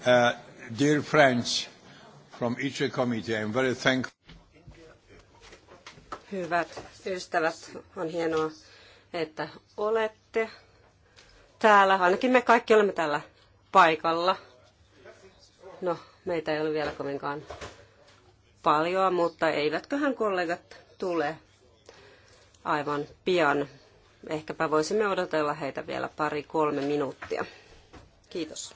Uh, dear friends from committee, I'm very thankful. Hyvät ystävät, on hienoa, että olette täällä. Ainakin me kaikki olemme täällä paikalla. No, meitä ei ole vielä kovinkaan paljon, mutta eivätköhän kollegat tule aivan pian. Ehkäpä voisimme odotella heitä vielä pari-kolme minuuttia. Kiitos.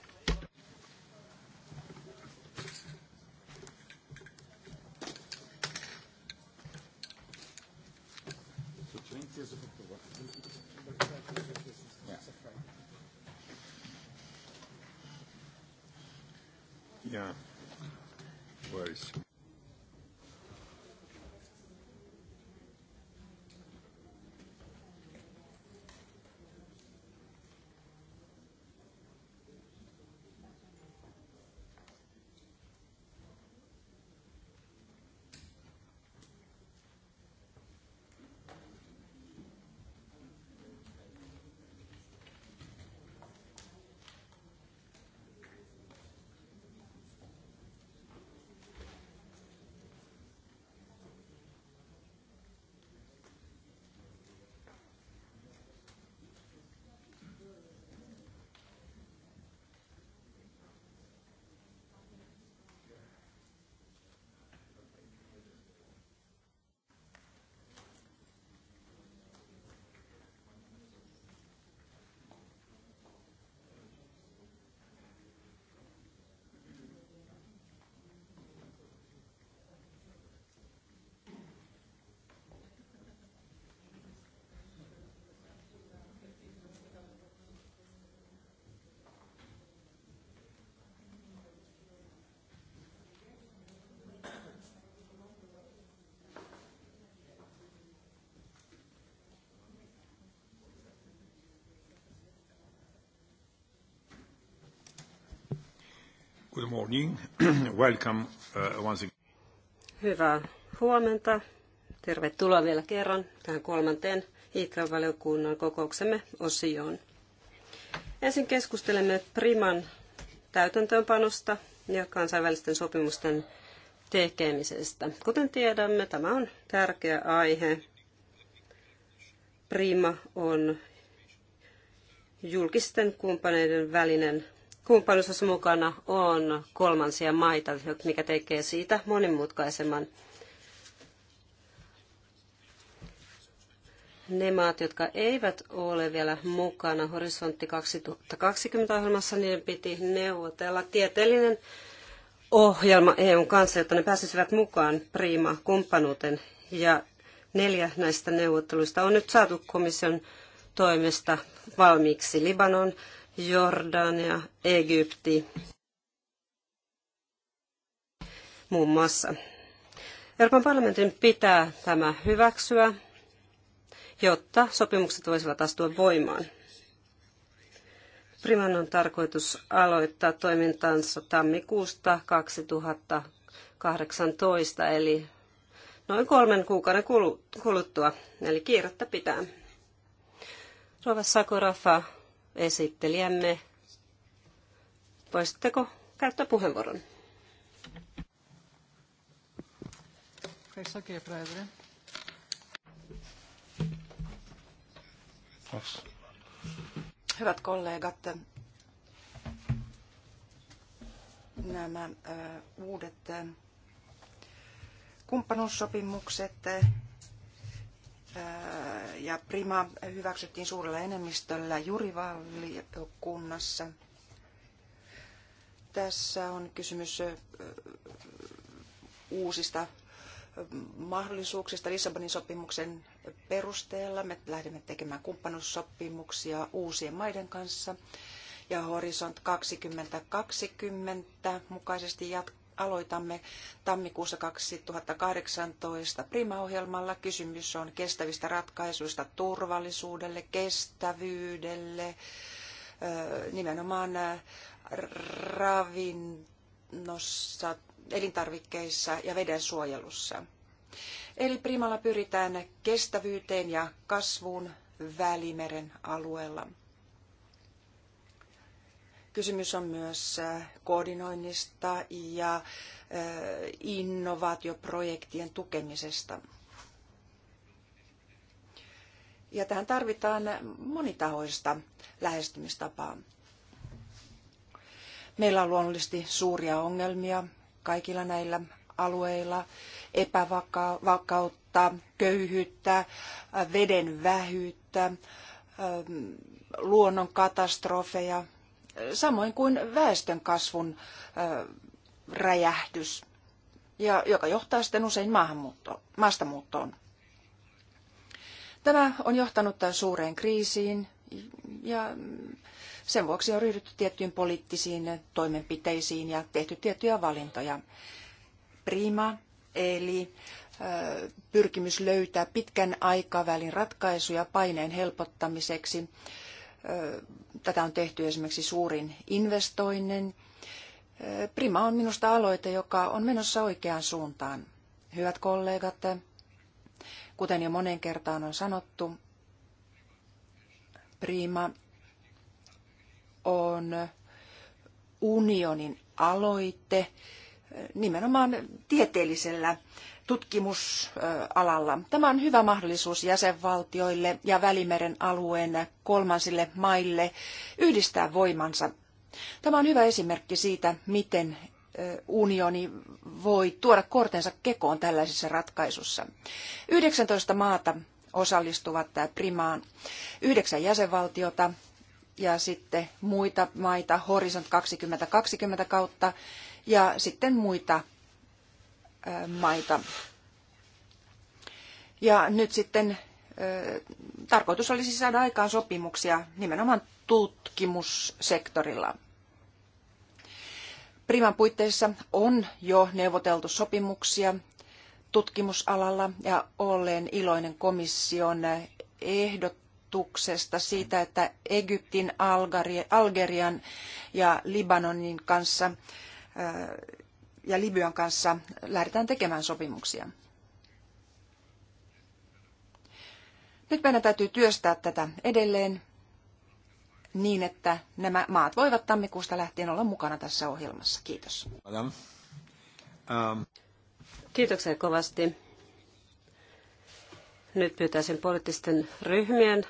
Good morning. Welcome uh, once again. Hyvää huomenta. Tervetuloa vielä kerran tähän kolmanteen IK-valiokunnan kokouksemme osioon. Ensin keskustelemme Priman täytäntöönpanosta ja kansainvälisten sopimusten tekemisestä. Kuten tiedämme, tämä on tärkeä aihe. Prima on julkisten kumppaneiden välinen kumppanuudessa mukana on kolmansia maita, mikä tekee siitä monimutkaisemman. Ne maat, jotka eivät ole vielä mukana Horisontti 2020-ohjelmassa, niiden piti neuvotella tieteellinen ohjelma EUn kanssa, jotta ne pääsisivät mukaan Prima-kumppanuuteen. Ja neljä näistä neuvotteluista on nyt saatu komission toimesta valmiiksi. Libanon, Jordania, Egypti muun muassa. Euroopan parlamentin pitää tämä hyväksyä, jotta sopimukset voisivat astua voimaan. Priman on tarkoitus aloittaa toimintansa tammikuusta 2018, eli noin kolmen kuukauden kuluttua, eli kiirettä pitää. Rova Sakorafa esittelijämme. Voisitteko käyttää puheenvuoron? Hyvät kollegat, nämä uudet kumppanuussopimukset ja Prima hyväksyttiin suurella enemmistöllä jurivaliokunnassa. Tässä on kysymys uusista mahdollisuuksista Lissabonin sopimuksen perusteella. Me lähdemme tekemään kumppanuussopimuksia uusien maiden kanssa ja Horisont 2020 mukaisesti jatkuu aloitamme tammikuussa 2018 Prima-ohjelmalla. Kysymys on kestävistä ratkaisuista turvallisuudelle, kestävyydelle, nimenomaan ravinnossa, elintarvikkeissa ja vedensuojelussa. Eli Primalla pyritään kestävyyteen ja kasvuun Välimeren alueella. Kysymys on myös äh, koordinoinnista ja äh, innovaatioprojektien tukemisesta. Ja tähän tarvitaan monitahoista lähestymistapaa. Meillä on luonnollisesti suuria ongelmia kaikilla näillä alueilla, epävakautta, köyhyyttä, veden vähyyttä, luonnon katastrofeja, samoin kuin väestön kasvun räjähdys, ja joka johtaa sitten usein maastamuuttoon. Tämä on johtanut suureen kriisiin ja sen vuoksi on ryhdytty tiettyihin poliittisiin toimenpiteisiin ja tehty tiettyjä valintoja. Prima, eli pyrkimys löytää pitkän aikavälin ratkaisuja paineen helpottamiseksi, Tätä on tehty esimerkiksi suurin investoinnin. Prima on minusta aloite, joka on menossa oikeaan suuntaan. Hyvät kollegat, kuten jo monen kertaan on sanottu, Prima on unionin aloite nimenomaan tieteellisellä tutkimusalalla. Tämä on hyvä mahdollisuus jäsenvaltioille ja Välimeren alueen kolmansille maille yhdistää voimansa. Tämä on hyvä esimerkki siitä, miten unioni voi tuoda kortensa kekoon tällaisessa ratkaisussa. 19 maata osallistuvat primaan, yhdeksän jäsenvaltiota ja sitten muita maita Horizon 2020 kautta ja sitten muita maita. Ja nyt sitten tarkoitus olisi saada aikaan sopimuksia nimenomaan tutkimussektorilla. Priman puitteissa on jo neuvoteltu sopimuksia tutkimusalalla ja olen iloinen komission ehdotuksesta siitä, että Egyptin, Algerian ja Libanonin kanssa ja Libyan kanssa lähdetään tekemään sopimuksia. Nyt meidän täytyy työstää tätä edelleen niin, että nämä maat voivat tammikuusta lähtien olla mukana tässä ohjelmassa. Kiitos. Um. Kiitoksia kovasti. Nyt pyytäisin poliittisten ryhmien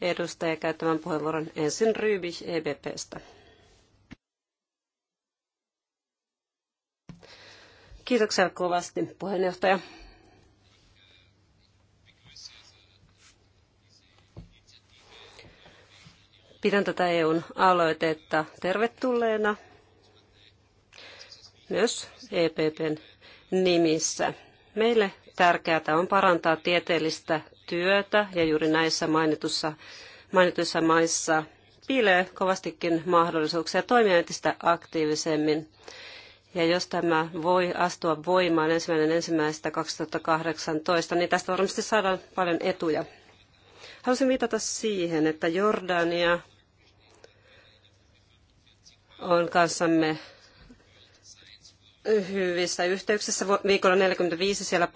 edustajia käyttämään puheenvuoron ensin rybich EBPstä. Kiitoksia kovasti, puheenjohtaja. Pidän tätä EUn aloitetta tervetulleena myös EPPn nimissä. Meille tärkeää on parantaa tieteellistä työtä ja juuri näissä mainitussa, mainituissa maissa piilee kovastikin mahdollisuuksia toimia entistä aktiivisemmin. Ja jos tämä voi astua voimaan ensimmäinen ensimmäistä 2018, niin tästä varmasti saadaan paljon etuja. Haluaisin viitata siihen, että Jordania on kanssamme hyvissä yhteyksissä. Viikolla 45 siellä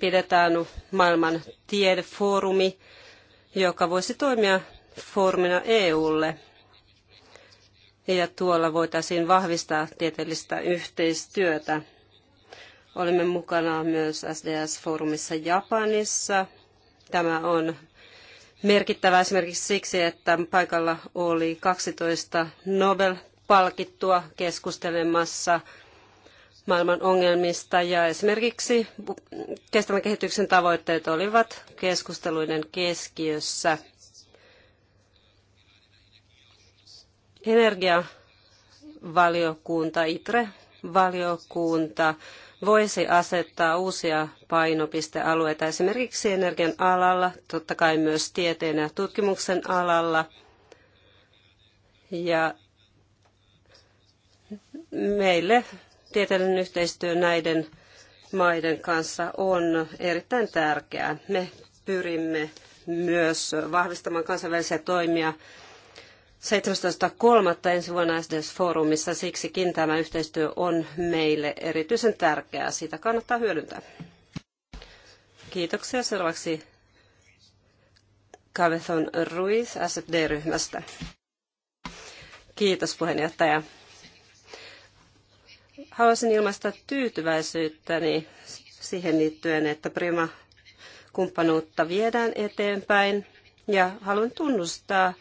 pidetään maailman tiedefoorumi, joka voisi toimia foorumina EUlle – ja tuolla voitaisiin vahvistaa tieteellistä yhteistyötä. Olimme mukana myös SDS-foorumissa Japanissa. Tämä on merkittävä esimerkiksi siksi, että paikalla oli 12 Nobel-palkittua keskustelemassa maailman ongelmista ja esimerkiksi kestävän kehityksen tavoitteet olivat keskusteluiden keskiössä – Energiavaliokunta, ITRE-valiokunta voisi asettaa uusia painopistealueita esimerkiksi energian alalla, totta kai myös tieteen ja tutkimuksen alalla. Ja meille tieteellinen yhteistyö näiden maiden kanssa on erittäin tärkeää. Me pyrimme myös vahvistamaan kansainvälisiä toimia 17.3. ensi vuonna SDS-foorumissa. Siksikin tämä yhteistyö on meille erityisen tärkeää. Sitä kannattaa hyödyntää. Kiitoksia. Seuraavaksi Cabezon Ruiz SD-ryhmästä. Kiitos puheenjohtaja. Haluaisin ilmaista tyytyväisyyttäni siihen liittyen, että Prima-kumppanuutta viedään eteenpäin ja haluan tunnustaa,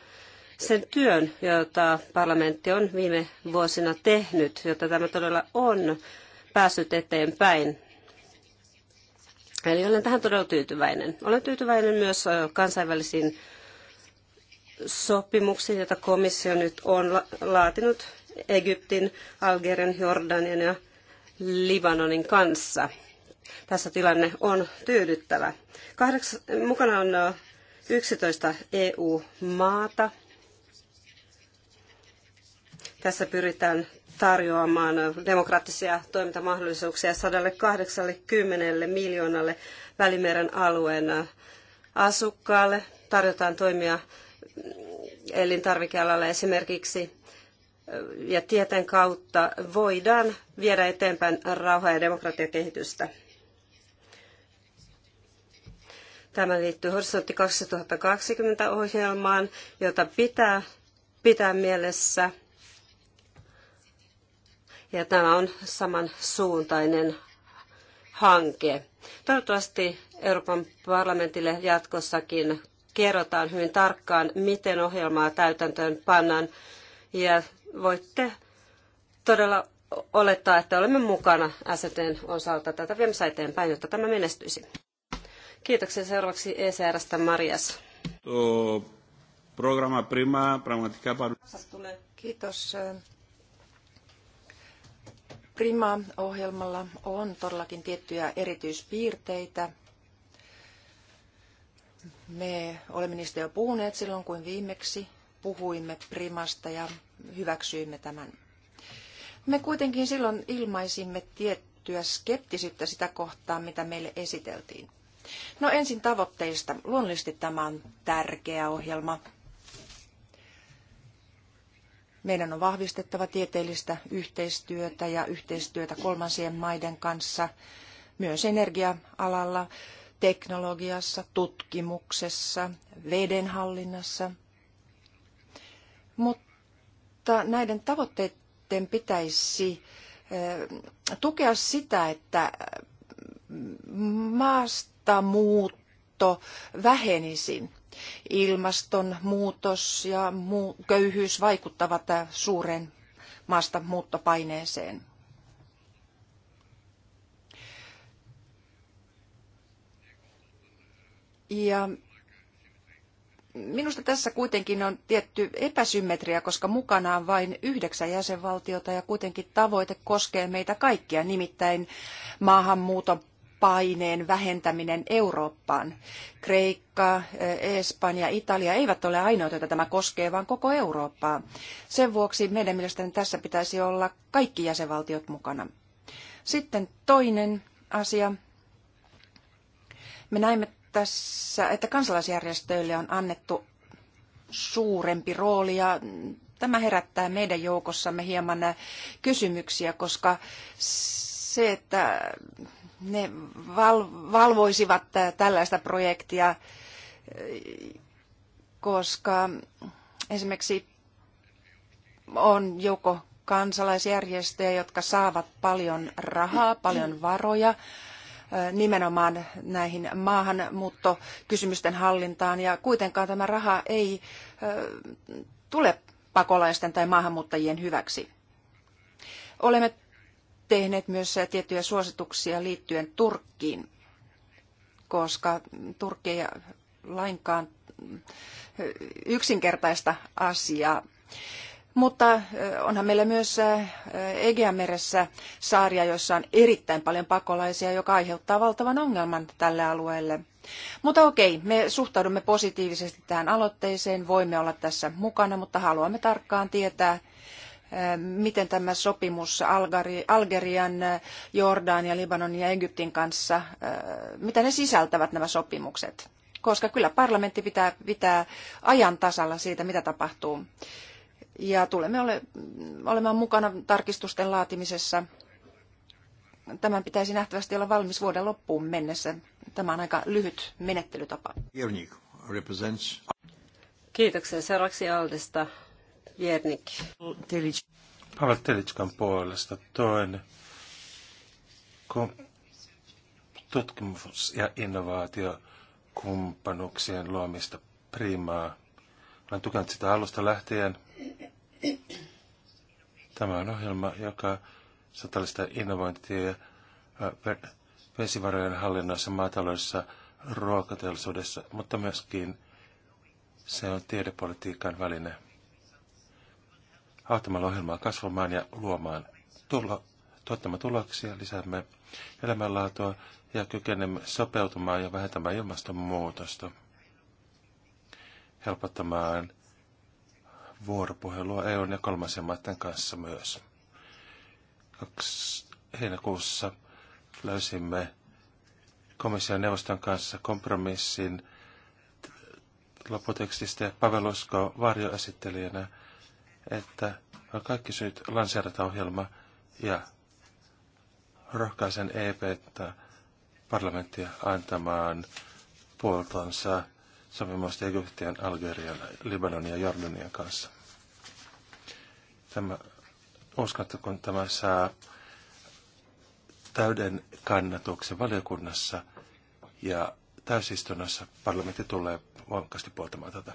sen työn, jota parlamentti on viime vuosina tehnyt, jotta tämä todella on päässyt eteenpäin. Eli olen tähän todella tyytyväinen. Olen tyytyväinen myös kansainvälisiin sopimuksiin, joita komissio nyt on laatinut Egyptin, Algerian, Jordanian ja Libanonin kanssa. Tässä tilanne on tyydyttävä. Kahdeksa, mukana on 11 EU-maata tässä pyritään tarjoamaan demokraattisia toimintamahdollisuuksia 180 miljoonalle Välimeren alueen asukkaalle. Tarjotaan toimia elintarvikealalla esimerkiksi ja tieteen kautta voidaan viedä eteenpäin rauhaa ja demokratiakehitystä. Tämä liittyy Horisontti 2020 ohjelmaan, jota pitää pitää mielessä – ja tämä on samansuuntainen hanke. Toivottavasti Euroopan parlamentille jatkossakin kerrotaan hyvin tarkkaan, miten ohjelmaa täytäntöön pannaan. Ja voitte todella olettaa, että olemme mukana STn osalta tätä viemässä eteenpäin, jotta tämä menestyisi. Kiitoksia seuraavaksi ECRstä Marias. programma Prima, pragmatika Kiitos Prima-ohjelmalla on todellakin tiettyjä erityispiirteitä. Me olemme niistä jo puhuneet silloin, kun viimeksi puhuimme Primasta ja hyväksyimme tämän. Me kuitenkin silloin ilmaisimme tiettyä skeptisyyttä sitä kohtaan, mitä meille esiteltiin. No ensin tavoitteista. Luonnollisesti tämä on tärkeä ohjelma, meidän on vahvistettava tieteellistä yhteistyötä ja yhteistyötä kolmansien maiden kanssa myös energia-alalla, teknologiassa, tutkimuksessa, vedenhallinnassa. Mutta näiden tavoitteiden pitäisi eh, tukea sitä, että maastamuutto vähenisi ilmastonmuutos ja muu, köyhyys vaikuttavat suureen maasta muuttopaineeseen. Ja minusta tässä kuitenkin on tietty epäsymmetria, koska mukana on vain yhdeksän jäsenvaltiota ja kuitenkin tavoite koskee meitä kaikkia, nimittäin maahanmuuton paineen vähentäminen Eurooppaan. Kreikka, eh, Espanja, Italia eivät ole ainoita, joita tämä koskee, vaan koko Eurooppaa. Sen vuoksi meidän mielestäni tässä pitäisi olla kaikki jäsenvaltiot mukana. Sitten toinen asia. Me näimme tässä, että kansalaisjärjestöille on annettu suurempi rooli ja tämä herättää meidän joukossamme hieman eh, kysymyksiä, koska se, että ne valvoisivat tällaista projektia, koska esimerkiksi on joukko kansalaisjärjestöjä, jotka saavat paljon rahaa, paljon varoja nimenomaan näihin maahanmuuttokysymysten hallintaan ja kuitenkaan tämä raha ei tule pakolaisten tai maahanmuuttajien hyväksi. Olemme tehneet myös tiettyjä suosituksia liittyen Turkkiin, koska Turkki ei lainkaan yksinkertaista asiaa. Mutta onhan meillä myös Egeanmeressä saaria, joissa on erittäin paljon pakolaisia, joka aiheuttaa valtavan ongelman tälle alueelle. Mutta okei, me suhtaudumme positiivisesti tähän aloitteeseen, voimme olla tässä mukana, mutta haluamme tarkkaan tietää, Äh, miten tämä sopimus Algerian, äh, Jordanian, Libanonin ja Egyptin kanssa, äh, mitä ne sisältävät nämä sopimukset? Koska kyllä parlamentti pitää, pitää ajan tasalla siitä, mitä tapahtuu. Ja tulemme ole, olemaan mukana tarkistusten laatimisessa. Tämän pitäisi nähtävästi olla valmis vuoden loppuun mennessä. Tämä on aika lyhyt menettelytapa. Kiitoksia. Seuraavaksi Aldesta Jernik. Pavel puolesta toinen tutkimus- ja innovaatiokumppanuuksien luomista primaa. Olen tukenut sitä alusta lähtien. Tämä on ohjelma, joka satallista innovointia ja vesivarojen hallinnassa, maataloudessa, ruokateollisuudessa, mutta myöskin se on tiedepolitiikan väline auttamalla ohjelmaa kasvamaan ja luomaan tulo, tuottamaan tuloksia, lisäämme elämänlaatua ja kykenemme sopeutumaan ja vähentämään ilmastonmuutosta, helpottamaan vuoropuhelua EUn ja kolmansien maiden kanssa myös. Kaksi heinäkuussa löysimme komission neuvoston kanssa kompromissin lopputekstistä ja Pavel Usko varjoesittelijänä että kaikki syyt lanseerata ohjelma ja rohkaisen EPtä parlamenttia antamaan puoltonsa sopimusta Egyptian, Algerian, Libanonin ja Jordanian kanssa. Tämä, uskon, että kun tämä saa täyden kannatuksen valiokunnassa ja täysistunnossa, parlamentti tulee voimakkaasti puoltamaan tätä.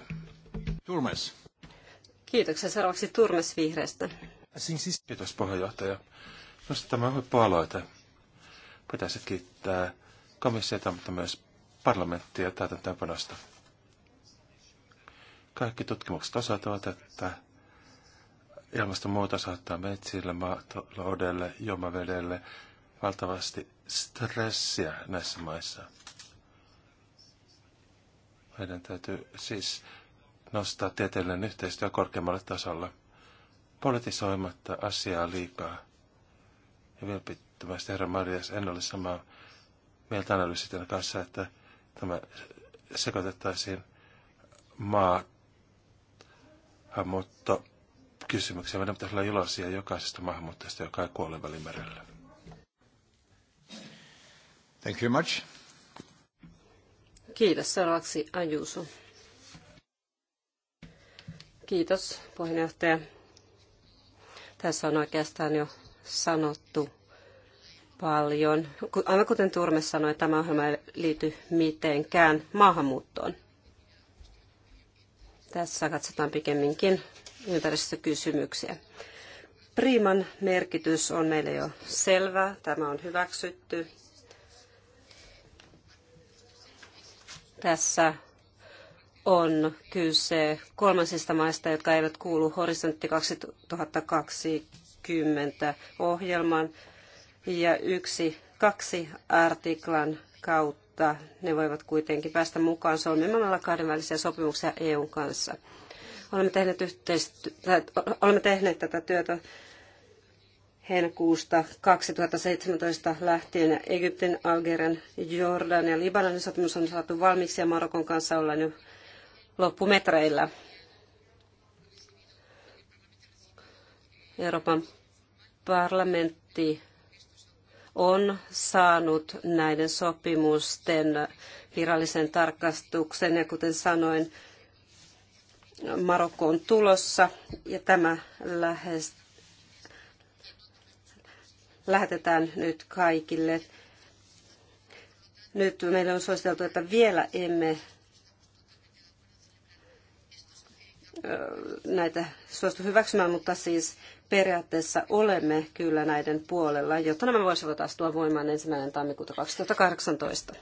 Turmes. Kiitoksia. Seuraavaksi Turmes Kiitos puheenjohtaja. Minusta tämä on aloite. Pitäisi kiittää komissiota, mutta myös parlamenttia täytäntöönpanosta. Kaikki tutkimukset osoittavat, että ilmastonmuutos saattaa metsille, maataloudelle, juomavedelle valtavasti stressiä näissä maissa. Meidän täytyy siis nostaa tieteellinen yhteistyö korkeammalle tasolle, politisoimatta asiaa liikaa. Ja vilpittömästi herra Marias, en ole samaa mieltä analyysitin kanssa, että tämä sekoitettaisiin maahanmuuttokysymyksiä. Meidän pitäisi olla iloisia jokaisesta maahanmuuttajasta, joka ei kuole välimerellä. Thank you much. Kiitos. Seuraavaksi Ajuso. Kiitos puheenjohtaja. Tässä on oikeastaan jo sanottu paljon. Aivan kuten Turme sanoi, tämä ohjelma ei liity mitenkään maahanmuuttoon. Tässä katsotaan pikemminkin ympäristökysymyksiä. Priiman merkitys on meille jo selvä. Tämä on hyväksytty. Tässä on kyse kolmansista maista, jotka eivät kuulu Horisontti 2020 ohjelman ja yksi, kaksi artiklan kautta ne voivat kuitenkin päästä mukaan solmimalla kahdenvälisiä sopimuksia EUn kanssa. Olemme tehneet, yhteisty- olemme tehneet tätä työtä heinäkuusta 2017 lähtien Egyptin, Algerian, Jordanian ja Libanonin sopimus on saatu valmiiksi ja Marokon kanssa ollaan jo loppumetreillä. Euroopan parlamentti on saanut näiden sopimusten virallisen tarkastuksen ja kuten sanoin, Marokko on tulossa ja tämä lähes, lähetetään nyt kaikille. Nyt meille on suositeltu, että vielä emme näitä suostu hyväksymään, mutta siis periaatteessa olemme kyllä näiden puolella, jotta nämä voisivat astua voimaan ensimmäinen tammikuuta 2018.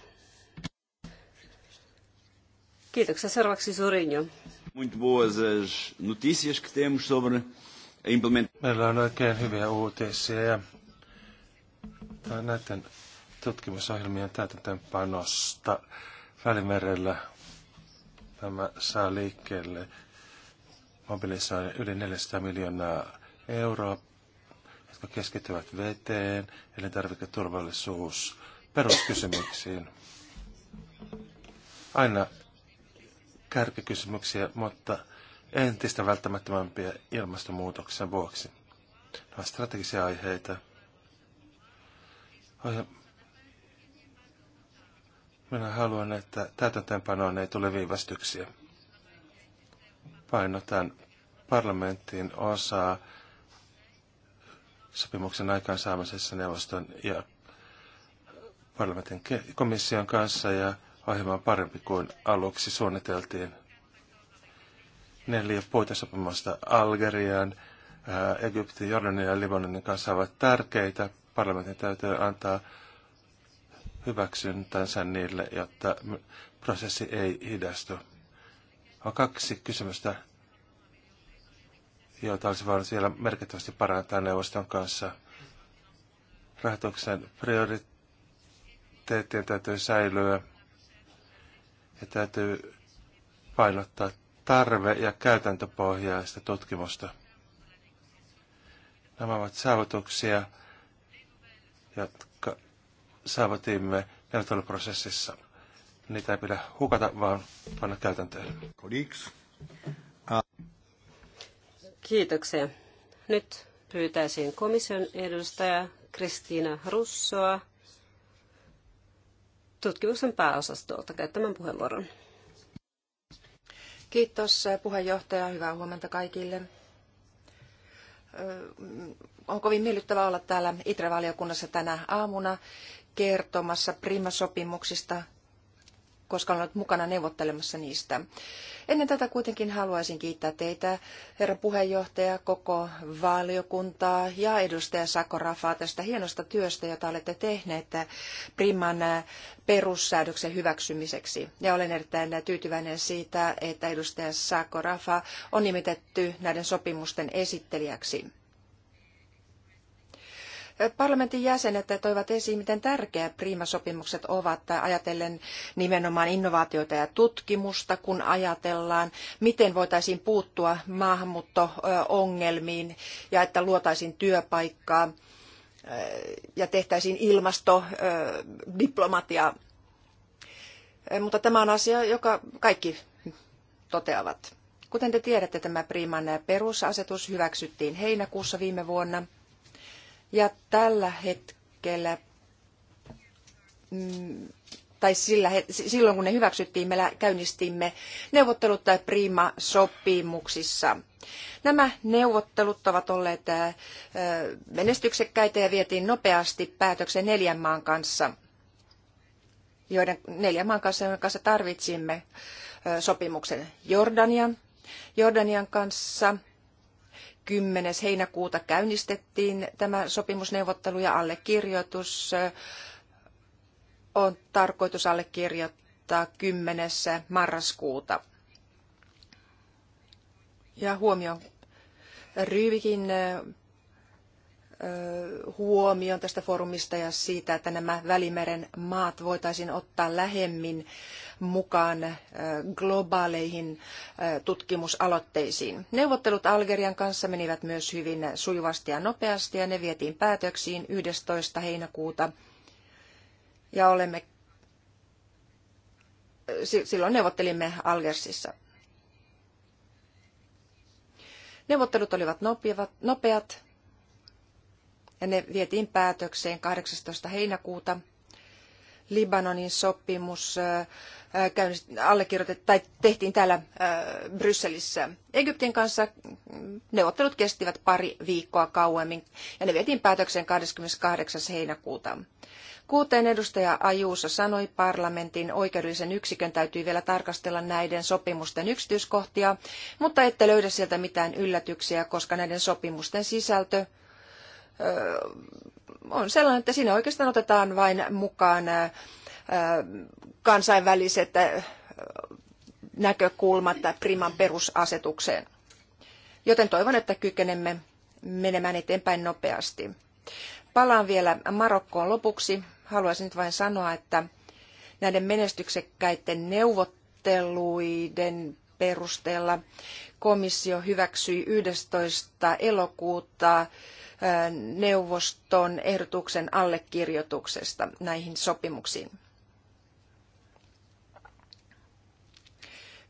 Kiitoksia. Seuraavaksi Sorinjo. Muito boas as notícias que temos sobre a implementação. Meillä on oikein hyviä uutisia ja näiden tutkimusohjelmien täytäntöönpanosta Välimerellä tämä saa liikkeelle Mobiilissa on yli 400 miljoonaa euroa, jotka keskittyvät veteen, elintarviketurvallisuus, peruskysymyksiin. Aina kärkikysymyksiä, mutta entistä välttämättömämpiä ilmastonmuutoksen vuoksi. Nämä ovat strategisia aiheita. Minä haluan, että täytäntöönpanoon ei tule viivästyksiä painotan parlamentin osaa sopimuksen aikaansaamisessa neuvoston ja parlamentin komission kanssa ja ohjelma on parempi kuin aluksi suunniteltiin. Neljä puitesopimusta Algerian, äh, Egyptin, Jordanian ja Libanonin kanssa ovat tärkeitä. Parlamentin täytyy antaa hyväksyntänsä niille, jotta prosessi ei hidastu. On kaksi kysymystä, joita olisi voinut vielä merkittävästi parantaa neuvoston kanssa. Rahoituksen prioriteettien täytyy säilyä ja täytyy painottaa tarve- ja käytäntöpohjaista tutkimusta. Nämä ovat saavutuksia, jotka saavutimme neuvotteluprosessissa niitä ei pidä hukata, vaan panna käytäntöön. Kiitoksia. Nyt pyytäisin komission edustaja Kristiina Russoa tutkimuksen pääosastolta käyttämään puheenvuoron. Kiitos eh, puheenjohtaja. Hyvää huomenta kaikille. Eh, on kovin miellyttävää olla täällä ITRE-valiokunnassa tänä aamuna kertomassa Prima-sopimuksista koska olen ollut mukana neuvottelemassa niistä. Ennen tätä kuitenkin haluaisin kiittää teitä, herra puheenjohtaja, koko valiokuntaa ja edustaja Sakorafaa tästä hienosta työstä, jota olette tehneet Priman perussäädöksen hyväksymiseksi. Ja olen erittäin tyytyväinen siitä, että edustaja Sakorafa on nimitetty näiden sopimusten esittelijäksi. Parlamentin jäsenet toivat esiin, miten tärkeä priimasopimukset ovat ajatellen nimenomaan innovaatioita ja tutkimusta, kun ajatellaan, miten voitaisiin puuttua maahanmuutto-ongelmiin ja että luotaisiin työpaikkaa eh, ja tehtäisiin ilmastodiplomatiaa. Eh, eh, mutta tämä on asia, joka kaikki toteavat. Kuten te tiedätte, tämä Priiman perusasetus hyväksyttiin heinäkuussa viime vuonna – ja tällä hetkellä, mm, tai sillä, silloin kun ne hyväksyttiin, me käynnistimme neuvottelut tai Prima-sopimuksissa. Nämä neuvottelut ovat olleet äh, äh, menestyksekkäitä ja vietiin nopeasti päätöksen neljän maan kanssa, joiden neljän maan kanssa, joiden kanssa tarvitsimme äh, sopimuksen Jordanian, Jordanian kanssa – 10. heinäkuuta käynnistettiin tämä sopimusneuvottelu ja allekirjoitus on tarkoitus allekirjoittaa 10. marraskuuta. Ja huomioon Ryyvikin huomioon tästä foorumista ja siitä, että nämä Välimeren maat voitaisiin ottaa lähemmin mukaan äh, globaaleihin äh, tutkimusaloitteisiin. Neuvottelut Algerian kanssa menivät myös hyvin sujuvasti ja nopeasti ja ne vietiin päätöksiin 11. heinäkuuta. Ja olemme äh, silloin neuvottelimme Algersissa. Neuvottelut olivat nopeat ja ne vietiin päätökseen 18. heinäkuuta – Libanonin sopimus äh, äh, tai tehtiin täällä äh, Brysselissä Egyptin kanssa. Mm, neuvottelut kestivät pari viikkoa kauemmin ja ne vietiin päätökseen 28. heinäkuuta. Kuuteen edustaja Ajuuso sanoi, parlamentin oikeudellisen yksikön täytyy vielä tarkastella näiden sopimusten yksityiskohtia, mutta ette löydä sieltä mitään yllätyksiä, koska näiden sopimusten sisältö on sellainen, että siinä oikeastaan otetaan vain mukaan äh, äh, kansainväliset äh, näkökulmat priman perusasetukseen. Joten toivon, että kykenemme menemään eteenpäin nopeasti. Palaan vielä Marokkoon lopuksi. Haluaisin nyt vain sanoa, että näiden menestyksekkäiden neuvotteluiden perusteella komissio hyväksyi yhdestoista elokuuta neuvoston ehdotuksen allekirjoituksesta näihin sopimuksiin.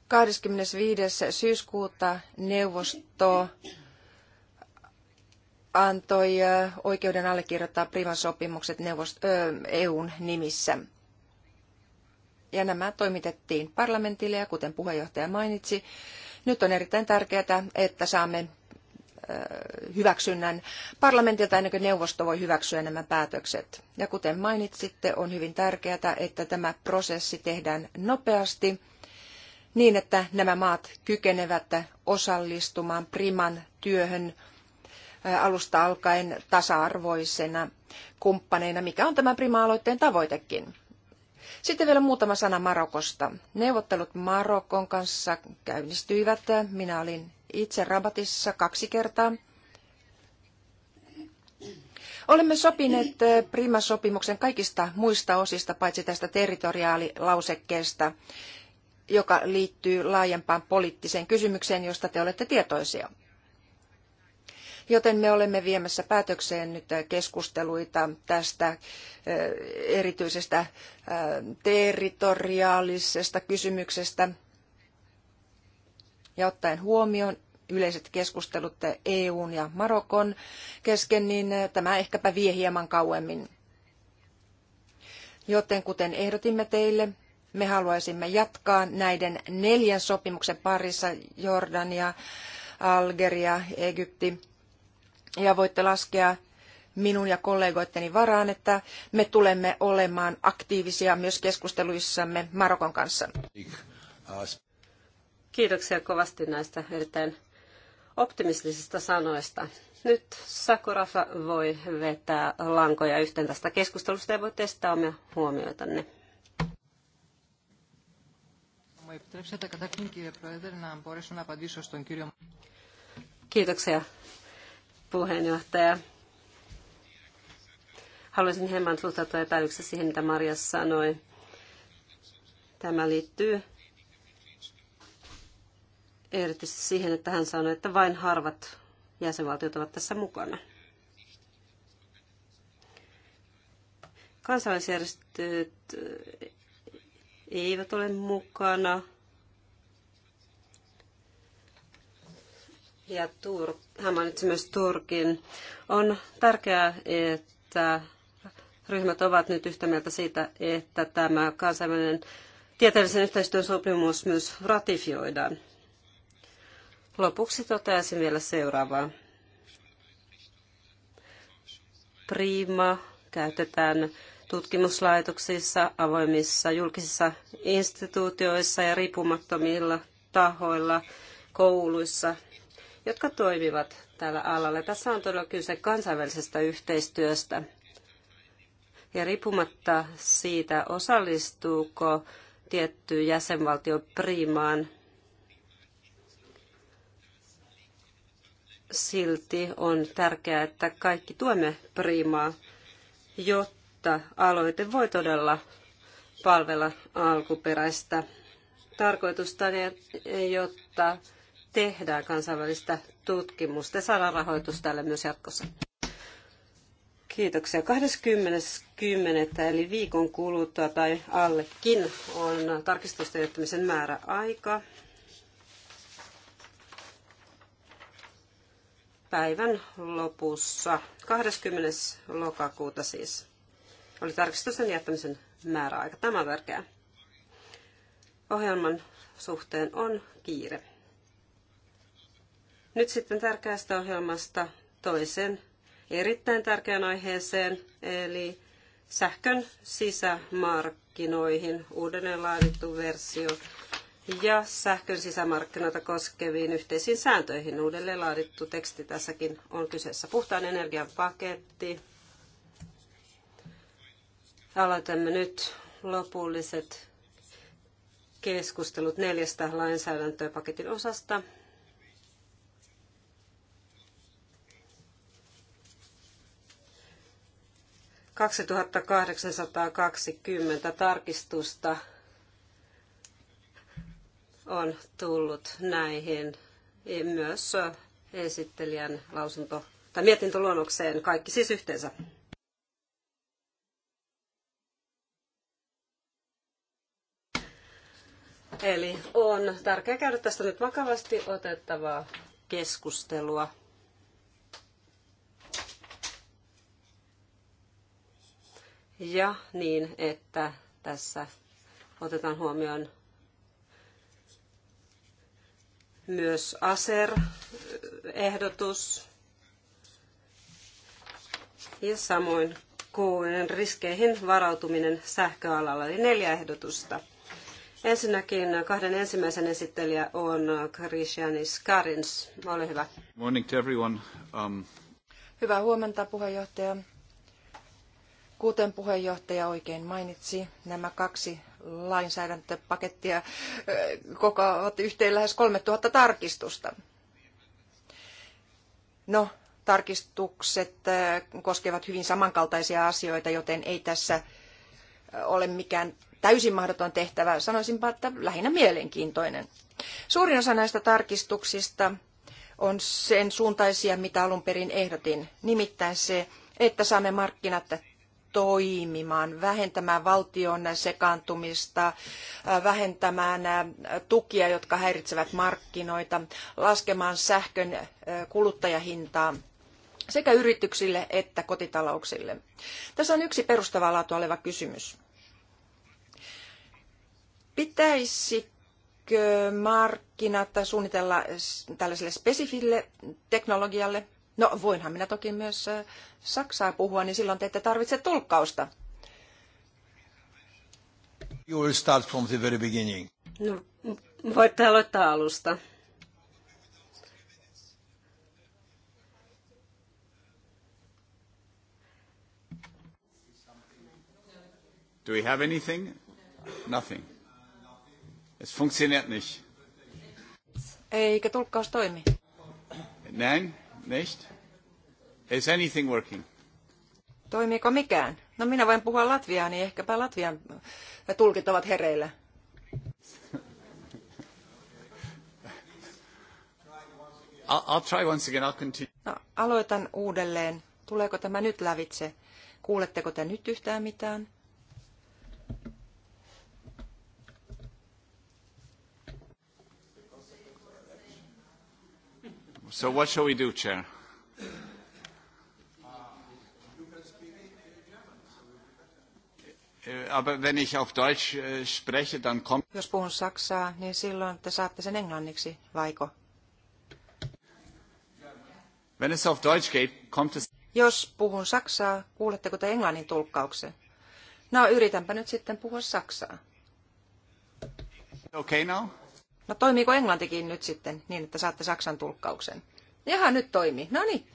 25. syyskuuta neuvosto antoi oikeuden allekirjoittaa Privan sopimukset neuvost- EUn nimissä ja nämä toimitettiin parlamentille ja kuten puheenjohtaja mainitsi, nyt on erittäin tärkeää, että saamme hyväksynnän parlamentilta ennen kuin neuvosto voi hyväksyä nämä päätökset. Ja kuten mainitsitte, on hyvin tärkeää, että tämä prosessi tehdään nopeasti niin, että nämä maat kykenevät osallistumaan priman työhön alusta alkaen tasa-arvoisena kumppaneina, mikä on tämän prima-aloitteen tavoitekin. Sitten vielä muutama sana Marokosta. Neuvottelut Marokon kanssa käynnistyivät. Minä olin itse Rabatissa kaksi kertaa. Olemme sopineet eh, Prima-sopimuksen kaikista muista osista, paitsi tästä territoriaalilausekkeesta, joka liittyy laajempaan poliittiseen kysymykseen, josta te olette tietoisia joten me olemme viemässä päätökseen nyt äh, keskusteluita tästä äh, erityisestä äh, territoriaalisesta kysymyksestä ja ottaen huomioon yleiset keskustelut EUn ja Marokon kesken, niin tämä ehkäpä vie hieman kauemmin. Joten kuten ehdotimme teille, me haluaisimme jatkaa näiden neljän sopimuksen parissa Jordania, Algeria, Egypti ja voitte laskea minun ja kollegoitteni varaan, että me tulemme olemaan aktiivisia myös keskusteluissamme Marokon kanssa. Kiitoksia kovasti näistä erittäin optimistisista sanoista. Nyt Sakurafa voi vetää lankoja yhteen tästä keskustelusta ja voi testaa omia huomioitanne. Kiitoksia puheenjohtaja. Haluaisin hieman suhtautua epäilyksessä siihen, mitä Maria sanoi. Tämä liittyy erityisesti siihen, että hän sanoi, että vain harvat jäsenvaltiot ovat tässä mukana. Kansalaisjärjestöt eivät ole mukana. ja Tur, hän mainitsi myös Turkin. On tärkeää, että ryhmät ovat nyt yhtä mieltä siitä, että tämä kansainvälinen tieteellisen yhteistyön sopimus myös ratifioidaan. Lopuksi toteaisin vielä seuraavaa. Prima käytetään tutkimuslaitoksissa, avoimissa julkisissa instituutioissa ja riippumattomilla tahoilla, kouluissa jotka toimivat tällä alalla. Tässä on todella kyse kansainvälisestä yhteistyöstä. Ja riippumatta siitä, osallistuuko tietty jäsenvaltio priimaan, silti on tärkeää, että kaikki tuemme priimaa, jotta aloite voi todella palvella alkuperäistä tarkoitusta, jotta tehdään kansainvälistä tutkimusta ja saadaan rahoitus tälle myös jatkossa. Kiitoksia. 20.10. eli viikon kuluttua tai allekin on tarkistusten jättämisen määräaika. Päivän lopussa, 20. lokakuuta siis, oli tarkistusten jättämisen määräaika. Tämä on tärkeää. Ohjelman suhteen on kiire. Nyt sitten tärkeästä ohjelmasta toisen erittäin tärkeän aiheeseen, eli sähkön sisämarkkinoihin, uudelleen laadittu versio, ja sähkön sisämarkkinoita koskeviin yhteisiin sääntöihin. Uudelleen laadittu teksti tässäkin on kyseessä. Puhtaan energian paketti. Aloitamme nyt lopulliset keskustelut neljästä lainsäädäntöpaketin osasta. 2820 tarkistusta on tullut näihin myös esittelijän lausunto tai mietintöluonnokseen kaikki siis yhteensä. Eli on tärkeää käydä tästä nyt vakavasti otettavaa keskustelua. ja niin, että tässä otetaan huomioon myös ASER-ehdotus ja samoin kuuden riskeihin varautuminen sähköalalla, eli neljä ehdotusta. Ensinnäkin kahden ensimmäisen esittelijä on Christianis Karins. Ole hyvä. Morning to everyone. Um... Hyvää huomenta puheenjohtaja. Kuten puheenjohtaja oikein mainitsi, nämä kaksi lainsäädäntöpakettia kokoavat yhteen lähes 3000 tarkistusta. No, tarkistukset koskevat hyvin samankaltaisia asioita, joten ei tässä ole mikään täysin mahdoton tehtävä, sanoisinpa, että lähinnä mielenkiintoinen. Suurin osa näistä tarkistuksista on sen suuntaisia, mitä alun perin ehdotin, nimittäin se, että saamme markkinat toimimaan, vähentämään valtion sekaantumista, äh, vähentämään äh, tukia, jotka häiritsevät markkinoita, laskemaan sähkön äh, kuluttajahintaa sekä yrityksille että kotitalouksille. Tässä on yksi perustavaa laatua oleva kysymys. Pitäisikö markkinat suunnitella tällaiselle spesifille teknologialle, No voinhan minä toki myös saksaa puhua, niin silloin te ette tarvitse tulkkausta. You will start from the very beginning. No, voitte aloittaa alusta. Do we have anything? Nothing. Es funktioniert nicht. Eikä tulkkaus toimi. Näin. Nicht? Is anything working? Toimiiko mikään? No minä voin puhua latviaa, niin ehkäpä latvian tulkit ovat hereillä. I'll, I'll try once again. I'll continue. No, aloitan uudelleen. Tuleeko tämä nyt lävitse? Kuuletteko te nyt yhtään mitään? So what shall we do, Chair? Uh, aber wenn ich auf Deutsch äh, spreche, dann kommt... Jos puhun saksaa, niin silloin te saatte sen englanniksi, vaiko? Wenn es auf Deutsch geht, kommt es... Jos puhun saksaa, kuuletteko te englannin tulkkauksen? No, yritänpä nyt sitten puhua saksaa. Okay now? No toimiiko englantikin nyt sitten niin, että saatte saksan tulkkauksen? Jaha, nyt toimii. No niin.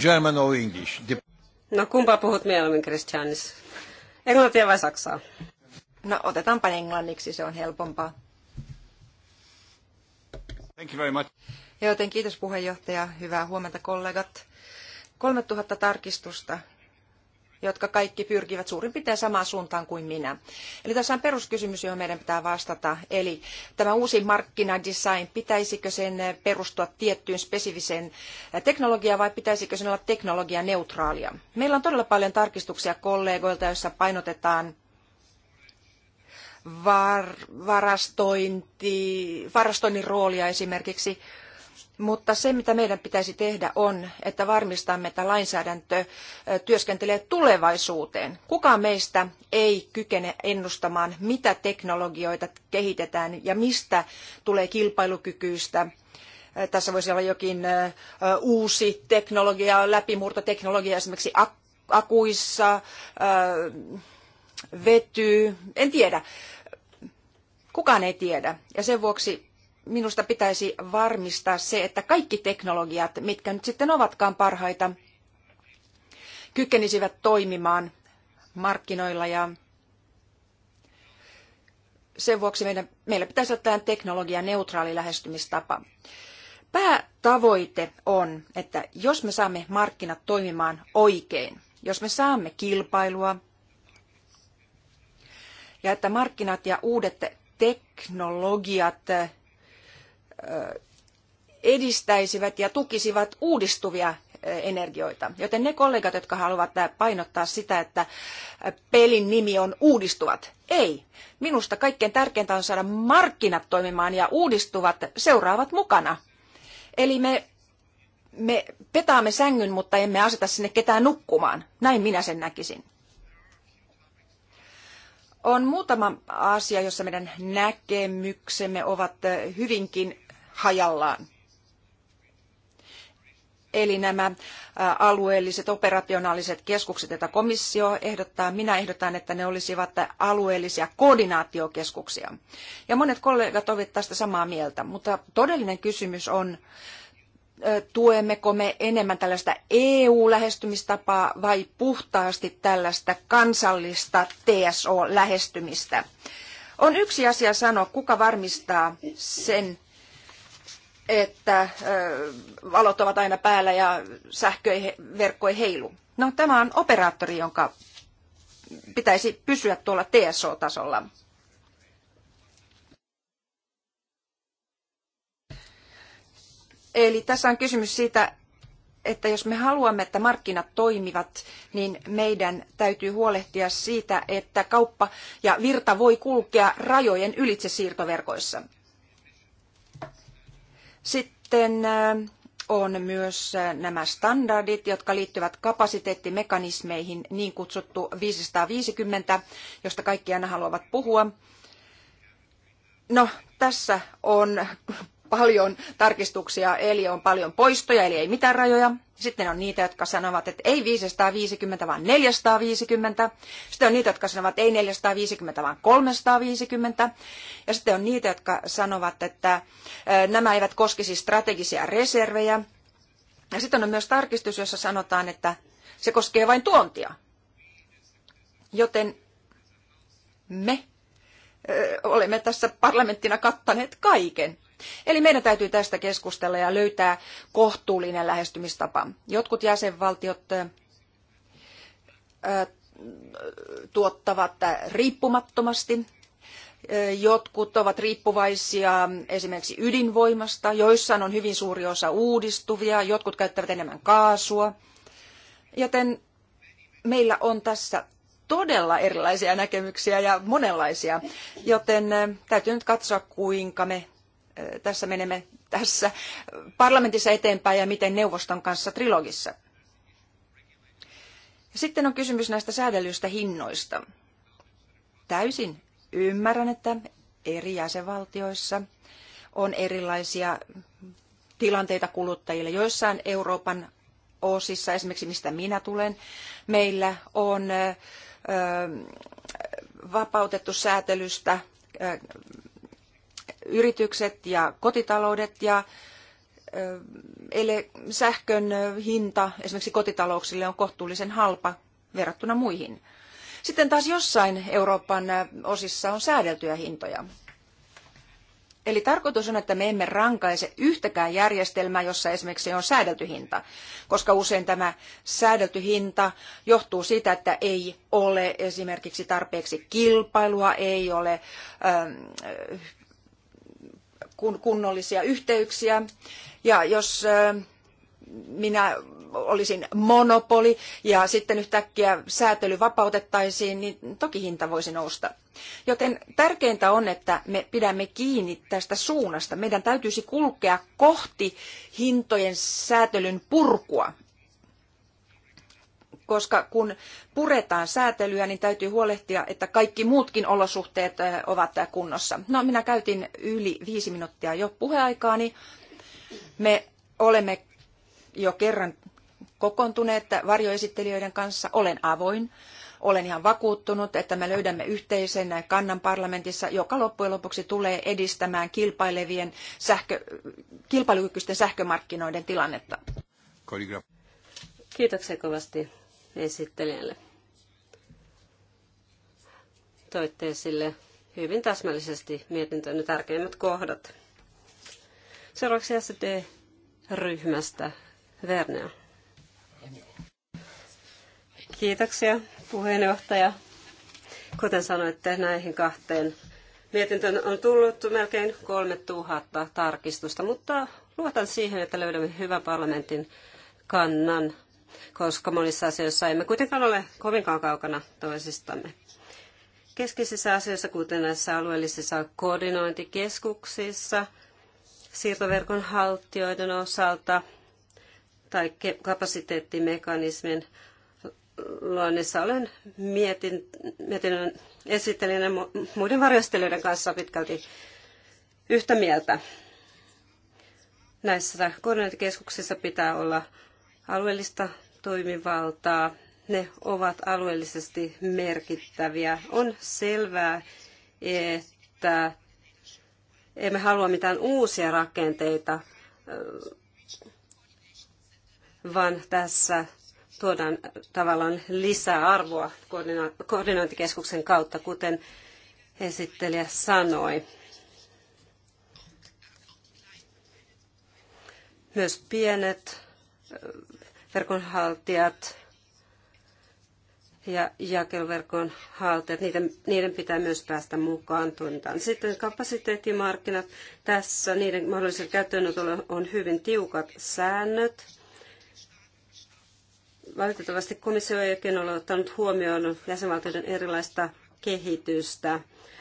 German or English? No kumpa puhut mieluummin, Christianis? Englantia vai Saksaa? No otetaanpa englanniksi, se on helpompaa. Thank you very much. Joten kiitos puheenjohtaja, hyvää huomenta kollegat. 3000 tarkistusta jotka kaikki pyrkivät suurin piirtein samaan suuntaan kuin minä. Eli tässä on peruskysymys, johon meidän pitää vastata. Eli tämä uusi markkinadesign, pitäisikö sen perustua tiettyyn spesifiseen teknologiaan vai pitäisikö sen olla teknologianeutraalia? Meillä on todella paljon tarkistuksia kollegoilta, joissa painotetaan var, varastointi, varastoinnin roolia esimerkiksi mutta se, mitä meidän pitäisi tehdä, on, että varmistamme, että lainsäädäntö työskentelee tulevaisuuteen. Kukaan meistä ei kykene ennustamaan, mitä teknologioita kehitetään ja mistä tulee kilpailukykyistä. Tässä voisi olla jokin uusi teknologia, läpimurtoteknologia esimerkiksi akuissa, vety, en tiedä. Kukaan ei tiedä ja sen vuoksi minusta pitäisi varmistaa se, että kaikki teknologiat, mitkä nyt sitten ovatkaan parhaita, kykenisivät toimimaan markkinoilla ja sen vuoksi meidän, meillä pitäisi olla tähän teknologianeutraali lähestymistapa. Päätavoite on, että jos me saamme markkinat toimimaan oikein, jos me saamme kilpailua ja että markkinat ja uudet teknologiat edistäisivät ja tukisivat uudistuvia energioita. Joten ne kollegat, jotka haluavat painottaa sitä, että pelin nimi on uudistuvat, ei. Minusta kaikkein tärkeintä on saada markkinat toimimaan ja uudistuvat seuraavat mukana. Eli me, me petaamme sängyn, mutta emme aseta sinne ketään nukkumaan. Näin minä sen näkisin. On muutama asia, jossa meidän näkemyksemme ovat hyvinkin hajallaan. Eli nämä alueelliset operationaaliset keskukset, joita komissio ehdottaa, minä ehdotan, että ne olisivat alueellisia koordinaatiokeskuksia. Ja monet kollegat ovat tästä samaa mieltä, mutta todellinen kysymys on, tuemmeko me enemmän tällaista EU-lähestymistapaa vai puhtaasti tällaista kansallista TSO-lähestymistä. On yksi asia sanoa, kuka varmistaa sen, että valot ovat aina päällä ja sähkö ei, verkko ei heilu. No tämä on operaattori, jonka pitäisi pysyä tuolla TSO-tasolla. Eli tässä on kysymys siitä, että jos me haluamme, että markkinat toimivat, niin meidän täytyy huolehtia siitä, että kauppa ja virta voi kulkea rajojen ylitse siirtoverkoissa. Sitten äh, on myös äh, nämä standardit, jotka liittyvät kapasiteettimekanismeihin, niin kutsuttu 550, josta kaikki aina haluavat puhua. No, tässä on paljon tarkistuksia, eli on paljon poistoja, eli ei mitään rajoja. Sitten on niitä, jotka sanovat, että ei 550, vaan 450. Sitten on niitä, jotka sanovat, että ei 450, vaan 350. Ja sitten on niitä, jotka sanovat, että nämä eivät koskisi strategisia reservejä. Ja sitten on myös tarkistus, jossa sanotaan, että se koskee vain tuontia. Joten me olemme tässä parlamenttina kattaneet kaiken. Eli meidän täytyy tästä keskustella ja löytää kohtuullinen lähestymistapa. Jotkut jäsenvaltiot tuottavat riippumattomasti. Jotkut ovat riippuvaisia esimerkiksi ydinvoimasta, joissain on hyvin suuri osa uudistuvia, jotkut käyttävät enemmän kaasua. Joten meillä on tässä todella erilaisia näkemyksiä ja monenlaisia, joten täytyy nyt katsoa, kuinka me tässä menemme tässä parlamentissa eteenpäin ja miten neuvoston kanssa trilogissa. Sitten on kysymys näistä säädellyistä hinnoista. Täysin ymmärrän, että eri jäsenvaltioissa on erilaisia tilanteita kuluttajille. Joissain Euroopan osissa, esimerkiksi mistä minä tulen, meillä on vapautettu säätelystä yritykset ja kotitaloudet ja ele, sähkön hinta esimerkiksi kotitalouksille on kohtuullisen halpa verrattuna muihin. Sitten taas jossain Euroopan osissa on säädeltyjä hintoja. Eli tarkoitus on, että me emme rankaise yhtäkään järjestelmää, jossa esimerkiksi on säädelty hinta, koska usein tämä säädelty hinta johtuu siitä, että ei ole esimerkiksi tarpeeksi kilpailua, ei ole kun kunnollisia yhteyksiä. Ja jos minä olisin monopoli ja sitten yhtäkkiä säätely vapautettaisiin, niin toki hinta voisi nousta. Joten tärkeintä on, että me pidämme kiinni tästä suunnasta. Meidän täytyisi kulkea kohti hintojen säätelyn purkua koska kun puretaan säätelyä, niin täytyy huolehtia, että kaikki muutkin olosuhteet eh, ovat kunnossa. No, minä käytin yli viisi minuuttia jo puheaikaani. Me olemme jo kerran kokoontuneet varjoesittelijöiden kanssa. Olen avoin. Olen ihan vakuuttunut, että me löydämme yhteisen kannan parlamentissa, joka loppujen lopuksi tulee edistämään kilpailevien sähkö, kilpailukykyisten sähkömarkkinoiden tilannetta. Kiitoksia kovasti esittelijälle. Toitte esille hyvin täsmällisesti mietintöön tärkeimmät kohdat. Seuraavaksi SD-ryhmästä Verner. Kiitoksia puheenjohtaja. Kuten sanoitte, näihin kahteen mietintöön on tullut melkein 3000 tarkistusta, mutta luotan siihen, että löydämme hyvän parlamentin kannan koska monissa asioissa emme kuitenkaan ole kovinkaan kaukana toisistamme. Keskisissä asioissa, kuten näissä alueellisissa koordinointikeskuksissa, siirtoverkon haltijoiden osalta tai kapasiteettimekanismin luonnissa olen mietin, mietinnön esittelijänä muiden varjostelijoiden kanssa pitkälti yhtä mieltä. Näissä koordinointikeskuksissa pitää olla alueellista toimivaltaa. Ne ovat alueellisesti merkittäviä. On selvää, että emme halua mitään uusia rakenteita, vaan tässä tuodaan tavallaan lisää arvoa koordinointikeskuksen kautta, kuten esittelijä sanoi. Myös pienet verkonhaltijat ja jakeluverkon haltijat, niiden, niiden pitää myös päästä mukaan tuntaan. Sitten kapasiteettimarkkinat. Tässä niiden mahdollisella käyttöönotolla on hyvin tiukat säännöt. Valitettavasti komissio ei oikein ole ottanut huomioon jäsenvaltioiden erilaista kehitystä.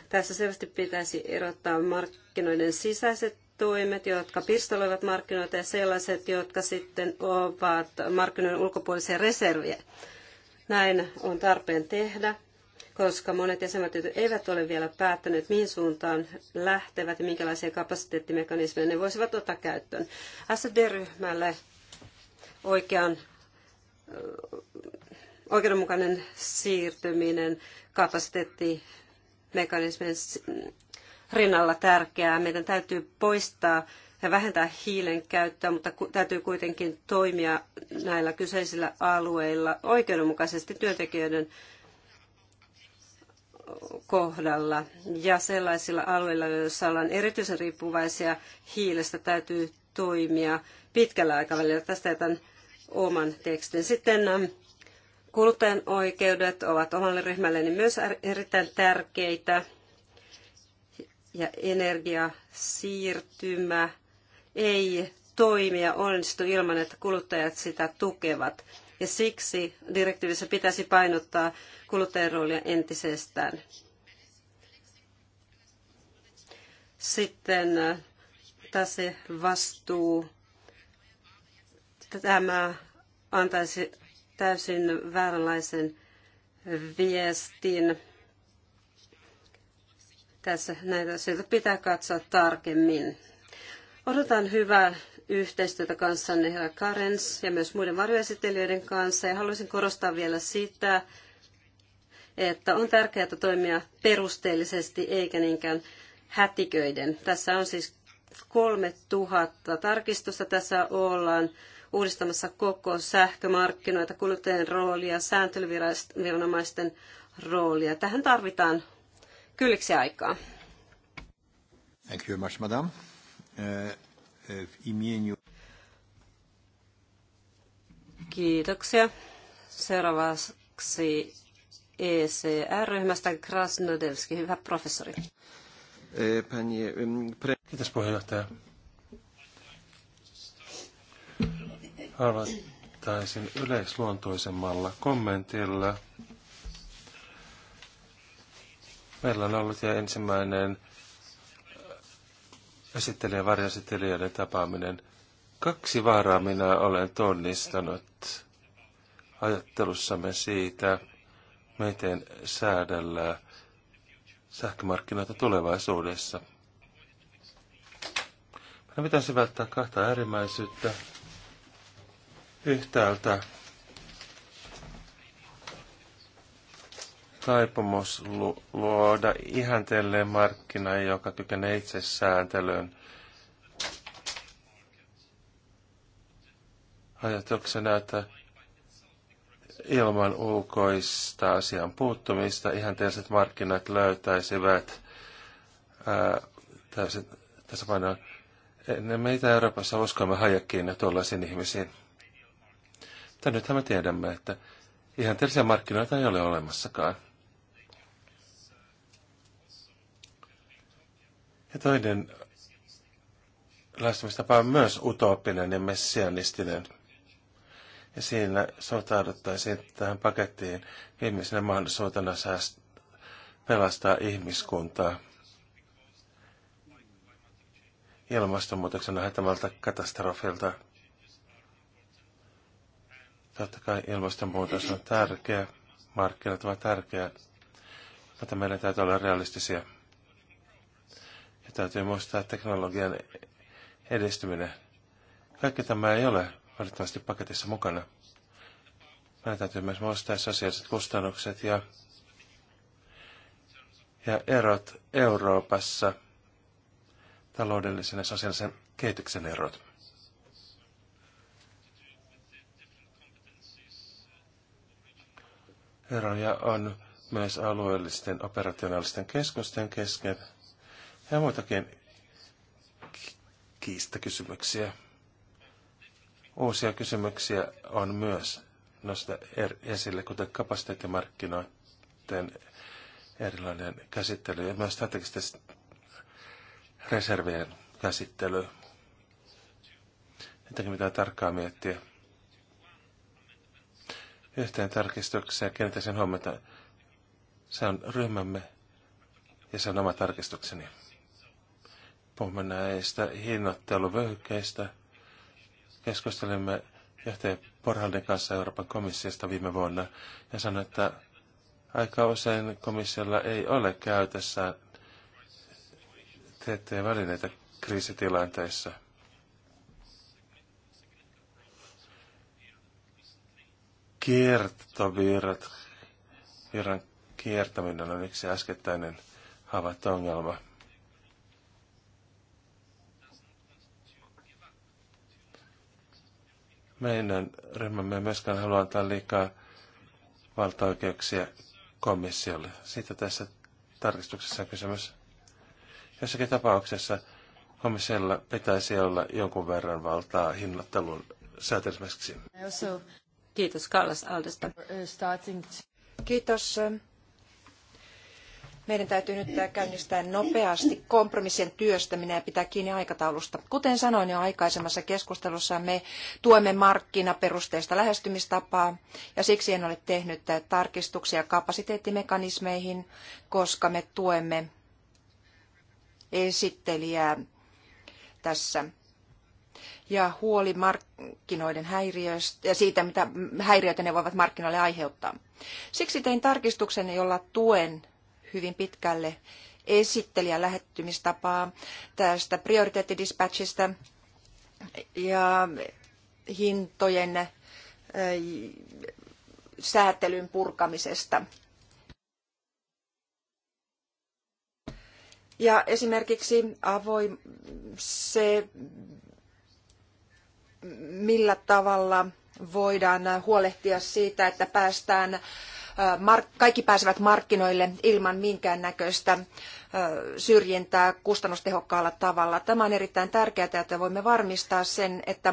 Tässä selvästi pitäisi erottaa markkinoiden sisäiset toimet, jotka pistoloivat markkinoita ja sellaiset, jotka sitten ovat markkinoiden ulkopuolisia reserviä. Näin on tarpeen tehdä, koska monet jäsenvaltiot eivät ole vielä päättäneet, mihin suuntaan lähtevät ja minkälaisia kapasiteettimekanismeja ne voisivat ottaa käyttöön. SD-ryhmälle oikean, oikeudenmukainen siirtyminen kapasiteettimekanismien rinnalla tärkeää. Meidän täytyy poistaa ja vähentää hiilen käyttöä, mutta täytyy kuitenkin toimia näillä kyseisillä alueilla oikeudenmukaisesti työntekijöiden kohdalla. Ja sellaisilla alueilla, joissa ollaan erityisen riippuvaisia hiilestä, täytyy toimia pitkällä aikavälillä. Tästä jätän oman tekstin. Sitten ähm, kuluttajan oikeudet ovat omalle ryhmälleni myös erittäin tärkeitä ja energiasiirtymä ei toimi ja onnistu ilman, että kuluttajat sitä tukevat. Ja siksi direktiivissä pitäisi painottaa kuluttajan roolia entisestään. Sitten äh, tässä vastuu. Tämä antaisi täysin vääränlaisen viestin. Tässä näitä asioita pitää katsoa tarkemmin. Odotan hyvää yhteistyötä kanssanne, herra Karens, ja myös muiden varjoesittelijöiden kanssa. Ja haluaisin korostaa vielä sitä, että on tärkeää toimia perusteellisesti eikä niinkään hätiköiden. Tässä on siis 3000 tarkistusta. Tässä ollaan uudistamassa koko sähkömarkkinoita, kuluttajien roolia, sääntelyviranomaisten roolia. Tähän tarvitaan kylliksi aikaa. Thank you very much, madam. Eh, eh, w imieniu... Kiitoksia. Seuraavaksi ECR-ryhmästä Krasnodelski, hyvä professori. Eh, Kiitos puheenjohtaja. Arvattaisin yleisluontoisemmalla kommentilla. Meillä on ollut jo ensimmäinen äh, esittelijä ja tapaaminen. Kaksi vaaraa minä olen tunnistanut ajattelussamme siitä, miten säädellä sähkömarkkinoita tulevaisuudessa. Meidän pitäisi välttää kahta äärimmäisyyttä. Yhtäältä taipumus luoda ihanteelleen markkina, joka kykenee sääntelyyn. Ajatuksena, että ilman ulkoista asian puuttumista ihanteelliset markkinat löytäisivät ää, täysin, tässä painoin, ennen meitä Euroopassa uskomme hajakkiin ja tuollaisiin ihmisiin. Mutta nythän me tiedämme, että ihan tällaisia markkinoita ei ole olemassakaan. Ja toinen lähestymistapa on myös utopinen ja messianistinen. Ja siinä sotauduttaisiin tähän pakettiin viimeisenä mahdollisuutena sääst- pelastaa ihmiskuntaa ilmastonmuutoksen aiheuttamalta katastrofilta. Totta kai ilmastonmuutos on tärkeä, markkinat ovat tärkeä, mutta meidän täytyy olla realistisia täytyy muistaa teknologian edistyminen. Kaikki tämä ei ole valitettavasti paketissa mukana. Meidän täytyy myös muistaa sosiaaliset kustannukset ja, ja erot Euroopassa, taloudellisen ja sosiaalisen kehityksen erot. Eroja on myös alueellisten operationaalisten keskusten kesken – ja muitakin kiistakysymyksiä. Uusia kysymyksiä on myös nosta er-, esille, kuten kapasiteettimarkkinoiden erilainen käsittely ja myös strategisten reservien käsittely. Niitäkin mitä tarkkaan miettiä. Yhteen tarkistukseen kiinnitän sen huomiota. Se on ryhmämme ja se on oma tarkistukseni. Puhumme näistä hinnoitteluvöhykkeistä. Keskustelimme johtaja Porhalden kanssa Euroopan komissiosta viime vuonna ja sanoi, että aika usein komissiolla ei ole käytössä tiettyjä välineitä kriisitilanteissa. Kiertovirrat, virran kiertäminen on yksi äskettäinen havaittu ongelma. Meidän ryhmämme myöskään halua antaa liikaa valtaoikeuksia komissiolle. Siitä tässä tarkistuksessa on kysymys. Jossakin tapauksessa komissiolla pitäisi olla jonkun verran valtaa hinnoittelun säätelmäksi. Kiitos Kallas Aldesta. Kiitos. Meidän täytyy nyt käynnistää nopeasti kompromissien työstäminen ja pitää kiinni aikataulusta. Kuten sanoin jo aikaisemmassa keskustelussa, me tuemme markkinaperusteista lähestymistapaa ja siksi en ole tehnyt tarkistuksia kapasiteettimekanismeihin, koska me tuemme esittelijää tässä ja huoli markkinoiden häiriöistä ja siitä, mitä häiriöitä ne voivat markkinoille aiheuttaa. Siksi tein tarkistuksen, jolla tuen hyvin pitkälle esittelijän lähettymistapaa tästä prioriteettidispatchista ja hintojen säätelyn purkamisesta. Ja esimerkiksi avoin se, millä tavalla voidaan huolehtia siitä, että päästään kaikki pääsevät markkinoille ilman minkäännäköistä syrjintää kustannustehokkaalla tavalla. Tämä on erittäin tärkeää, että voimme varmistaa sen, että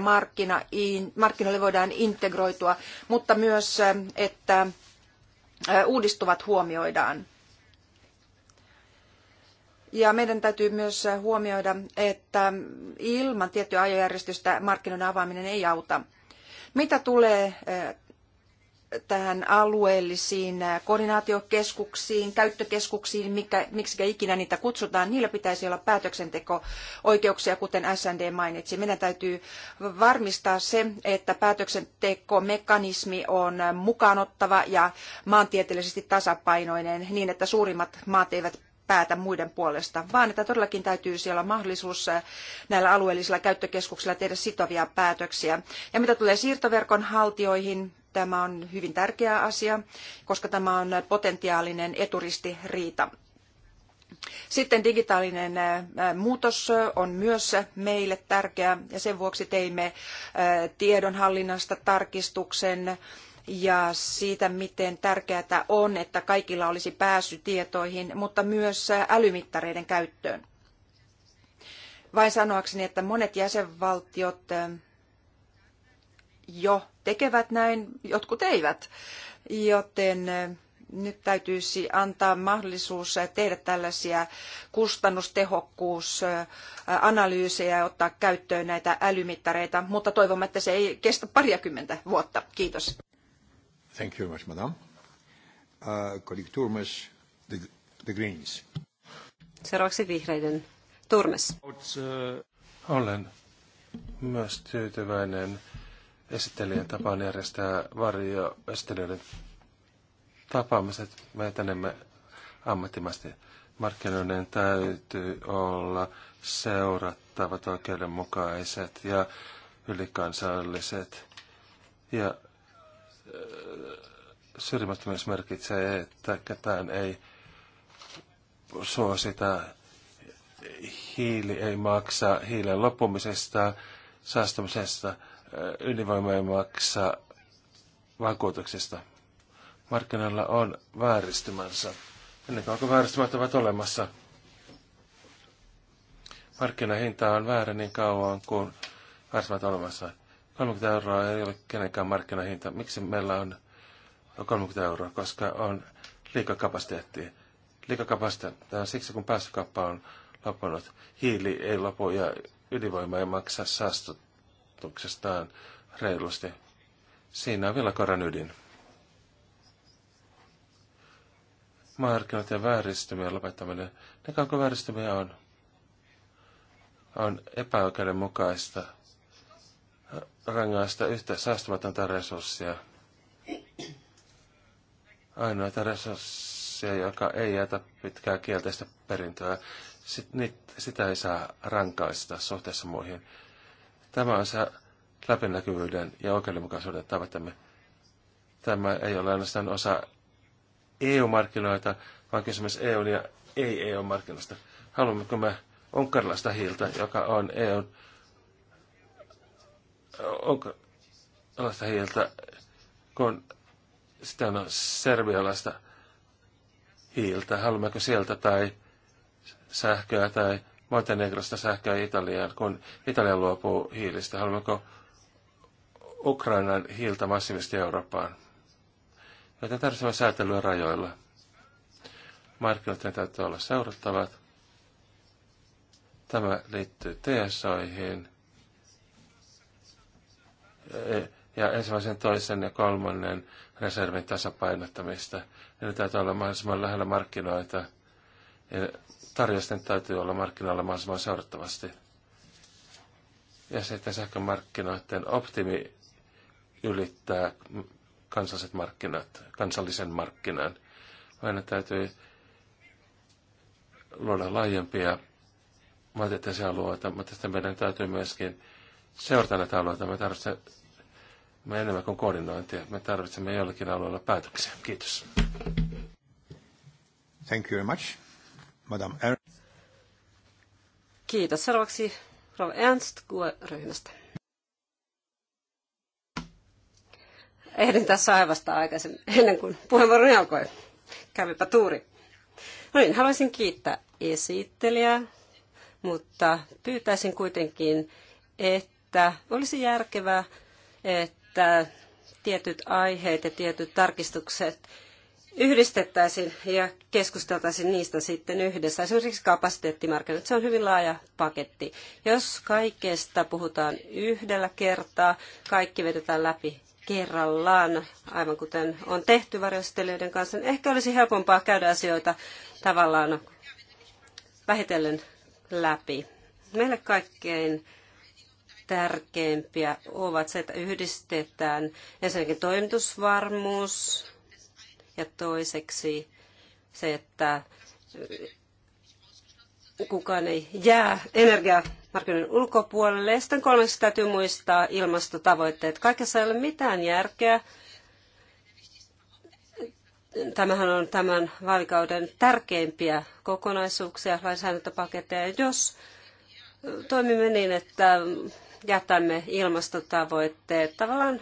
markkinoille voidaan integroitua, mutta myös, että uudistuvat huomioidaan. Ja meidän täytyy myös huomioida, että ilman tiettyä ajojärjestystä markkinoiden avaaminen ei auta. Mitä tulee tähän alueellisiin koordinaatiokeskuksiin, käyttökeskuksiin, mikä, miksi ikinä niitä kutsutaan, niillä pitäisi olla päätöksenteko-oikeuksia, kuten SND mainitsi. Meidän täytyy varmistaa se, että päätöksentekomekanismi on mukaanottava ja maantieteellisesti tasapainoinen niin, että suurimmat maat eivät päätä muiden puolesta, vaan että todellakin täytyy siellä mahdollisuus näillä alueellisilla käyttökeskuksilla tehdä sitovia päätöksiä. Ja mitä tulee siirtoverkon haltijoihin, Tämä on hyvin tärkeä asia, koska tämä on potentiaalinen eturistiriita. Sitten digitaalinen muutos on myös meille tärkeä ja sen vuoksi teimme tiedonhallinnasta tarkistuksen ja siitä, miten tärkeää on, että kaikilla olisi pääsy tietoihin, mutta myös älymittareiden käyttöön. Vain sanoakseni, että monet jäsenvaltiot jo tekevät näin, jotkut eivät. Joten nyt täytyisi antaa mahdollisuus tehdä tällaisia kustannustehokkuusanalyysejä ja ottaa käyttöön näitä älymittareita, mutta toivomme, että se ei kestä pariakymmentä vuotta. Kiitos. Thank you very much, madam. Uh, colleague Turmes, the, the Greens. Seuraavaksi vihreiden Turmes. Olen myös tyytyväinen esittelijän tapaan järjestää varjoesittelijöiden tapaamiset. Me etenemme ammattimaisesti. Markkinoiden täytyy olla seurattavat oikeudenmukaiset ja ylikansalliset. Ja äh, syrjimättömyys merkitsee, että ketään ei suosita. Hiili ei maksa hiilen loppumisesta, saastumisesta – ylivoima ei maksa Markkinoilla on vääristymänsä. Ennen kuin vääristymät ovat olemassa, markkinahinta on väärä niin kauan kuin vääristymät olemassa. 30 euroa ei ole kenenkään markkinahinta. Miksi meillä on 30 euroa? Koska on liikakapasiteettia. Liikakapasiteettia on siksi, kun päästökauppa on loppunut. Hiili ei lopu ja ydinvoima ei maksa saastut ehdotuksestaan reilusti. Siinä on koran ydin. Markkinat ja vääristymien lopettaminen, ne niin kauko vääristymiä on, on epäoikeudenmukaista rangaista yhtä säästämätöntä resurssia. Ainoita resursseja, joka ei jätä pitkää kielteistä perintöä, sit, niitä, sitä ei saa rankaista suhteessa muihin. Tämä on se läpinäkyvyyden ja oikeudenmukaisuuden tavoitteemme. Tämä ei ole ainoastaan osa EU-markkinoita, vaan kysymys EUn ja ei-EU-markkinoista. Haluammeko me onkarlaista hiiltä, joka on EUn onkarlaista hiiltä, kun sitä on serbialaista hiiltä. Haluammeko sieltä tai sähköä tai Montenegrosta sähköä Italiaan, kun Italia luopuu hiilistä. Haluammeko Ukrainan hiiltä massiivisesti Eurooppaan? Joten tarvitsemme säätelyä rajoilla. Markkinoiden täytyy olla seurattavat. Tämä liittyy TSOihin e, ja ensimmäisen, toisen ja kolmannen reservin tasapainottamista. ne täytyy olla mahdollisimman lähellä markkinoita tarjosten täytyy olla markkinoilla mahdollisimman seurattavasti. Ja se, että sähkömarkkinoiden optimi ylittää kansalliset markkinat, kansallisen markkinan. Aina täytyy luoda laajempia maantieteellisiä alueita, mutta sitten meidän täytyy myöskin seurata näitä alueita. Me tarvitsemme enemmän kuin koordinointia. Me tarvitsemme jollakin alueella päätöksiä. Kiitos. Thank you very much. Madame Ernst. Kiitos. Seuraavaksi Rova Ernst ryhmästä Ehdin tässä aivasta aikaisemmin, ennen kuin puheenvuoroni alkoi. Kävipä tuuri. No niin, haluaisin kiittää esittelijää, mutta pyytäisin kuitenkin, että olisi järkevää, että tietyt aiheet ja tietyt tarkistukset yhdistettäisiin ja keskusteltaisiin niistä sitten yhdessä. Esimerkiksi kapasiteettimarkkinat, se on hyvin laaja paketti. Jos kaikesta puhutaan yhdellä kertaa, kaikki vedetään läpi kerrallaan, aivan kuten on tehty varjostelijoiden kanssa, niin ehkä olisi helpompaa käydä asioita tavallaan vähitellen läpi. Meille kaikkein tärkeimpiä ovat se, että yhdistetään ensinnäkin toimitusvarmuus, ja toiseksi se, että kukaan ei jää energiamarkkinoiden ulkopuolelle. Ja sitten kolmeksi täytyy muistaa ilmastotavoitteet. Kaikessa ei ole mitään järkeä. Tämähän on tämän vaalikauden tärkeimpiä kokonaisuuksia, lainsäädäntöpaketteja. Jos toimimme niin, että jätämme ilmastotavoitteet tavallaan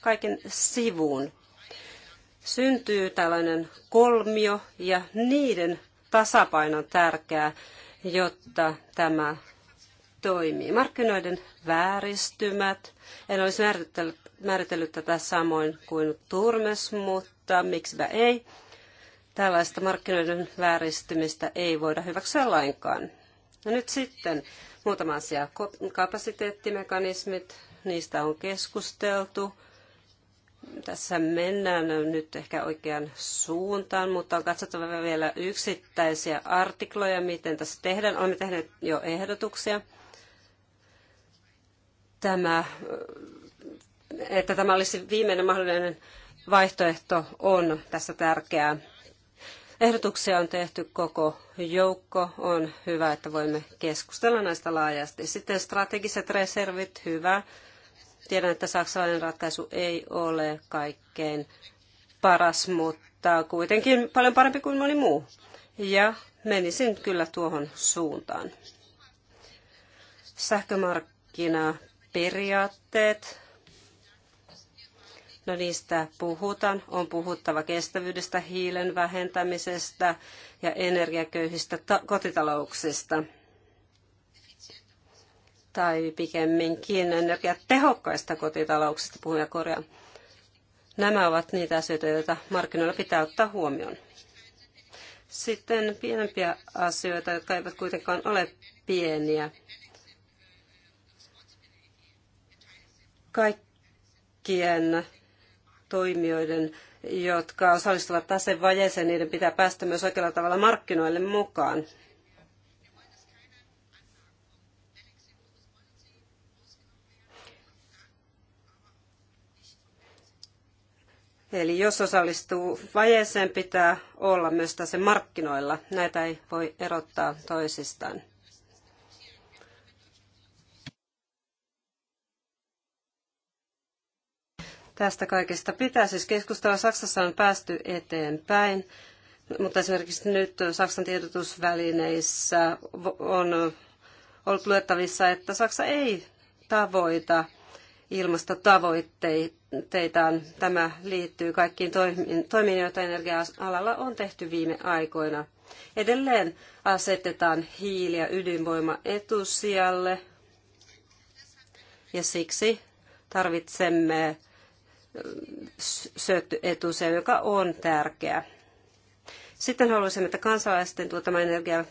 kaiken sivuun syntyy tällainen kolmio ja niiden tasapaino on tärkeää, jotta tämä toimii. Markkinoiden vääristymät, en olisi määritellyt, määritellyt tätä samoin kuin turmes, mutta miksipä ei. Tällaista markkinoiden vääristymistä ei voida hyväksyä lainkaan. No nyt sitten muutama asia. Kapasiteettimekanismit, niistä on keskusteltu tässä mennään nyt ehkä oikeaan suuntaan, mutta on katsottava vielä yksittäisiä artikloja, miten tässä tehdään. Olemme tehneet jo ehdotuksia. Tämä, että tämä olisi viimeinen mahdollinen vaihtoehto on tässä tärkeää. Ehdotuksia on tehty koko joukko. On hyvä, että voimme keskustella näistä laajasti. Sitten strategiset reservit, hyvä Tiedän, että saksalainen ratkaisu ei ole kaikkein paras, mutta kuitenkin paljon parempi kuin moni muu. Ja menisin kyllä tuohon suuntaan. Sähkömarkkinaperiaatteet. No niistä puhutaan. On puhuttava kestävyydestä, hiilen vähentämisestä ja energiaköyhistä kotitalouksista tai pikemminkin energiatehokkaista kotitalouksista puhuja Korea. Nämä ovat niitä asioita, joita markkinoilla pitää ottaa huomioon. Sitten pienempiä asioita, jotka eivät kuitenkaan ole pieniä. Kaikkien toimijoiden, jotka osallistuvat tasevajeeseen, niiden pitää päästä myös oikealla tavalla markkinoille mukaan. Eli jos osallistuu vajeeseen, pitää olla myös tässä markkinoilla. Näitä ei voi erottaa toisistaan. Tästä kaikesta pitää siis keskustella. Saksassa on päästy eteenpäin, mutta esimerkiksi nyt Saksan tiedotusvälineissä on ollut luettavissa, että Saksa ei tavoita ilmastotavoitteitaan. Tämä liittyy kaikkiin toimiin, joita energia-alalla on tehty viime aikoina. Edelleen asetetaan hiili- ja ydinvoima etusijalle ja siksi tarvitsemme syöttöetusia, joka on tärkeä. Sitten haluaisimme, että kansalaisten tuottama energia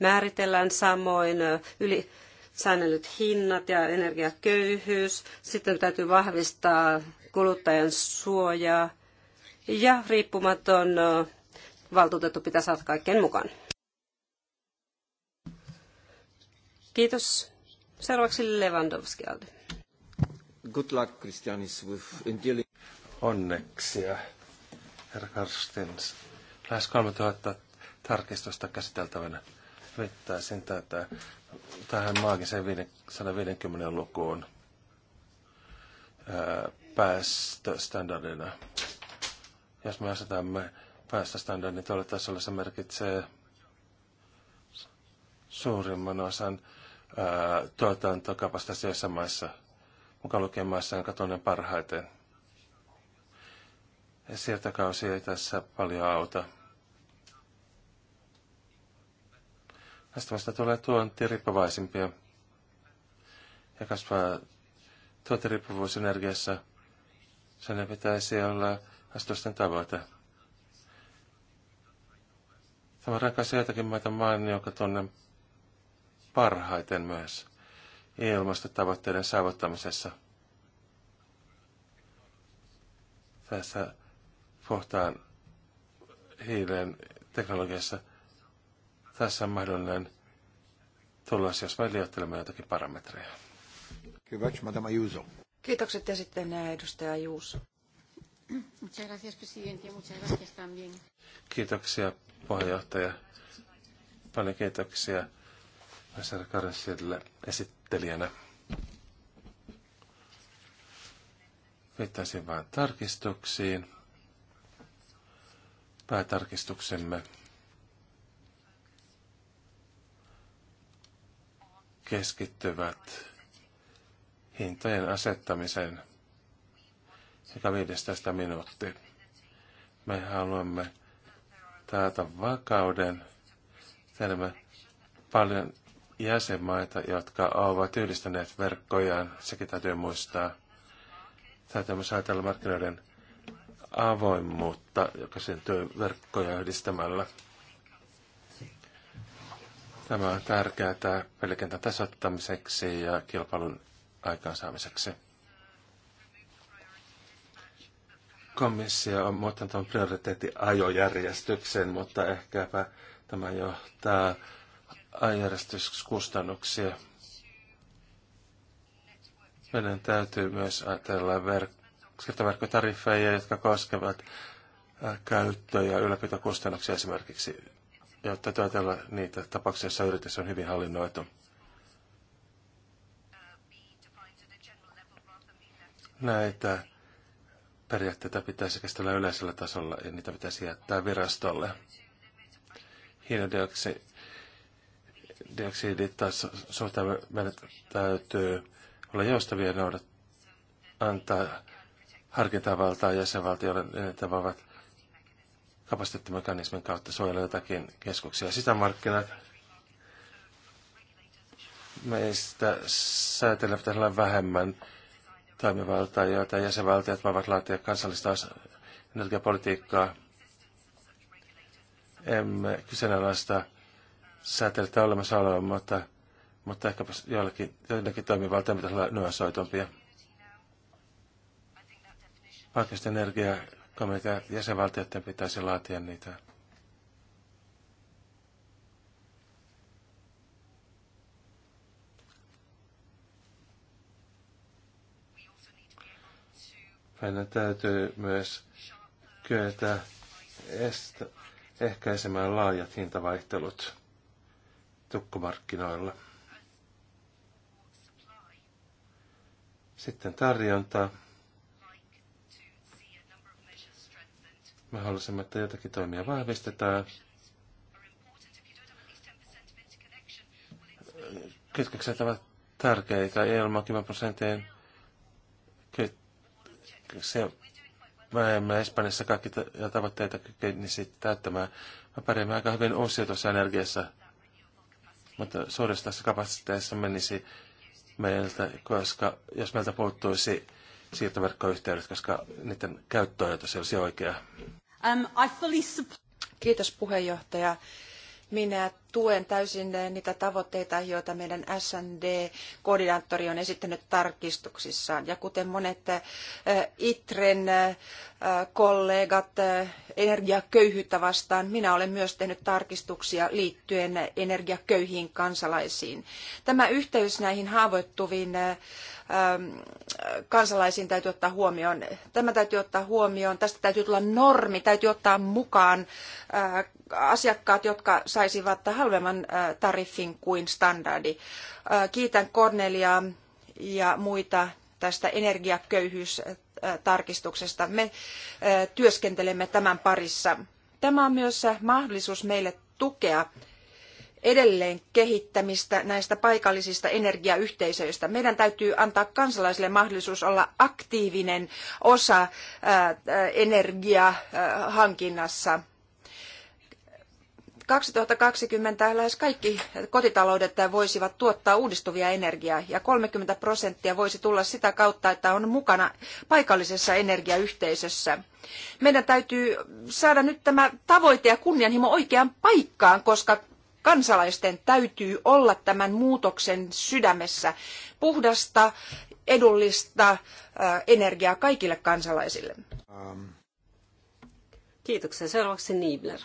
määritellään samoin yli säännellyt hinnat ja energiaköyhyys. Sitten täytyy vahvistaa kuluttajan suojaa ja riippumaton valtuutettu pitää saada kaikkien mukaan. Kiitos. Seuraavaksi Lewandowski Aldi. Good luck, Christianis, with Onneksia, herra Karstens. Lähes 3000 tarkistusta käsiteltävänä vettäisin tätä tähän maagiseen 150 lukuun päästöstandardina. Jos me asetamme päästöstandardin tuolle tasolle, se merkitsee suurimman osan tuotantokapasiteetista joissa maissa, mukaan lukien maissa, jonka tunnen parhaiten. kausi ei tässä paljon auta. Kasvavasta tulee tuonti riippuvaisimpia ja kasvaa tuontiriippuvuusenergiassa. energiassa. Sen pitäisi olla astusten tavoite. Tämä rakasi jotakin maita maan, joka tunnen parhaiten myös ilmastotavoitteiden saavuttamisessa. Tässä puhutaan hiilen teknologiassa – tässä on mahdollinen tuollaisia jos jotakin parametreja. Kiitos, Madame Ayuso. Kiitokset ja sitten edustaja Juuso. Muchas gracias, presidente. Muchas gracias también. Kiitoksia, puheenjohtaja. Paljon kiitoksia Nasser Karasille esittelijänä. Viittaisin vain tarkistuksiin. Päätarkistuksemme keskittyvät hintojen asettamiseen sekä 15 minuutti. Me haluamme taata vakauden. Tiedämme paljon jäsenmaita, jotka ovat yhdistäneet verkkojaan. Sekin täytyy muistaa. Täytyy myös ajatella markkinoiden avoimuutta, joka syntyy verkkoja yhdistämällä. Tämä on tärkeää tämä pelikentän tasoittamiseksi ja kilpailun aikaansaamiseksi. Komissio on muuttanut tämän prioriteettiajojärjestyksen, mutta ehkäpä tämä johtaa ajojärjestyskustannuksia, Meidän täytyy myös ajatella verk- siirtoverkkotariffeja, jotka koskevat käyttö- ja ylläpitokustannuksia esimerkiksi ja täytyy ajatella niitä tapauksia, joissa yritys on hyvin hallinnoitu. Näitä periaatteita pitäisi käsitellä yleisellä tasolla ja niitä pitäisi jättää virastolle. suhteen meidän täytyy olla joustavia noudat, antaa harkintavaltaa jäsenvaltioille, niin että voivat kapasiteettimekanismin kautta suojella jotakin keskuksia. Sisämarkkinat meistä säätelee pitäisi olla vähemmän toimivaltaa, joita jäsenvaltiot voivat laatia kansallista energiapolitiikkaa. Emme kyseenalaista säätelytä olemassa olevaa, mutta, mutta ehkä joillakin, joillakin toimivaltaan pitäisi olla nyösoitumpia. Paikallista energia komitea jäsenvaltioiden pitäisi laatia niitä. Meidän täytyy myös kyetä estä, ehkäisemään laajat hintavaihtelut tukkumarkkinoilla. Sitten tarjonta. Me halusimme, että jotakin toimia vahvistetaan. Kytkökset ovat tärkeitä. Ilman 10 prosentin kytköksiä me mä Espanjassa kaikki tavoitteita kykenisi täyttämään. Mä pärjäämme aika hyvin uusiutuvassa energiassa, mutta suuresta kapasiteetissa menisi meiltä, koska jos meiltä puuttuisi siirtoverkkoyhteydet, koska niiden käyttöajatus olisi oikea. Um, Kiitos puheenjohtaja. Minä tuen täysin niitä tavoitteita, joita meidän SND-koordinaattori on esittänyt tarkistuksissaan. Ja kuten monet äh, ITREN äh, kollegat äh, energiaköyhyyttä vastaan, minä olen myös tehnyt tarkistuksia liittyen energiaköyhiin kansalaisiin. Tämä yhteys näihin haavoittuviin Ähm, kansalaisiin täytyy ottaa huomioon. Tämä täytyy ottaa huomioon, tästä täytyy tulla normi, täytyy ottaa mukaan äh, asiakkaat, jotka saisivat halvemman äh, tariffin kuin standardi. Äh, kiitän Corneliaa ja muita tästä energiaköyhyystarkistuksesta. Me työskentelemme tämän parissa. Tämä on myös mahdollisuus meille tukea edelleen kehittämistä näistä paikallisista energiayhteisöistä. Meidän täytyy antaa kansalaisille mahdollisuus olla aktiivinen osa energiahankinnassa. 2020 lähes kaikki kotitaloudet voisivat tuottaa uudistuvia energiaa ja 30 prosenttia voisi tulla sitä kautta, että on mukana paikallisessa energiayhteisössä. Meidän täytyy saada nyt tämä tavoite ja kunnianhimo oikeaan paikkaan, koska kansalaisten täytyy olla tämän muutoksen sydämessä puhdasta, edullista energiaa kaikille kansalaisille. Ähm. Kiitoksia. Seuraavaksi Niibler.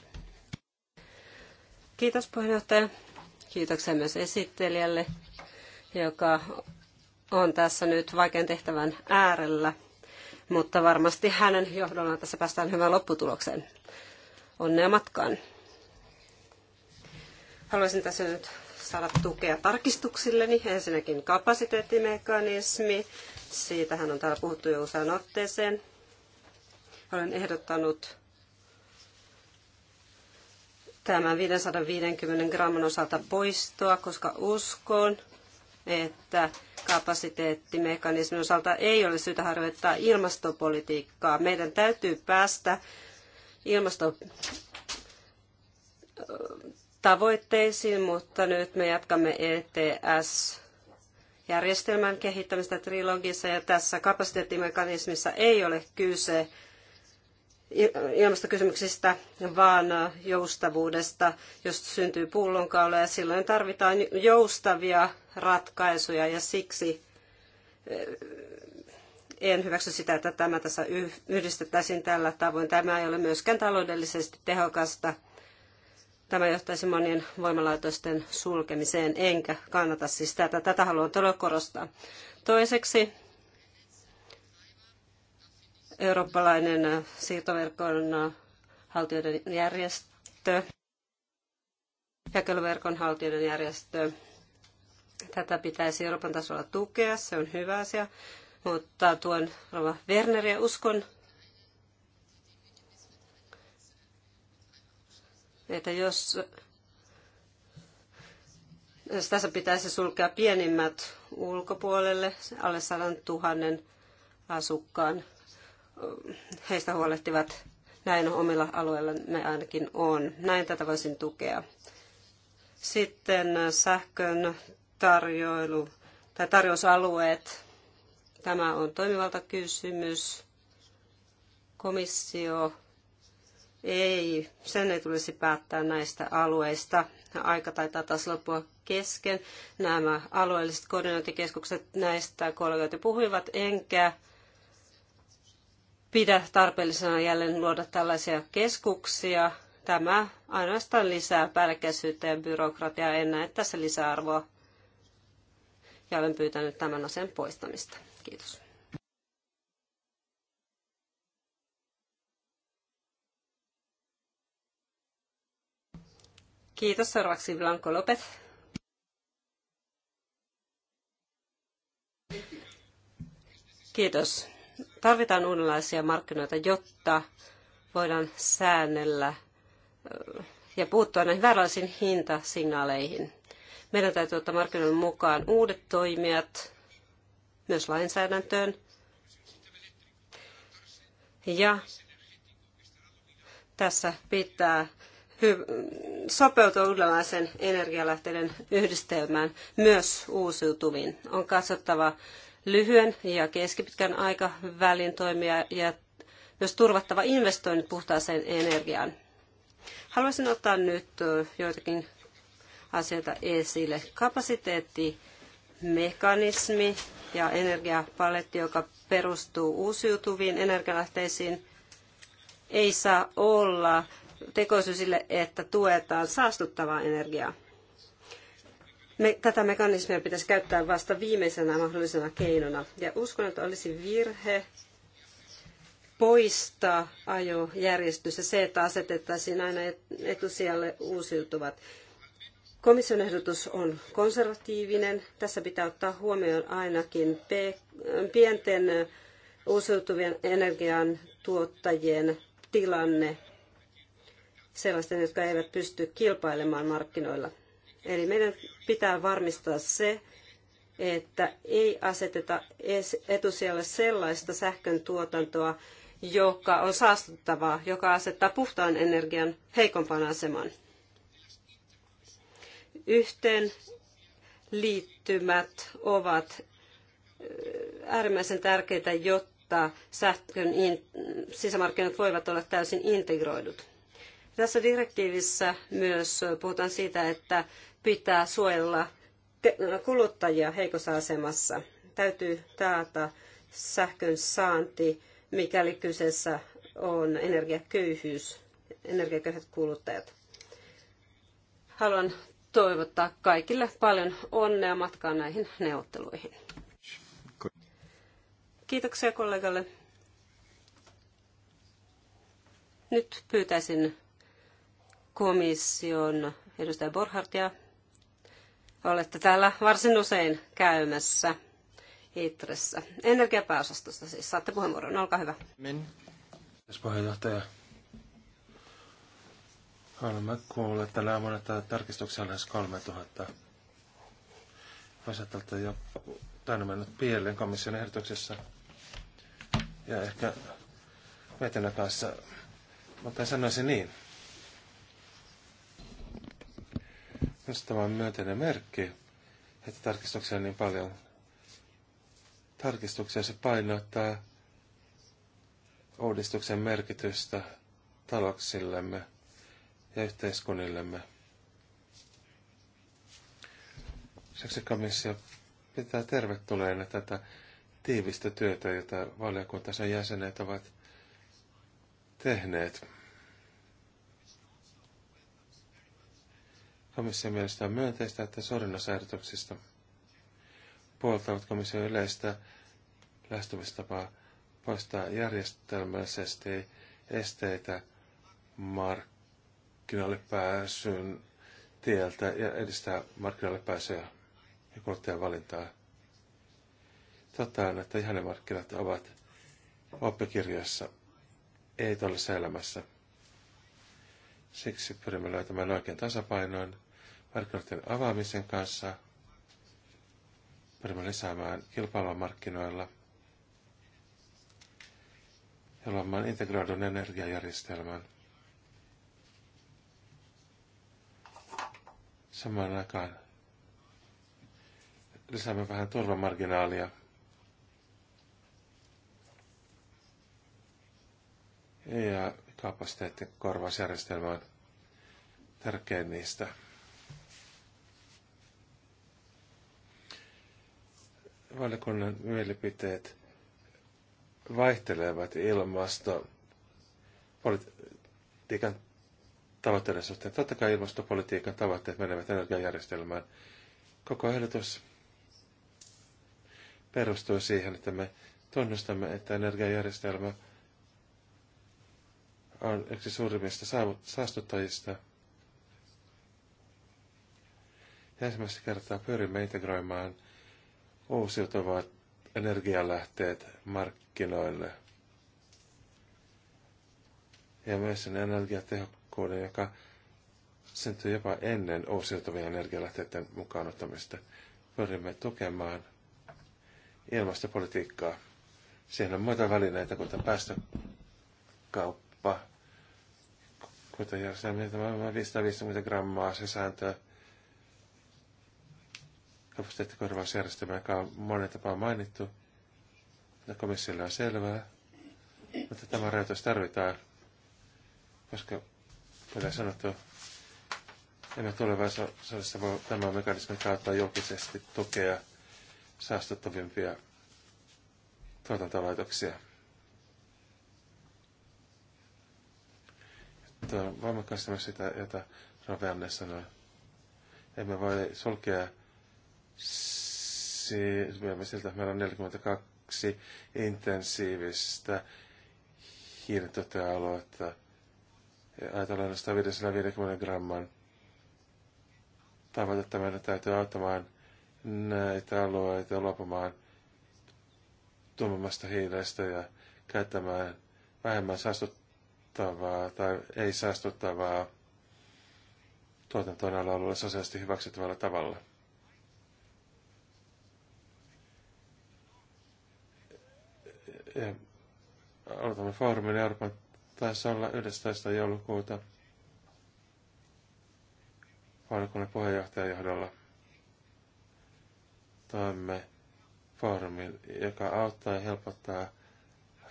Kiitos puheenjohtaja. Kiitoksia myös esittelijälle, joka on tässä nyt vaikean tehtävän äärellä, mutta varmasti hänen johdollaan tässä päästään hyvään lopputulokseen. Onnea matkaan. Haluaisin tässä nyt saada tukea tarkistuksilleni. Ensinnäkin kapasiteettimekanismi. Siitähän on täällä puhuttu jo usean otteeseen. Olen ehdottanut tämän 550 gramman osalta poistoa, koska uskon, että kapasiteettimekanismin osalta ei ole syytä harjoittaa ilmastopolitiikkaa. Meidän täytyy päästä ilmasto tavoitteisiin, mutta nyt me jatkamme ETS järjestelmän kehittämistä trilogissa ja tässä kapasiteettimekanismissa ei ole kyse ilmastokysymyksistä, vaan joustavuudesta, jos syntyy pullonkaula ja silloin tarvitaan joustavia ratkaisuja ja siksi eh, en hyväksy sitä, että tämä tässä yhdistettäisiin tällä tavoin. Tämä ei ole myöskään taloudellisesti tehokasta Tämä johtaisi monien voimalaitosten sulkemiseen, enkä kannata siis tätä. Tätä haluan todella korostaa. Toiseksi eurooppalainen siirtoverkon haltijoiden järjestö, jakeluverkon haltijoiden järjestö. Tätä pitäisi Euroopan tasolla tukea, se on hyvä asia, mutta tuon Rova Werneriä uskon että jos, jos tässä pitäisi sulkea pienimmät ulkopuolelle, alle 100 000 asukkaan, heistä huolehtivat näin omilla alueilla me ainakin on. Näin tätä voisin tukea. Sitten sähkön tarjoilu tai tarjousalueet. Tämä on toimivalta kysymys. Komissio ei, sen ei tulisi päättää näistä alueista. Aika taitaa taas loppua kesken. Nämä alueelliset koordinointikeskukset näistä kollegat jo puhuivat, enkä pidä tarpeellisena jälleen luoda tällaisia keskuksia. Tämä ainoastaan lisää päällekkäisyyttä ja byrokratiaa. En näe tässä lisäarvoa. Ja olen pyytänyt tämän asian poistamista. Kiitos. Kiitos. Seuraavaksi Blanco Lopet. Kiitos. Tarvitaan uudenlaisia markkinoita, jotta voidaan säännellä ja puuttua näihin vääränlaisiin hintasignaaleihin. Meidän täytyy ottaa markkinoille mukaan uudet toimijat myös lainsäädäntöön. Ja tässä pitää sopeutua uudenlaisen energialähteiden yhdistelmään myös uusiutuviin. On katsottava lyhyen ja keskipitkän aikavälin toimia ja myös turvattava investoinnit puhtaaseen energiaan. Haluaisin ottaa nyt joitakin asioita esille. Kapasiteetti, mekanismi ja energiapaletti, joka perustuu uusiutuviin energialähteisiin, ei saa olla tekosyy sille, että tuetaan saastuttavaa energiaa. Me, tätä mekanismia pitäisi käyttää vasta viimeisenä mahdollisena keinona. Ja uskon, että olisi virhe poistaa ajojärjestys ja se, että asetettaisiin aina etusijalle uusiutuvat. Komission ehdotus on konservatiivinen. Tässä pitää ottaa huomioon ainakin pienten uusiutuvien energian tuottajien tilanne sellaisten, jotka eivät pysty kilpailemaan markkinoilla. Eli meidän pitää varmistaa se, että ei aseteta etusijalle sellaista sähkön tuotantoa, joka on saastuttavaa, joka asettaa puhtaan energian heikompaan asemaan. Yhteen liittymät ovat äärimmäisen tärkeitä, jotta sähkön sisämarkkinat voivat olla täysin integroidut. Tässä direktiivissä myös puhutaan siitä, että pitää suojella kuluttajia heikossa asemassa. Täytyy taata sähkön saanti, mikäli kyseessä on energiaköyhyys, energiaköyhät kuluttajat. Haluan toivottaa kaikille paljon onnea matkaan näihin neuvotteluihin. Kiitoksia kollegalle. Nyt pyytäisin komission edustaja Borhartia. Olette täällä varsin usein käymässä Itressä. Energiapääosastosta siis. Saatte puheenvuoron. Olkaa hyvä. Min. Kiitos puheenjohtaja. Olemme kuulleet tänä aamuna tarkistuksia lähes 3000. Vasettelta jo tänne mennyt pieleen komission ehdotuksessa. Ja ehkä Vetenä kanssa, mutta sanoisin niin. Minusta tämä on myönteinen merkki, että tarkistuksia on niin paljon. Tarkistuksia se painottaa uudistuksen merkitystä taloksillemme ja yhteiskunnillemme. Siksi komissio pitää tervetulleena tätä tiivistä työtä, jota valiokuntansa jäsenet ovat tehneet. Komission mielestä on myönteistä, että suurin puoltavat komission yleistä lähestymistapaa poistaa järjestelmällisesti esteitä markkinoille pääsyn tieltä ja edistää markkinoille pääsyä ja kuluttajan valintaa. Totta on, että ihanemarkkinat ovat oppikirjassa, ei tuollaisessa elämässä. Siksi pyrimme löytämään oikein tasapainon markkinoiden avaamisen kanssa. Pyrimme lisäämään kilpailua markkinoilla. luomaan integroidun energiajärjestelmän. Samaan aikaan lisäämme vähän turvamarginaalia. Ja kapasiteettikorvausjärjestelmä on tärkein niistä. valiokunnan mielipiteet vaihtelevat politiikan tavoitteiden suhteen. Totta kai ilmastopolitiikan tavoitteet menevät energiajärjestelmään. Koko ehdotus perustuu siihen, että me tunnustamme, että energiajärjestelmä on yksi suurimmista saastuttajista. Ja ensimmäistä kertaa pyrimme integroimaan – uusiutuvat energialähteet markkinoille. Ja myös sen energiatehokkuuden, joka syntyy jopa ennen uusiutuvien energialähteiden mukaan Pyrimme tukemaan ilmastopolitiikkaa. Siihen on muita välineitä, kuten päästökauppa, kuten jos 550 grammaa se sääntö, kapasiteettikorvausjärjestelmä, joka on monen tapaan mainittu, ja komissiolle on selvää, mutta tämä rajoitus tarvitaan, koska kuten sanottu, emme tulevaisuudessa voi tämän mekanismin kautta julkisesti tukea saastuttavimpia tuotantolaitoksia. Tuo on voimakkaasti myös sitä, jota Rovianne sanoi. Emme voi sulkea siis siltä, että meillä on 42 intensiivistä hiilentuottaja-aluetta. Ajatellaan 150 gramman tavoitetta. Meidän täytyy auttamaan näitä alueita lopumaan tummemmasta hiilestä ja käyttämään vähemmän saastuttavaa tai ei saastuttavaa tuotantoon alueella sosiaalisesti hyväksyttävällä tavalla. ja aloitamme foorumin Euroopan olla 11. joulukuuta valiokunnan puheenjohtajan johdolla. Toimme foorumin, joka auttaa ja helpottaa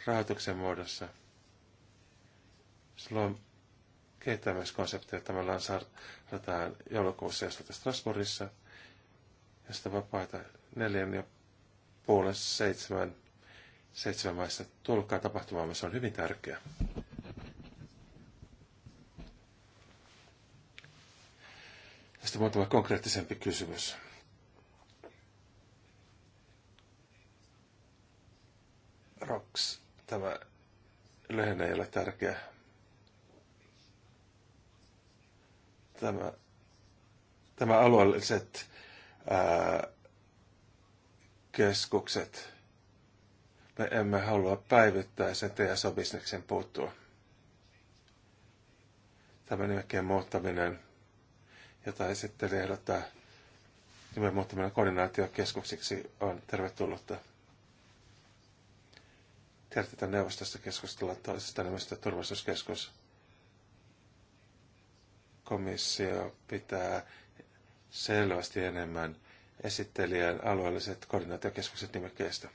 rahoituksen muodossa. Silloin kehittämiskonseptia tämä lansataan joulukuussa ja Strasbourgissa. Ja sitä vapaita neljän ja puolen seitsemän seitsemän maissa. Tulkaa tapahtumaan, se on hyvin tärkeä. Sitten muutama konkreettisempi kysymys. Roks, tämä lehenne ei ole tärkeä. Tämä, tämä alueelliset ää, keskukset – me emme halua päivittäisen TSO-bisneksen puuttua. Tämä nimekkeen muuttaminen, jota esittelijä ehdottaa nimen muuttaminen koordinaatiokeskuksiksi, on tervetullutta. Tiedätte, että neuvostossa keskustellaan toisesta nimestä turvallisuuskeskus. Komissio pitää selvästi enemmän esittelijän alueelliset koordinaatiokeskukset nimekkeestä.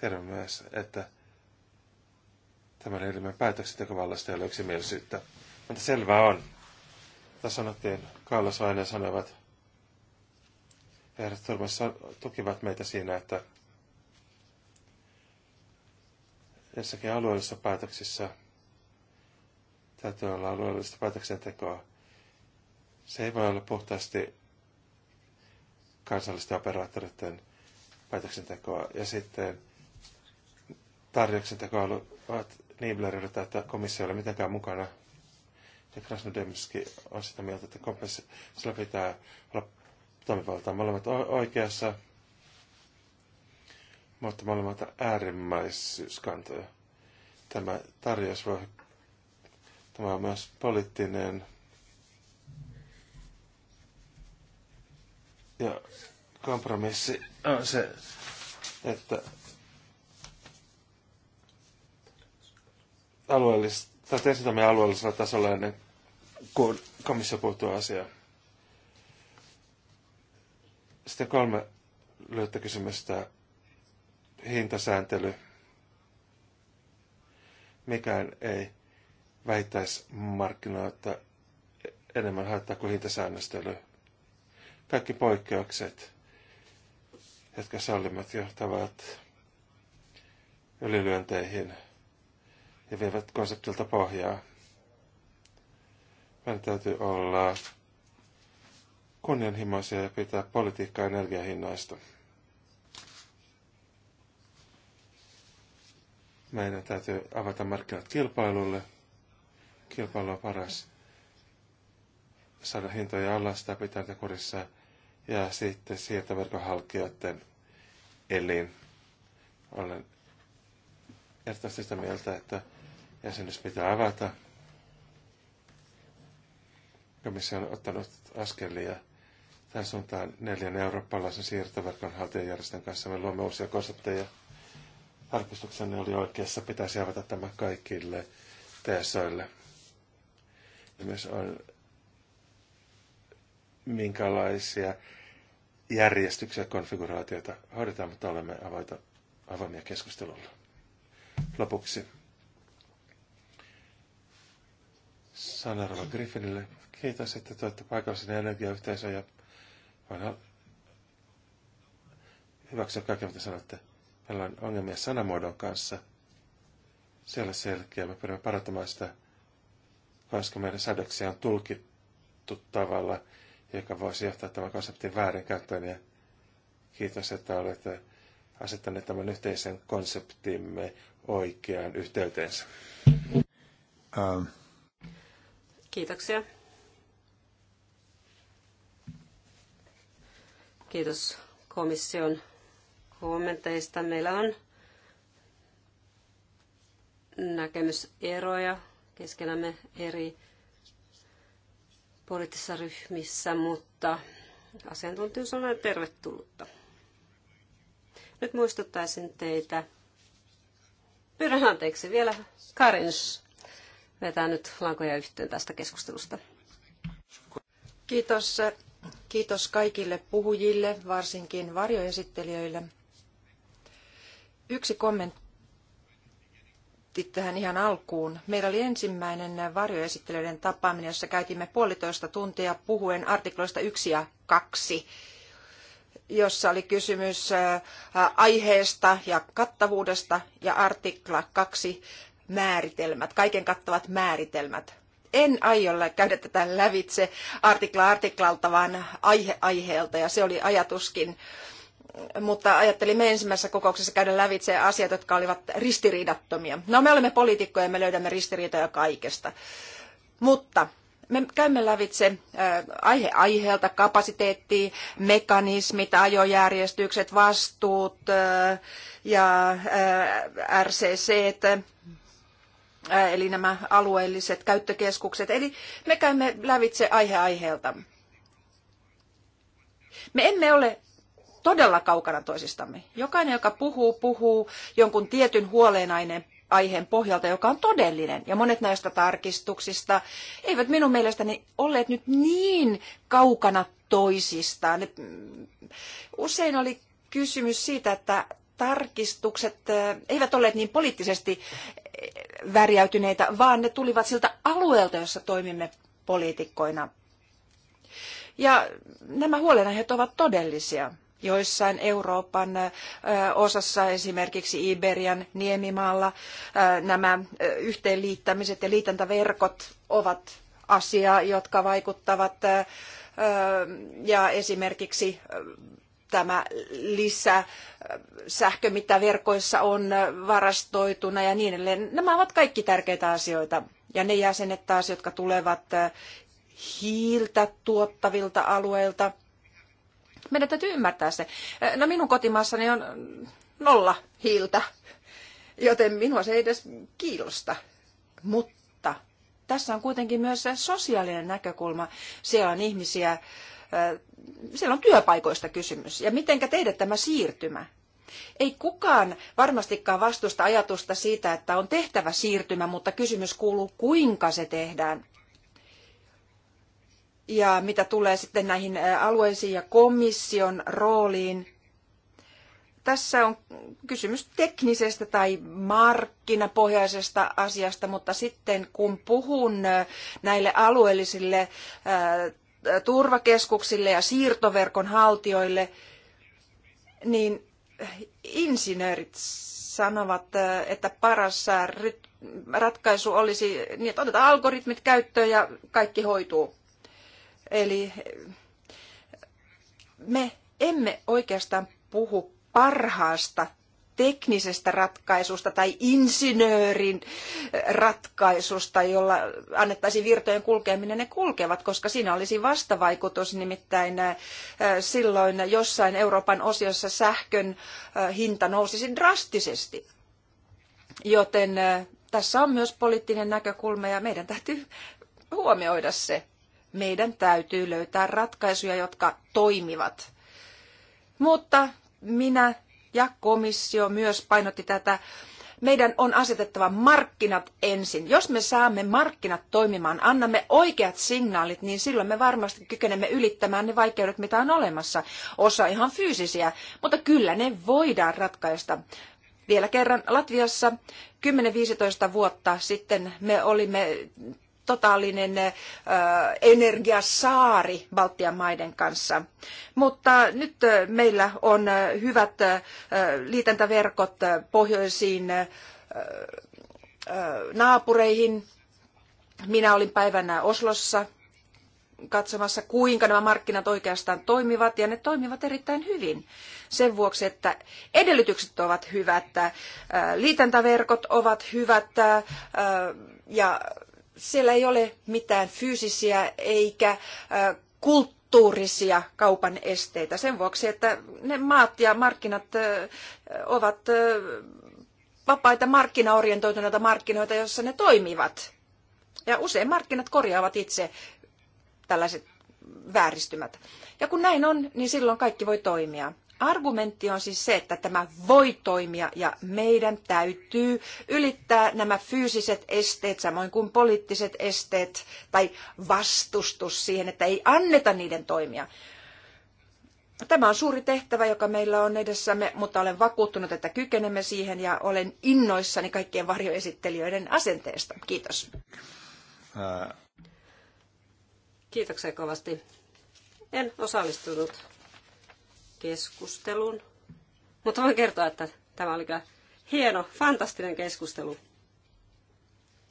Tiedän myös, että tämän elimen päätöksentekovallasta ei ole yksimielisyyttä. Mutta selvää on. Tässä sanottiin, Kaalas Vainen sanoivat, herrat turmassa tukivat meitä siinä, että jossakin alueellisissa päätöksissä täytyy olla alueellista päätöksentekoa. Se ei voi olla puhtaasti kansallisten operaattoreiden päätöksentekoa. Ja sitten tarjouksen tekoäly ovat niiblerilta, että komissio ei ole mitenkään mukana. Ja Krasnodemski on sitä mieltä, että komissiolla pitää olla toimivaltaa. Molemmat oikeassa, mutta molemmat äärimmäisyyskantoja. Tämä tarjous voi, tämä on myös poliittinen ja kompromissi on se, että alueellista, esitämme alueellisella tasolla ennen kuin komissio puuttuu asiaan. Sitten kolme lyhyttä kysymystä. Hintasääntely. Mikään ei väittäisi markkinoita enemmän haittaa kuin hintasäännöstely. Kaikki poikkeukset, jotka sallimat johtavat ylilyönteihin – ja vievät konseptilta pohjaa. Meidän täytyy olla kunnianhimoisia ja pitää politiikkaa energiahinnoista. Meidän täytyy avata markkinat kilpailulle. Kilpailu on paras. Saada hintoja alla sitä pitää kurissa ja sitten verkonhalkijoiden elin. Olen erittäin sitä mieltä, että Jäsenyys pitää avata. missä on ottanut askelia on suuntaan neljän eurooppalaisen siirtoverkon haltijajärjestön kanssa. Me luomme uusia konsepteja. Tarkistuksenne oli oikeassa. Pitäisi avata tämä kaikille TSOille. Myös on minkälaisia järjestyksiä ja konfiguraatioita hoidetaan, mutta olemme avoita, avoimia keskustelulla. Lopuksi Sanarva Griffinille. Kiitos, että tuotte paikallisen energiayhteisön ja voin hyväksyä kaiken, mitä sanotte. Meillä on ongelmia sanamuodon kanssa. Siellä selkeä. Me pyrimme parantamaan sitä, koska meidän sadoksia on tulkittu tavalla, joka voisi johtaa tämän konseptin väärinkäyttöön. Ja kiitos, että olette asettaneet tämän yhteisen konseptimme oikeaan yhteyteensä. Um. Kiitoksia. Kiitos komission kommenteista. Meillä on näkemyseroja keskenämme eri poliittisissa ryhmissä, mutta asiantuntijuus on aina tervetullutta. Nyt muistuttaisin teitä. Pyydän anteeksi vielä Karins vetää nyt lankoja yhteen tästä keskustelusta. Kiitos. Kiitos kaikille puhujille, varsinkin varjoesittelijöille. Yksi kommentti tähän ihan alkuun. Meillä oli ensimmäinen varjoesittelijöiden tapaaminen, jossa käytimme puolitoista tuntia puhuen artikloista yksi ja kaksi jossa oli kysymys aiheesta ja kattavuudesta ja artikla kaksi määritelmät, kaiken kattavat määritelmät. En aio käydä tätä lävitse artikla artiklalta, vaan aihe aiheelta, ja se oli ajatuskin. Mutta ajattelimme ensimmäisessä kokouksessa käydä lävitse asiat, jotka olivat ristiriidattomia. No me olemme poliitikkoja ja me löydämme ristiriitoja kaikesta. Mutta me käymme lävitse aihe aiheelta kapasiteetti, mekanismit, ajojärjestykset, vastuut ja RCC, eli nämä alueelliset käyttökeskukset. Eli me käymme lävitse aihe aiheelta. Me emme ole todella kaukana toisistamme. Jokainen, joka puhuu, puhuu jonkun tietyn huolenaineen aiheen pohjalta, joka on todellinen. Ja monet näistä tarkistuksista eivät minun mielestäni olleet nyt niin kaukana toisistaan. Mm, usein oli kysymys siitä, että tarkistukset äh, eivät olleet niin poliittisesti äh, värjäytyneitä, vaan ne tulivat siltä alueelta, jossa toimimme poliitikkoina. Ja nämä huolenaiheet ovat todellisia. Joissain Euroopan äh, osassa, esimerkiksi Iberian niemimaalla, nämä yhteenliittämiset ja liitäntäverkot ovat asia, jotka vaikuttavat ja esimerkiksi tämä lisä äh, sähkö, mitä verkoissa on varastoituna ja niin edelleen. Nämä ovat kaikki tärkeitä asioita. Ja ne jäsenet taas, jotka tulevat äh, hiiltä tuottavilta alueilta, meidän täytyy ymmärtää se. Äh, no minun kotimaassani on nolla hiiltä, joten minua se ei edes kiinnosta. Mutta tässä on kuitenkin myös sosiaalinen näkökulma. Siellä on ihmisiä, siellä on työpaikoista kysymys. Ja mitenkä tehdä tämä siirtymä? Ei kukaan varmastikaan vastusta ajatusta siitä, että on tehtävä siirtymä, mutta kysymys kuuluu, kuinka se tehdään. Ja mitä tulee sitten näihin alueisiin ja komission rooliin, tässä on kysymys teknisestä tai markkinapohjaisesta asiasta, mutta sitten kun puhun näille alueellisille turvakeskuksille ja siirtoverkon haltijoille, niin insinöörit sanovat, että paras ratkaisu olisi, niin että otetaan algoritmit käyttöön ja kaikki hoituu. Eli eh, me emme oikeastaan puhu parhaasta teknisestä ratkaisusta tai insinöörin eh, ratkaisusta, jolla annettaisiin virtojen kulkea, minne ne kulkevat, koska siinä olisi vastavaikutus nimittäin eh, eh, silloin jossain Euroopan osiossa sähkön hinta nousisi drastisesti. Joten tässä on myös poliittinen näkökulma ja meidän täytyy huomioida se. Meidän täytyy löytää ratkaisuja, jotka toimivat. Mutta minä ja komissio myös painotti tätä meidän on asetettava markkinat ensin. Jos me saamme markkinat toimimaan, annamme oikeat signaalit, niin silloin me varmasti kykenemme ylittämään ne vaikeudet, mitä on olemassa. Osa ihan fyysisiä, mutta kyllä ne voidaan ratkaista. Vielä kerran Latviassa 10-15 vuotta sitten me olimme totaalinen energiasaari Baltian maiden kanssa. Mutta nyt meillä on hyvät liitäntäverkot pohjoisiin naapureihin. Minä olin päivänä Oslossa katsomassa, kuinka nämä markkinat oikeastaan toimivat, ja ne toimivat erittäin hyvin sen vuoksi, että edellytykset ovat hyvät, liitäntäverkot ovat hyvät ja siellä ei ole mitään fyysisiä eikä kulttuurisia kaupan esteitä sen vuoksi, että ne maat ja markkinat ovat vapaita markkinaorientoituneita markkinoita, joissa ne toimivat. Ja usein markkinat korjaavat itse tällaiset vääristymät. Ja kun näin on, niin silloin kaikki voi toimia. Argumentti on siis se, että tämä voi toimia ja meidän täytyy ylittää nämä fyysiset esteet samoin kuin poliittiset esteet tai vastustus siihen, että ei anneta niiden toimia. Tämä on suuri tehtävä, joka meillä on edessämme, mutta olen vakuuttunut, että kykenemme siihen ja olen innoissani kaikkien varjoesittelijöiden asenteesta. Kiitos. Kiitoksia kovasti. En osallistunut keskustelun. Mutta voin kertoa, että tämä oli kyllä hieno, fantastinen keskustelu.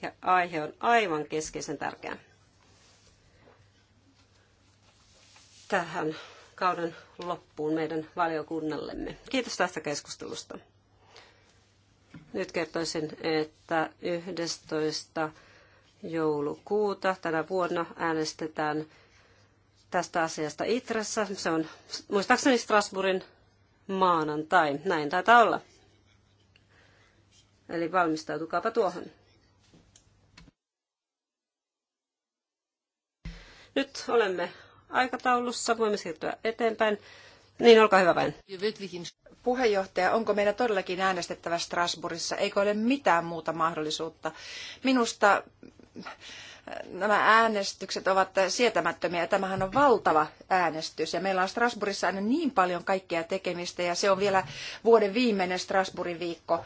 Ja aihe on aivan keskeisen tärkeä. Tähän kauden loppuun meidän valiokunnallemme. Kiitos tästä keskustelusta. Nyt kertoisin, että 11. joulukuuta tänä vuonna äänestetään tästä asiasta Itressä. Se on muistaakseni Strasbourgin maanantai. Näin taitaa olla. Eli valmistautukaapa tuohon. Nyt olemme aikataulussa, voimme siirtyä eteenpäin. Niin, olkaa hyvä vain. Puheenjohtaja, onko meidän todellakin äänestettävä Strasbourgissa? Eikö ole mitään muuta mahdollisuutta? Minusta nämä äänestykset ovat sietämättömiä. Tämähän on valtava äänestys ja meillä on Strasbourgissa aina niin paljon kaikkea tekemistä ja se on vielä vuoden viimeinen Strasbourgin viikko,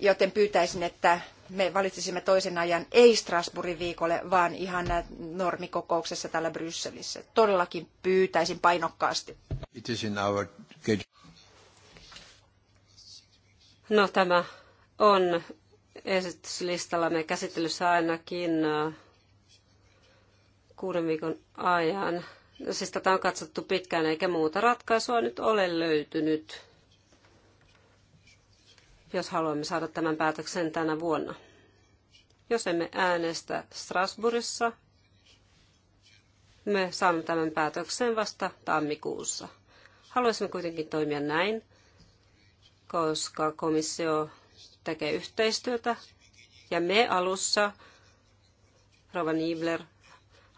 joten pyytäisin, että me valitsisimme toisen ajan ei Strasbourgin viikolle, vaan ihan normikokouksessa täällä Brysselissä. Todellakin pyytäisin painokkaasti. Our... No tämä on esityslistallamme käsittelyssä ainakin kuuden viikon ajan. No siis tätä on katsottu pitkään eikä muuta ratkaisua nyt ole löytynyt, jos haluamme saada tämän päätöksen tänä vuonna. Jos emme äänestä Strasbourgissa, me saamme tämän päätöksen vasta tammikuussa. Haluaisimme kuitenkin toimia näin, koska komissio tekee yhteistyötä ja me alussa Rova Niebler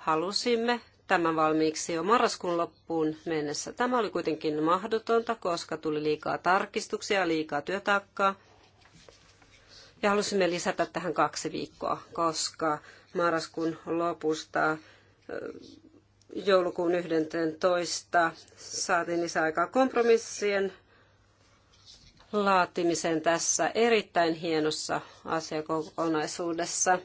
halusimme tämän valmiiksi jo marraskuun loppuun mennessä. Tämä oli kuitenkin mahdotonta, koska tuli liikaa tarkistuksia, liikaa työtaakkaa. Ja halusimme lisätä tähän kaksi viikkoa, koska marraskuun lopusta joulukuun 11. saatiin lisäaikaa kompromissien laatimiseen tässä erittäin hienossa asiakokonaisuudessa.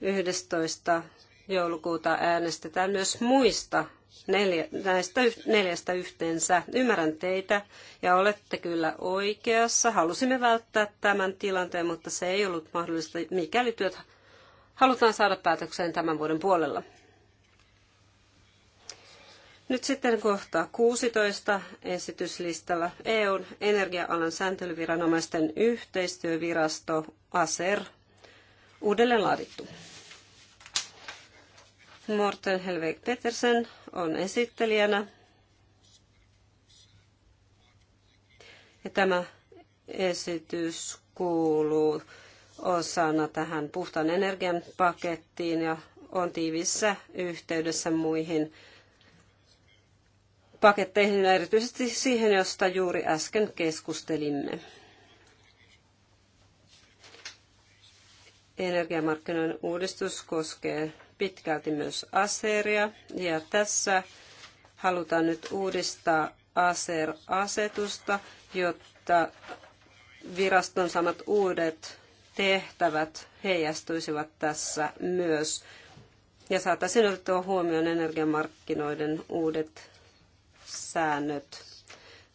11. joulukuuta äänestetään myös muista neljä, näistä neljästä yhteensä. Ymmärrän teitä ja olette kyllä oikeassa. Halusimme välttää tämän tilanteen, mutta se ei ollut mahdollista, mikäli työt halutaan saada päätökseen tämän vuoden puolella. Nyt sitten kohta 16 esityslistalla EUn energia-alan sääntelyviranomaisten yhteistyövirasto ASER uudelleen laadittu. Morten Helveg Petersen on esittelijänä. Ja tämä esitys kuuluu osana tähän puhtaan energian pakettiin ja on tiivissä yhteydessä muihin paketteihin ja erityisesti siihen, josta juuri äsken keskustelimme. Energiamarkkinoiden uudistus koskee pitkälti myös aseria. Ja tässä halutaan nyt uudistaa ASER-asetusta, jotta viraston samat uudet tehtävät heijastuisivat tässä myös. Ja saataisiin otettua huomioon energiamarkkinoiden uudet säännöt.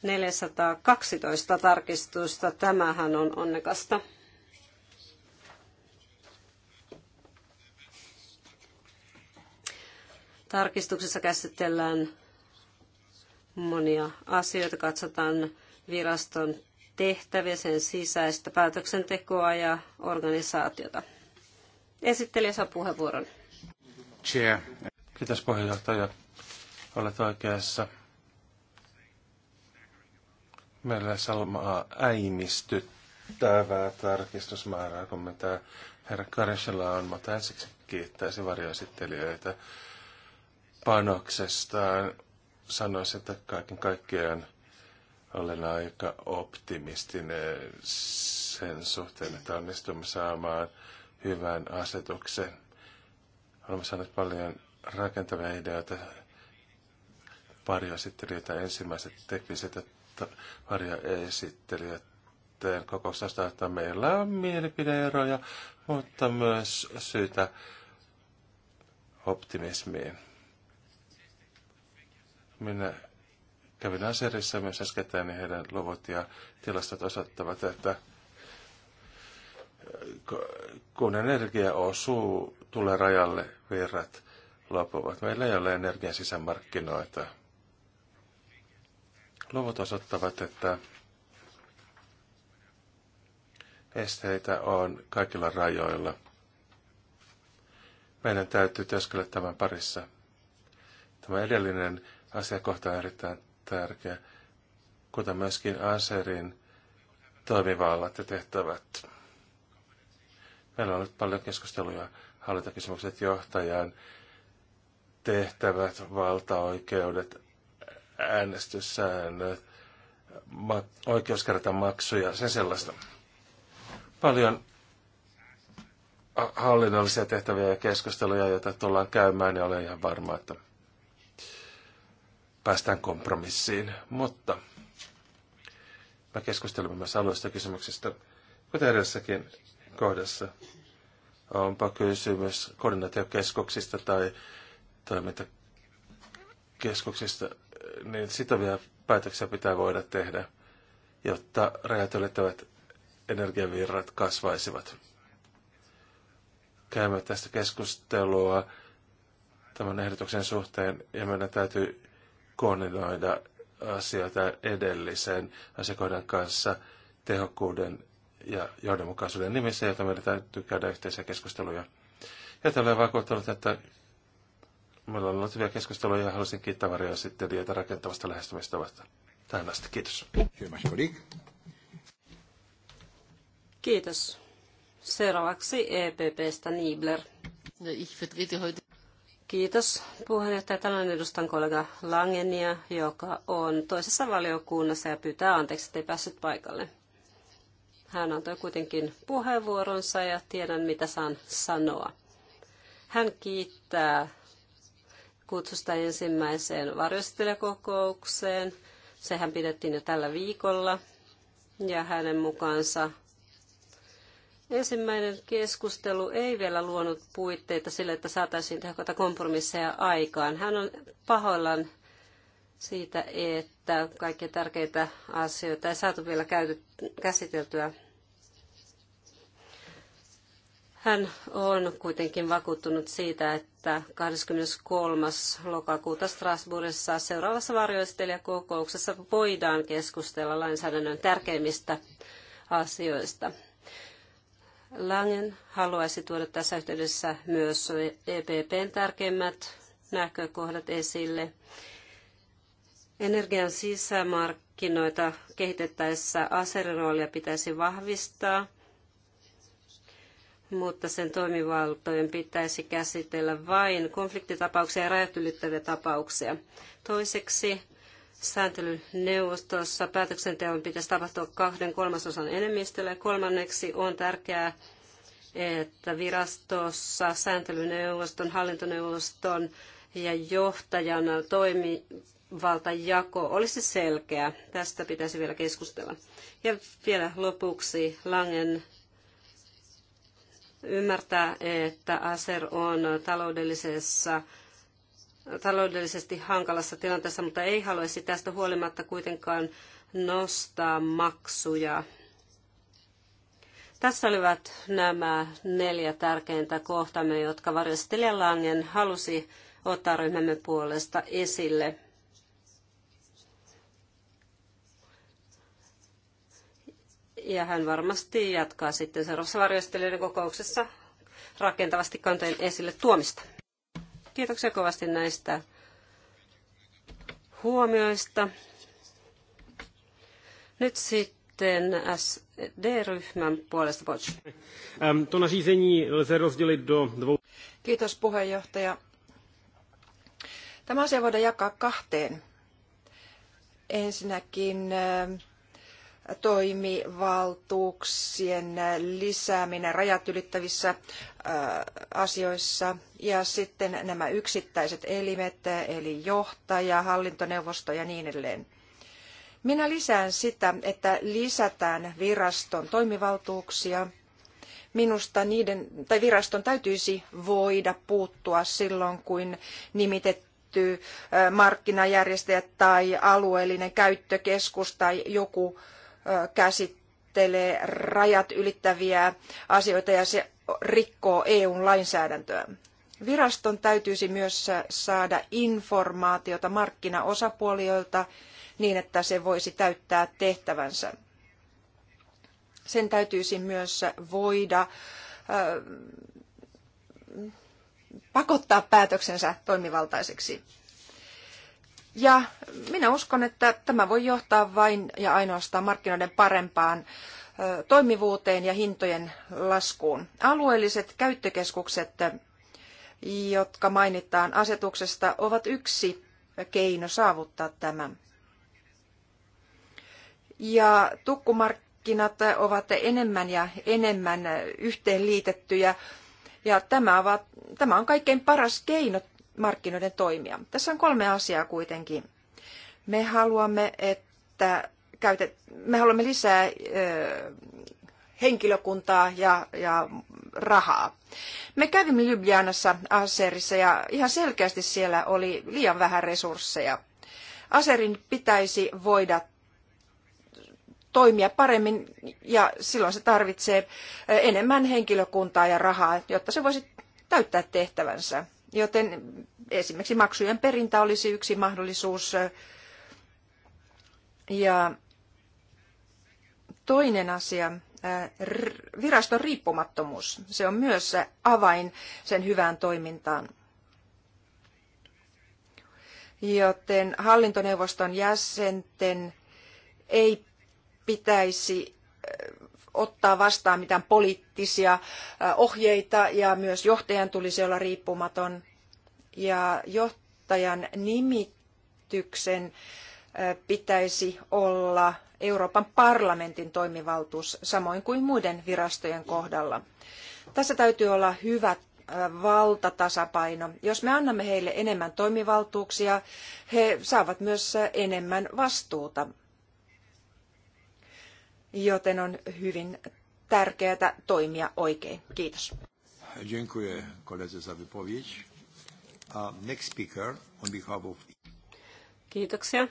412 tarkistusta, tämähän on onnekasta. Tarkistuksessa käsitellään monia asioita, katsotaan viraston tehtäviä, sen sisäistä päätöksentekoa ja organisaatiota. Esittelijä saa puheenvuoron. Chair. Kiitos puheenjohtaja. Olet oikeassa. Meillä Salmaa äimistyttävää tarkistusmäärää, kun tämä herra Karesella on, mutta ensiksi kiittäisi varjoesittelijöitä panoksestaan sanoisin, että kaiken kaikkiaan olen aika optimistinen sen suhteen, että onnistumme saamaan hyvän asetuksen. Olemme saaneet paljon rakentavia ideoita esittelijöitä, ensimmäiset tekniset varjoesittelijät kokouksesta, että meillä on mielipideeroja, mutta myös syytä optimismiin. Minä kävin Aserissa myös äskettäin, niin heidän luvut ja tilastot osoittavat, että äh, kun energia osuu, tulee rajalle virrat loppuvat. Meillä ei ole energian sisämarkkinoita. Luvut osoittavat, että esteitä on kaikilla rajoilla. Meidän täytyy työskennellä tämän parissa. Tämä edellinen asiakohta on erittäin tärkeä, kuten myöskin Aserin toimivallat ja tehtävät. Meillä on ollut paljon keskusteluja hallintakysymykset johtajan tehtävät, valtaoikeudet, äänestyssäännöt, ma- oikeus kerätä maksuja, sen sellaista. Paljon hallinnollisia tehtäviä ja keskusteluja, joita tullaan käymään, ja niin olen ihan varma, että päästään kompromissiin. Mutta mä keskustelemme myös alueista kysymyksistä, kuten edessäkin kohdassa. Onpa kysymys koordinaatiokeskuksista tai toimintakeskuksista, niin sitovia päätöksiä pitää voida tehdä, jotta rajat ylittävät energiavirrat kasvaisivat. Käymme tästä keskustelua tämän ehdotuksen suhteen ja meidän täytyy koordinoida asioita edellisen asiakohdan kanssa tehokkuuden ja johdonmukaisuuden nimissä, jota meidän täytyy käydä yhteisiä keskusteluja. Ja tällä on vakuuttanut, että meillä on ollut hyviä keskusteluja ja haluaisin kiittää varjoesittelijöitä rakentavasta lähestymistavasta. Tähän asti, kiitos. Kiitos. Seuraavaksi EPPstä Niebler. Ich vertrete heute Kiitos puheenjohtaja. Tänään edustan kollega Langenia, joka on toisessa valiokunnassa ja pyytää anteeksi, että ei päässyt paikalle. Hän antoi kuitenkin puheenvuoronsa ja tiedän, mitä saan sanoa. Hän kiittää kutsusta ensimmäiseen varjostelijakokoukseen. Sehän pidettiin jo tällä viikolla. Ja hänen mukaansa Ensimmäinen keskustelu ei vielä luonut puitteita sille, että saataisiin tehokkaita kompromisseja aikaan. Hän on pahoillaan siitä, että kaikkia tärkeitä asioita ei saatu vielä käyty, käsiteltyä. Hän on kuitenkin vakuuttunut siitä, että 23. lokakuuta Strasbourgissa seuraavassa varjoistelijakokouksessa voidaan keskustella lainsäädännön tärkeimmistä asioista. Langen haluaisi tuoda tässä yhteydessä myös EPPn tärkeimmät näkökohdat esille. Energian sisämarkkinoita kehitettäessä aserin roolia pitäisi vahvistaa, mutta sen toimivaltojen pitäisi käsitellä vain konfliktitapauksia ja rajat ylittäviä tapauksia. Toiseksi sääntelyneuvostossa päätöksenteon pitäisi tapahtua kahden kolmasosan enemmistöllä. Kolmanneksi on tärkeää, että virastossa sääntelyneuvoston, hallintoneuvoston ja johtajan toimivaltajako olisi selkeä. Tästä pitäisi vielä keskustella. Ja vielä lopuksi Langen ymmärtää, että ASER on taloudellisessa taloudellisesti hankalassa tilanteessa, mutta ei haluaisi tästä huolimatta kuitenkaan nostaa maksuja. Tässä olivat nämä neljä tärkeintä kohtamme, jotka varjostelija Langen halusi ottaa ryhmämme puolesta esille. Ja hän varmasti jatkaa sitten seuraavassa varjostelijoiden kokouksessa rakentavasti kantojen esille tuomista. Kiitoksia kovasti näistä huomioista. Nyt sitten SD-ryhmän puolesta Kiitos puheenjohtaja. Tämä asia voidaan jakaa kahteen. Ensinnäkin toimivaltuuksien lisääminen rajat ylittävissä asioissa. Ja sitten nämä yksittäiset elimet, eli johtaja, hallintoneuvosto ja niin edelleen. Minä lisään sitä, että lisätään viraston toimivaltuuksia. Minusta niiden, tai viraston täytyisi voida puuttua silloin, kun nimitetty markkinajärjestäjä tai alueellinen käyttökeskus tai joku käsittelee rajat ylittäviä asioita ja se rikkoo EUn lainsäädäntöä. Viraston täytyisi myös saada informaatiota markkinaosapuolilta niin, että se voisi täyttää tehtävänsä. Sen täytyisi myös voida pakottaa päätöksensä toimivaltaiseksi. Ja minä uskon, että tämä voi johtaa vain ja ainoastaan markkinoiden parempaan toimivuuteen ja hintojen laskuun. Alueelliset käyttökeskukset, jotka mainitaan asetuksesta, ovat yksi keino saavuttaa tämä. Ja tukkumarkkinat ovat enemmän ja enemmän yhteenliitettyjä, ja tämä, ovat, tämä on kaikkein paras keino markkinoiden toimia. Tässä on kolme asiaa kuitenkin. Me haluamme, että käytet, me haluamme lisää henkilökuntaa ja, ja rahaa. Me kävimme Ljubljanassa Aserissa ja ihan selkeästi siellä oli liian vähän resursseja. Aserin pitäisi voida toimia paremmin ja silloin se tarvitsee enemmän henkilökuntaa ja rahaa, jotta se voisi täyttää tehtävänsä. Joten esimerkiksi maksujen perintä olisi yksi mahdollisuus ja Toinen asia, viraston riippumattomuus. Se on myös avain sen hyvään toimintaan. Joten hallintoneuvoston jäsenten ei pitäisi ottaa vastaan mitään poliittisia ohjeita ja myös johtajan tulisi olla riippumaton. Ja johtajan nimityksen pitäisi olla Euroopan parlamentin toimivaltuus samoin kuin muiden virastojen kohdalla. Tässä täytyy olla hyvä valtatasapaino. Jos me annamme heille enemmän toimivaltuuksia, he saavat myös enemmän vastuuta. Joten on hyvin tärkeää toimia oikein. Kiitos. next speaker on Kiitoksia.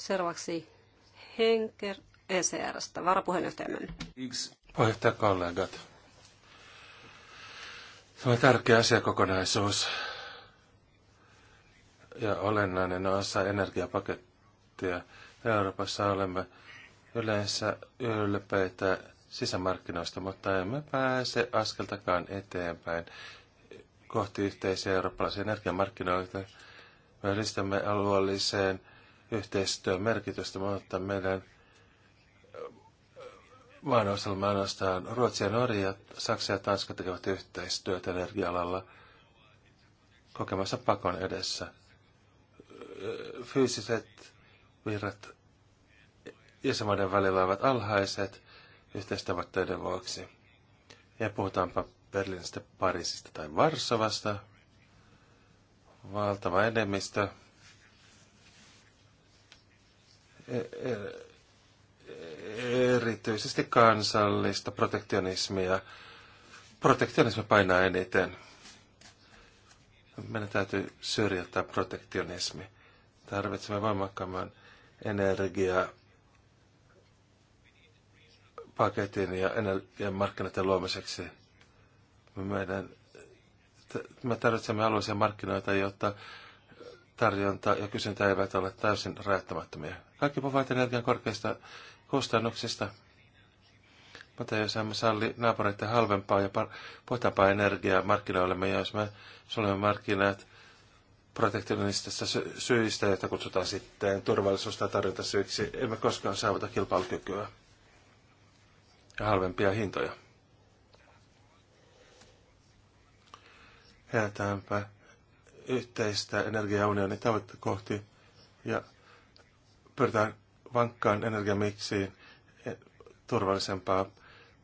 Seuraavaksi Henker ECRstä, varapuheenjohtajamme. Puheenjohtajakollegat. Tämä on tärkeä asiakokonaisuus ja olennainen osa energiapakettia. Euroopassa olemme yleensä ylpeitä sisämarkkinoista, mutta emme pääse askeltakaan eteenpäin kohti yhteisiä eurooppalaisia energiamarkkinoita. Me yhdistämme alueelliseen yhteistyön merkitystä, mutta meidän äh, maanosalma ainoastaan Ruotsi ja Norja, Saksa ja Tanska tekevät yhteistyötä energia-alalla kokemassa pakon edessä. Äh, fyysiset virrat jäsenmaiden välillä ovat alhaiset yhteistavoitteiden vuoksi. Ja puhutaanpa Berliinistä, Pariisista tai Varsovasta. Valtava enemmistö erityisesti kansallista protektionismia. Protektionismi painaa eniten. Meidän täytyy syrjäyttää protektionismi. Tarvitsemme voimakkaamman energiapaketin paketin ja energiamarkkinoiden luomiseksi. Meidän, me tarvitsemme alueellisia markkinoita, jotta tarjonta ja kysyntä eivät ole täysin rajattomattomia. Kaikki puhuvat energian korkeista kustannuksista, mutta jos emme salli naapureiden halvempaa ja puhtaampaa energiaa markkinoille, ja niin jos me suljemme markkinat protektionistista syistä, joita kutsutaan sitten turvallisuus- tai tarjontasyiksi, emme koskaan saavuta kilpailukykyä ja halvempia hintoja. Herätäänpä yhteistä energiaunionin tavoitetta kohti ja pyritään vankkaan energiamiksiin e, turvallisempaa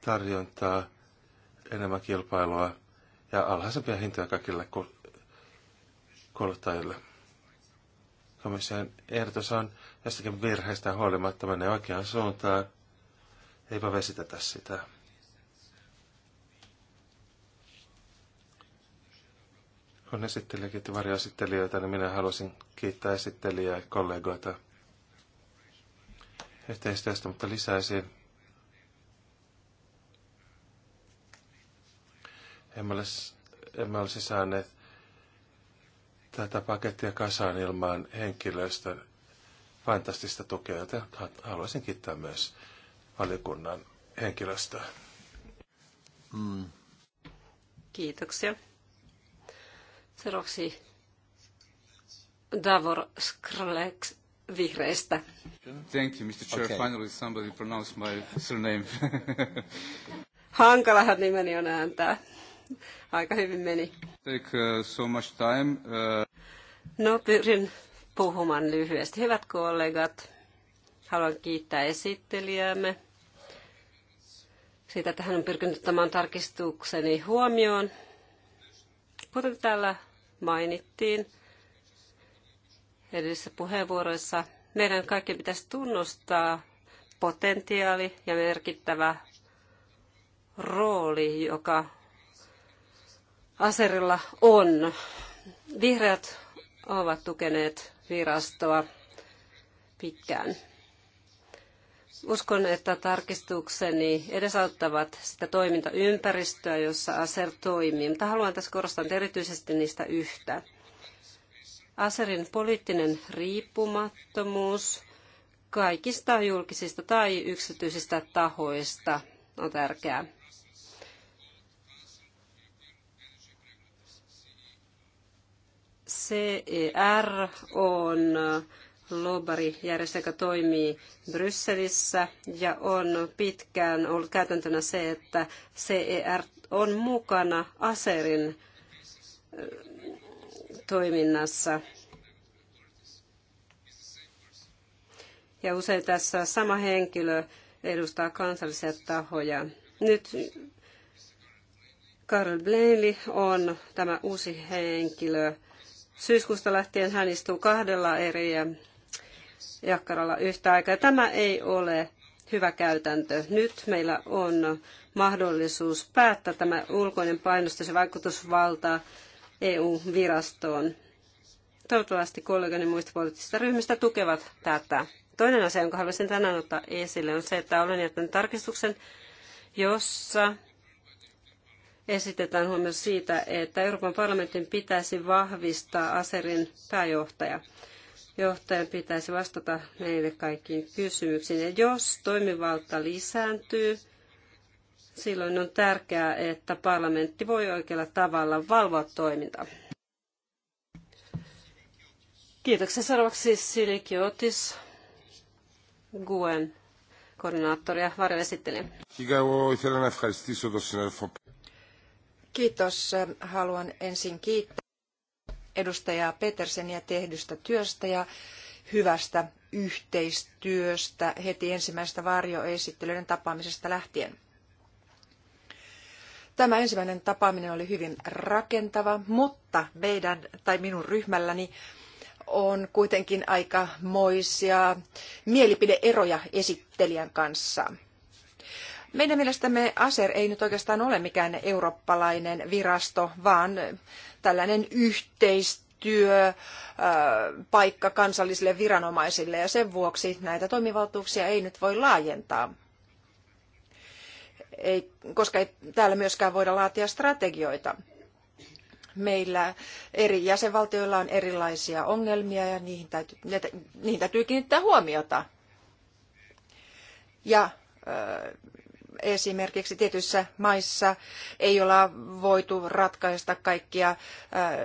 tarjontaa, enemmän kilpailua ja alhaisempia hintoja kaikille kuluttajille. Komission ehdotus on jostakin virheistä huolimatta menee oikeaan suuntaan. Eipä vesitetä sitä. Kun esittelijä kiitti varjoesittelijöitä, niin minä haluaisin kiittää esittelijää ja kollegoita yhteistyöstä, mutta lisäisin. Emme, ole, emme olisi saaneet tätä pakettia kasaan ilman henkilöstä fantastista tukea, joten haluaisin kiittää myös valiokunnan henkilöstöä. Mm. Kiitoksia. Seuraavaksi Davor Skrleks vihreistä. Thank you, Mr. Chair. Okay. Finally somebody pronounced my surname. Hankalahan nimeni on ääntää. Aika hyvin meni. Take uh, so much time. Uh... No, pyrin puhumaan lyhyesti. Hyvät kollegat, haluan kiittää esittelijäämme siitä, että hän on pyrkinyt ottamaan tarkistukseni huomioon. Kuten täällä mainittiin edellisissä puheenvuoroissa. Meidän kaikkien pitäisi tunnustaa potentiaali ja merkittävä rooli, joka aserilla on. Vihreät ovat tukeneet virastoa pitkään. Uskon, että tarkistukseni edesauttavat sitä toimintaympäristöä, jossa Acer toimii, mutta haluan tässä korostaa erityisesti niistä yhtä. ASERin poliittinen riippumattomuus kaikista julkisista tai yksityisistä tahoista on tärkeää. CER on lobbarijärjestö, joka toimii Brysselissä ja on pitkään ollut käytäntönä se, että CER on mukana Aserin toiminnassa. Ja usein tässä sama henkilö edustaa kansallisia tahoja. Nyt Karl Bleili on tämä uusi henkilö. Syyskuusta lähtien hän istuu kahdella eri jakkaralla yhtä aikaa. Tämä ei ole hyvä käytäntö. Nyt meillä on mahdollisuus päättää tämä ulkoinen painostus ja vaikutusvalta EU-virastoon. Toivottavasti kollegani muista poliittisista ryhmistä tukevat tätä. Toinen asia, jonka haluaisin tänään ottaa esille, on se, että olen jättänyt tarkistuksen, jossa esitetään huomio siitä, että Euroopan parlamentin pitäisi vahvistaa Aserin pääjohtaja johtajan pitäisi vastata meille kaikkiin kysymyksiin. Ja jos toimivalta lisääntyy, silloin on tärkeää, että parlamentti voi oikealla tavalla valvoa toimintaa. Kiitoksia seuraavaksi Siliki Otis, Guen koordinaattori ja varjoesittelijä. Kiitos. Haluan ensin kiittää edustaja Petersenia tehdystä työstä ja hyvästä yhteistyöstä heti ensimmäisestä varjoesittelyiden tapaamisesta lähtien. Tämä ensimmäinen tapaaminen oli hyvin rakentava, mutta meidän tai minun ryhmälläni on kuitenkin aikamoisia mielipideeroja esittelijän kanssa. Meidän mielestämme ASER ei nyt oikeastaan ole mikään eurooppalainen virasto, vaan tällainen yhteistyö äh, paikka kansallisille viranomaisille ja sen vuoksi näitä toimivaltuuksia ei nyt voi laajentaa. Ei, koska ei täällä myöskään voida laatia strategioita meillä eri jäsenvaltioilla on erilaisia ongelmia ja niihin täytyy, ne, niihin täytyy kiinnittää huomiota. Ja esimerkiksi tietyissä maissa ei olla voitu ratkaista kaikkia äh,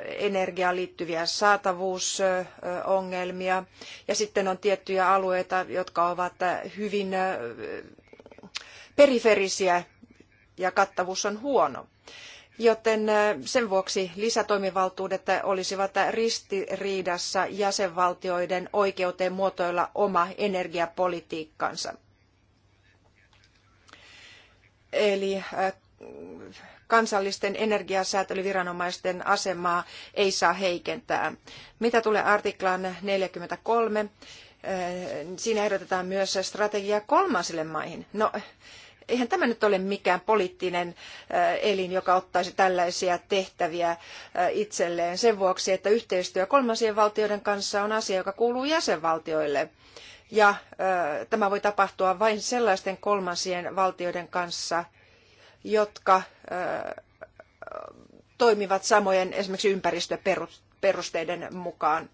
energiaan liittyviä saatavuusongelmia. Ja sitten on tiettyjä alueita, jotka ovat äh, hyvin äh, periferisiä ja kattavuus on huono. Joten sen vuoksi lisätoimivaltuudet olisivat ristiriidassa jäsenvaltioiden oikeuteen muotoilla oma energiapolitiikkansa Eli äh, kansallisten energiasäätelyviranomaisten asemaa ei saa heikentää. Mitä tulee artiklaan 43, äh, siinä ehdotetaan myös strategiaa kolmansille maihin. No, eihän tämä nyt ole mikään poliittinen äh, elin, joka ottaisi tällaisia tehtäviä itselleen sen vuoksi, että yhteistyö kolmansien valtioiden kanssa on asia, joka kuuluu jäsenvaltioille ja tämä voi tapahtua vain sellaisten kolmansien valtioiden kanssa, jotka toimivat samojen esimerkiksi ympäristöperusteiden mukaan.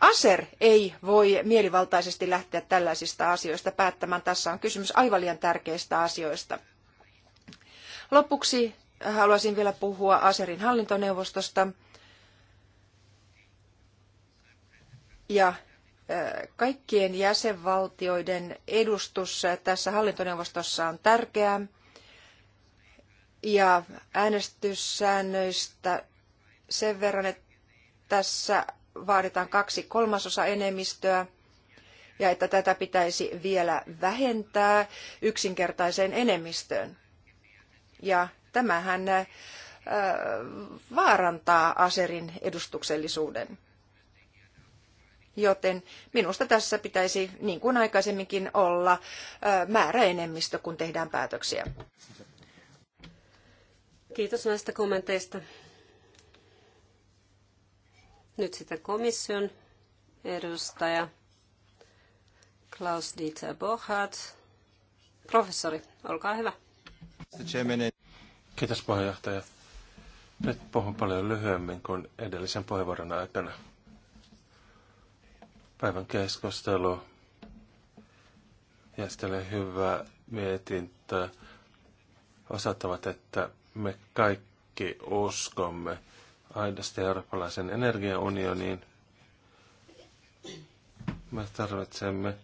ASER ei voi mielivaltaisesti lähteä tällaisista asioista päättämään. Tässä on kysymys aivan liian tärkeistä asioista. Lopuksi haluaisin vielä puhua ASERin hallintoneuvostosta ja kaikkien jäsenvaltioiden edustus tässä hallintoneuvostossa on tärkeää. Ja äänestyssäännöistä sen verran, että tässä vaaditaan kaksi kolmasosa enemmistöä ja että tätä pitäisi vielä vähentää yksinkertaiseen enemmistöön. Ja tämähän vaarantaa aserin edustuksellisuuden. Joten minusta tässä pitäisi, niin kuin aikaisemminkin, olla määräenemmistö, kun tehdään päätöksiä. Kiitos näistä kommenteista. Nyt sitten komission edustaja Klaus-Dieter Bochart. Professori, olkaa hyvä. Eh- Kiitos puheenjohtaja. Nyt puhun paljon lyhyemmin kuin edellisen puheenvuoron aikana päivän keskustelu. Ja sitten hyvä mietintö osoittavat, että me kaikki uskomme aidosti eurooppalaisen energiaunioniin. Me tarvitsemme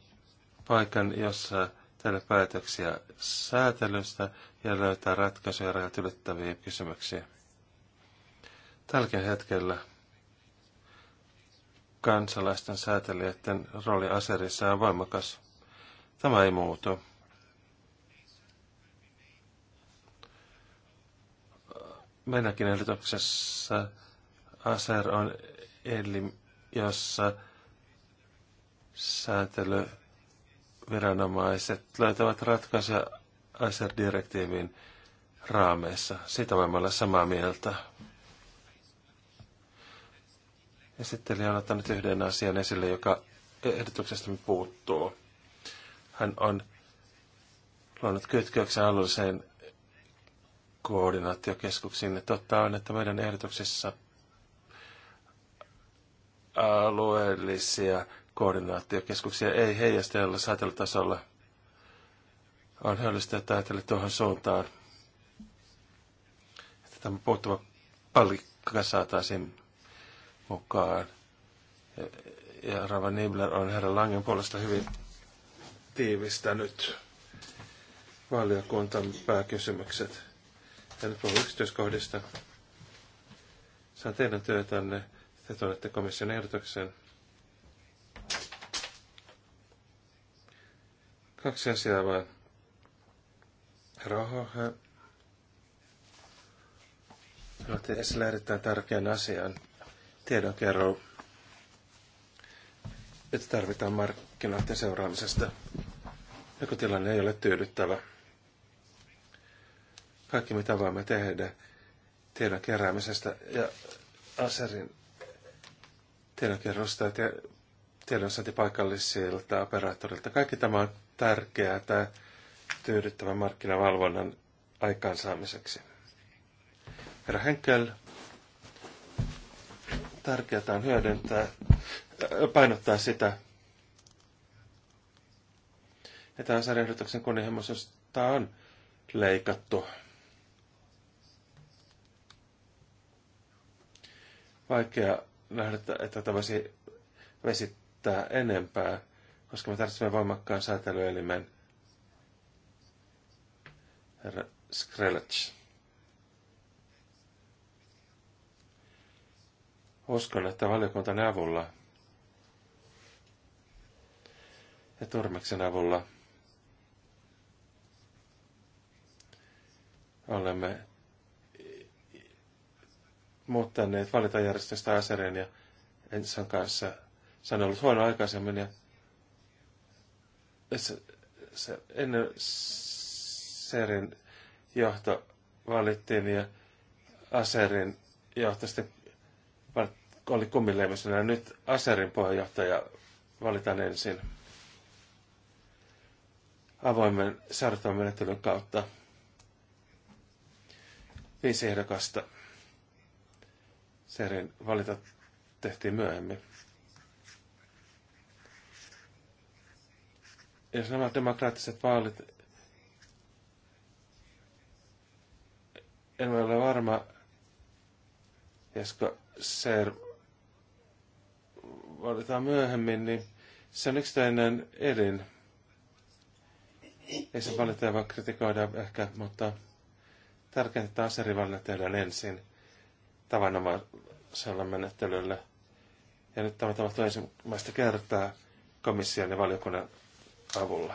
paikan, jossa tehdä päätöksiä säätelystä ja löytää ratkaisuja rajat ylittäviä kysymyksiä. Tälläkin hetkellä kansalaisten säätelijöiden rooli aserissa on voimakas. Tämä ei muutu. Meidänkin ehdotuksessa ASER on eli jossa säätelyviranomaiset löytävät ratkaisuja ASER-direktiivin raameissa. Siitä voimme olla samaa mieltä. Esittelijä on ottanut yhden asian esille, joka ehdotuksesta puuttuu. Hän on luonut kytköksen alueeseen koordinaatiokeskuksiin. Totta on, että meidän ehdotuksessa alueellisia koordinaatiokeskuksia ei heijastella säätelytasolla. On hyödyllistä, että ajatella tuohon suuntaan, että tämä puuttuva palikka saataisiin mukaan. Ja, ja Rava Nibler on herra Langen puolesta hyvin tiivistänyt valiokuntan pääkysymykset. En nyt puhu yksityiskohdista. Se on teidän työtänne. Te tunnette komission ehdotuksen. Kaksi asiaa vain. Raho. Otti esille erittäin tärkeän asian kerro. että tarvitaan markkinoiden seuraamisesta. tilanne ei ole tyydyttävä. Kaikki mitä voimme tehdä tiedon keräämisestä ja Aserin tiedonkerrosta ja tiedonsaanti paikallisilta operaattorilta. Kaikki tämä on tärkeää tämä tyydyttävän markkinavalvonnan aikaansaamiseksi. Herra Henkel tärkeää on hyödyntää, äh, painottaa sitä, ja tämän sarjahdotuksen kunnianhimoisuutta on leikattu. Vaikea nähdä, että tätä voisi vesittää enempää, koska me tarvitsemme voimakkaan säätelyelimen. Herra Skrelec. Uskon, että valiokuntan avulla ja Turmeksen avulla olemme muuttaneet valitajärjestöstä Aserin ja Ensan kanssa. Se on ollut huono aikaisemmin ja se, se ennen Serin johto valittiin ja Aserin johto sitten oli kummileivosena. Nyt Aserin puheenjohtaja valitaan ensin avoimen menettelyn kautta viisi ehdokasta. Serin valita tehtiin myöhemmin. Jos nämä demokraattiset vaalit, en ole varma, josko SER valitaan myöhemmin, niin se on yksittäinen elin. Ei se valita vaan kritikoida ehkä, mutta tärkeintä, että aseri valitaan ensin tavanomaisella menettelyllä. Ja nyt tämä tapahtuu ensimmäistä kertaa komission ja valiokunnan avulla.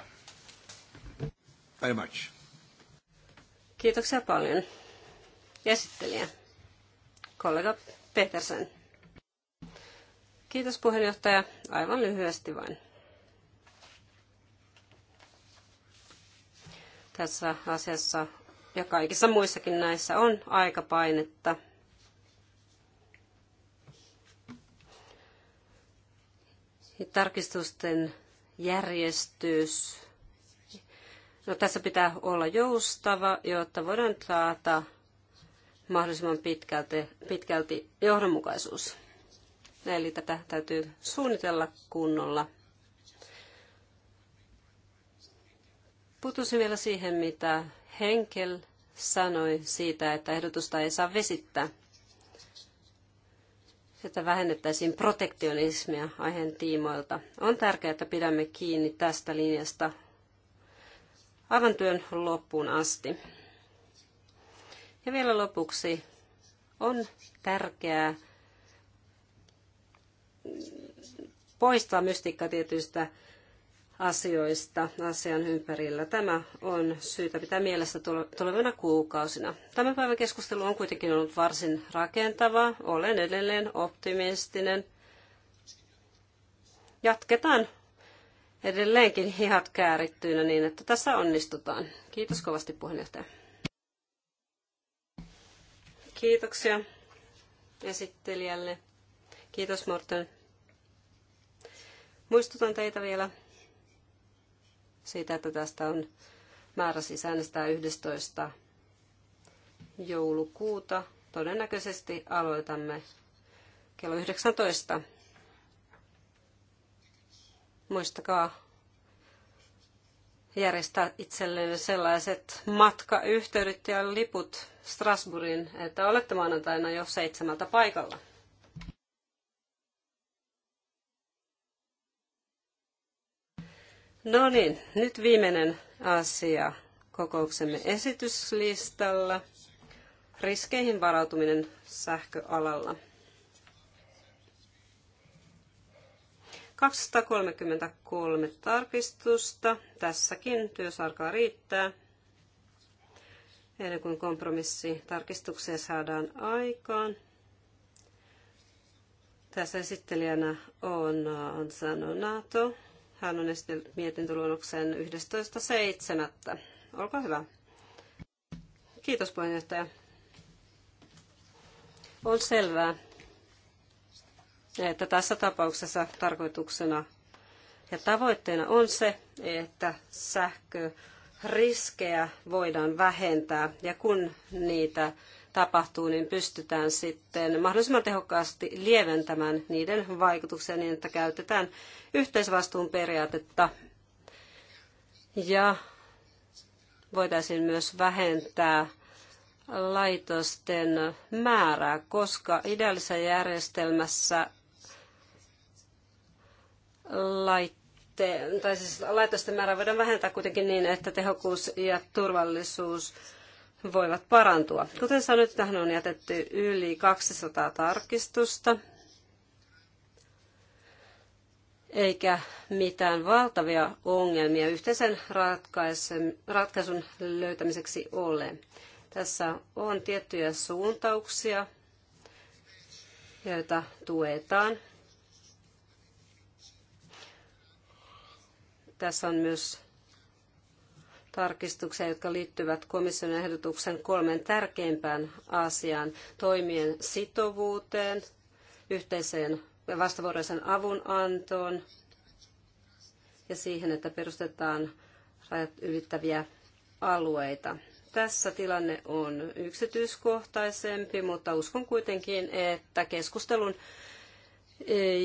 Very much. Kiitoksia paljon. Esittelijä, kollegat. Petersen. Kiitos puheenjohtaja. Aivan lyhyesti vain. Tässä asiassa ja kaikissa muissakin näissä on aikapainetta. Tarkistusten järjestys. No, tässä pitää olla joustava, jotta voidaan taata mahdollisimman pitkälti, pitkälti johdonmukaisuus. Eli tätä täytyy suunnitella kunnolla. Putusin vielä siihen, mitä Henkel sanoi siitä, että ehdotusta ei saa vesittää. Että vähennettäisiin protektionismia aiheen tiimoilta. On tärkeää, että pidämme kiinni tästä linjasta aivan työn loppuun asti. Ja vielä lopuksi on tärkeää poistaa mystiikka tietyistä asioista asian ympärillä. Tämä on syytä pitää mielessä tulevina kuukausina. Tämän päivän keskustelu on kuitenkin ollut varsin rakentava. Olen edelleen optimistinen. Jatketaan edelleenkin hihat käärittyinä niin, että tässä onnistutaan. Kiitos kovasti puheenjohtaja. Kiitoksia esittelijälle. Kiitos Morten. Muistutan teitä vielä siitä, että tästä on määrä siis äänestää 11. joulukuuta. Todennäköisesti aloitamme kello 19. Muistakaa järjestää itselleen sellaiset matkayhteydet ja liput Strasbourgin, että olette maanantaina jo seitsemältä paikalla. No niin, nyt viimeinen asia kokouksemme esityslistalla. Riskeihin varautuminen sähköalalla. 233 tarkistusta. Tässäkin työsarkaa riittää. Ennen kuin kompromissi tarkistuksia saadaan aikaan. Tässä esittelijänä on Ansano äh, Nato. Hän on esitellyt mietintöluonnoksen 11.7. Olkaa hyvä. Kiitos puheenjohtaja. On selvää, ja että tässä tapauksessa tarkoituksena ja tavoitteena on se, että sähköriskejä voidaan vähentää ja kun niitä tapahtuu, niin pystytään sitten mahdollisimman tehokkaasti lieventämään niiden vaikutuksia niin, että käytetään yhteisvastuun periaatetta ja voitaisiin myös vähentää laitosten määrää, koska ideaalisessa järjestelmässä laitteen, tai siis laitosten määrää voidaan vähentää kuitenkin niin, että tehokkuus ja turvallisuus voivat parantua. Kuten sanoit, tähän on jätetty yli 200 tarkistusta, eikä mitään valtavia ongelmia yhteisen ratkaisun löytämiseksi ole. Tässä on tiettyjä suuntauksia, joita tuetaan. Tässä on myös tarkistuksia, jotka liittyvät komission ehdotuksen kolmen tärkeimpään asiaan. Toimien sitovuuteen, yhteiseen vastavuoroisen antoon ja siihen, että perustetaan rajat ylittäviä alueita. Tässä tilanne on yksityiskohtaisempi, mutta uskon kuitenkin, että keskustelun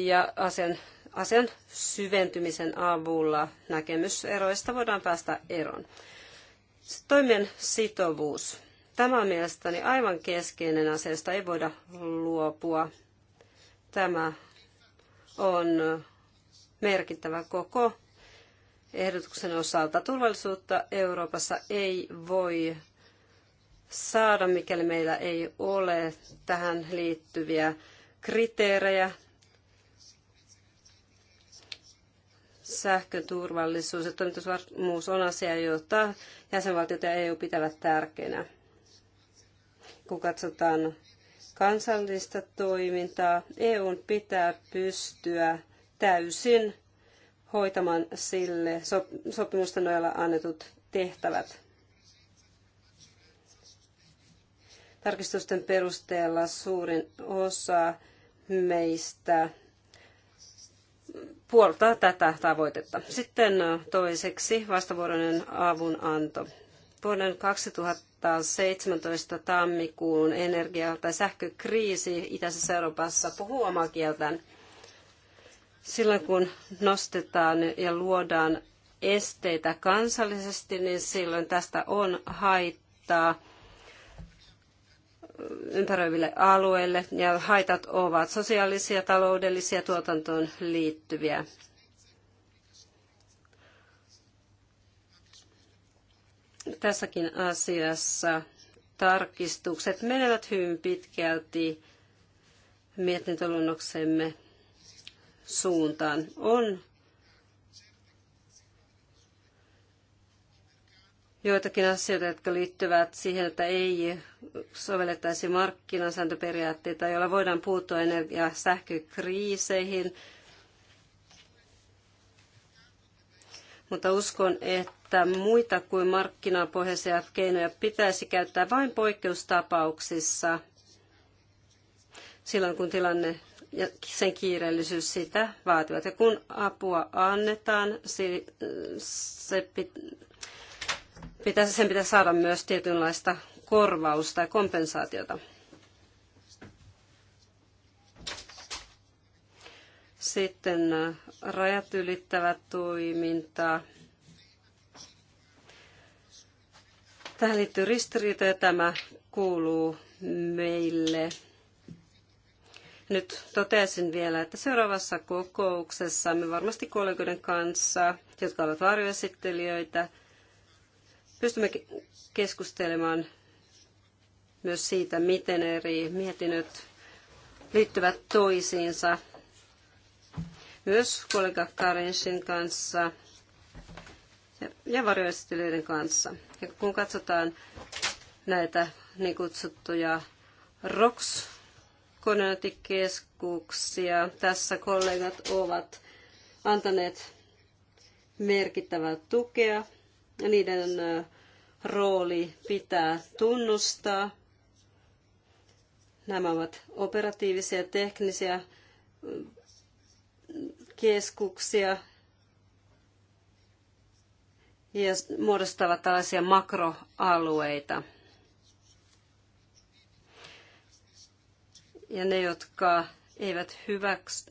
ja asian asian syventymisen avulla näkemyseroista voidaan päästä eroon. Toimen sitovuus. Tämä on mielestäni aivan keskeinen asia, josta ei voida luopua. Tämä on merkittävä koko ehdotuksen osalta. Turvallisuutta Euroopassa ei voi saada, mikäli meillä ei ole tähän liittyviä kriteerejä sähkön turvallisuus ja toimitusvarmuus on asia, jota jäsenvaltiot ja EU pitävät tärkeänä. Kun katsotaan kansallista toimintaa, EUn pitää pystyä täysin hoitamaan sille sopimusten nojalla annetut tehtävät. Tarkistusten perusteella suurin osa meistä puoltaa tätä tavoitetta. Sitten toiseksi vastavuoroinen avunanto. Vuoden 2017 tammikuun energia- tai sähkökriisi Itäisessä Euroopassa puhuu omaa kieltään. Silloin kun nostetaan ja luodaan esteitä kansallisesti, niin silloin tästä on haittaa ympäröiville alueille ja haitat ovat sosiaalisia, taloudellisia, tuotantoon liittyviä. Tässäkin asiassa tarkistukset menevät hyvin pitkälti mietintöluonnoksemme suuntaan. On joitakin asioita, jotka liittyvät siihen, että ei sovellettaisi markkinasääntöperiaatteita, joilla voidaan puuttua energia- ja sähkökriiseihin. Mutta uskon, että muita kuin markkinapohjaisia keinoja pitäisi käyttää vain poikkeustapauksissa, silloin kun tilanne ja sen kiireellisyys sitä vaativat. Ja kun apua annetaan, se pitäisi, sen pitäisi saada myös tietynlaista korvausta ja kompensaatiota. Sitten rajat ylittävä toiminta. Tähän liittyy ristiriita ja tämä kuuluu meille. Nyt toteaisin vielä, että seuraavassa kokouksessa me varmasti kollegoiden kanssa, jotka ovat varjoesittelijöitä, pystymme keskustelemaan myös siitä, miten eri mietinnöt liittyvät toisiinsa. Myös kollega Karensin kanssa ja varjoesittelijöiden kanssa. Ja kun katsotaan näitä niin kutsuttuja ROX koordinaatikeskuksia. Tässä kollegat ovat antaneet merkittävää tukea. Niiden rooli pitää tunnustaa. Nämä ovat operatiivisia ja teknisiä keskuksia ja muodostavat tällaisia makroalueita. Ja ne, jotka eivät hyväksy,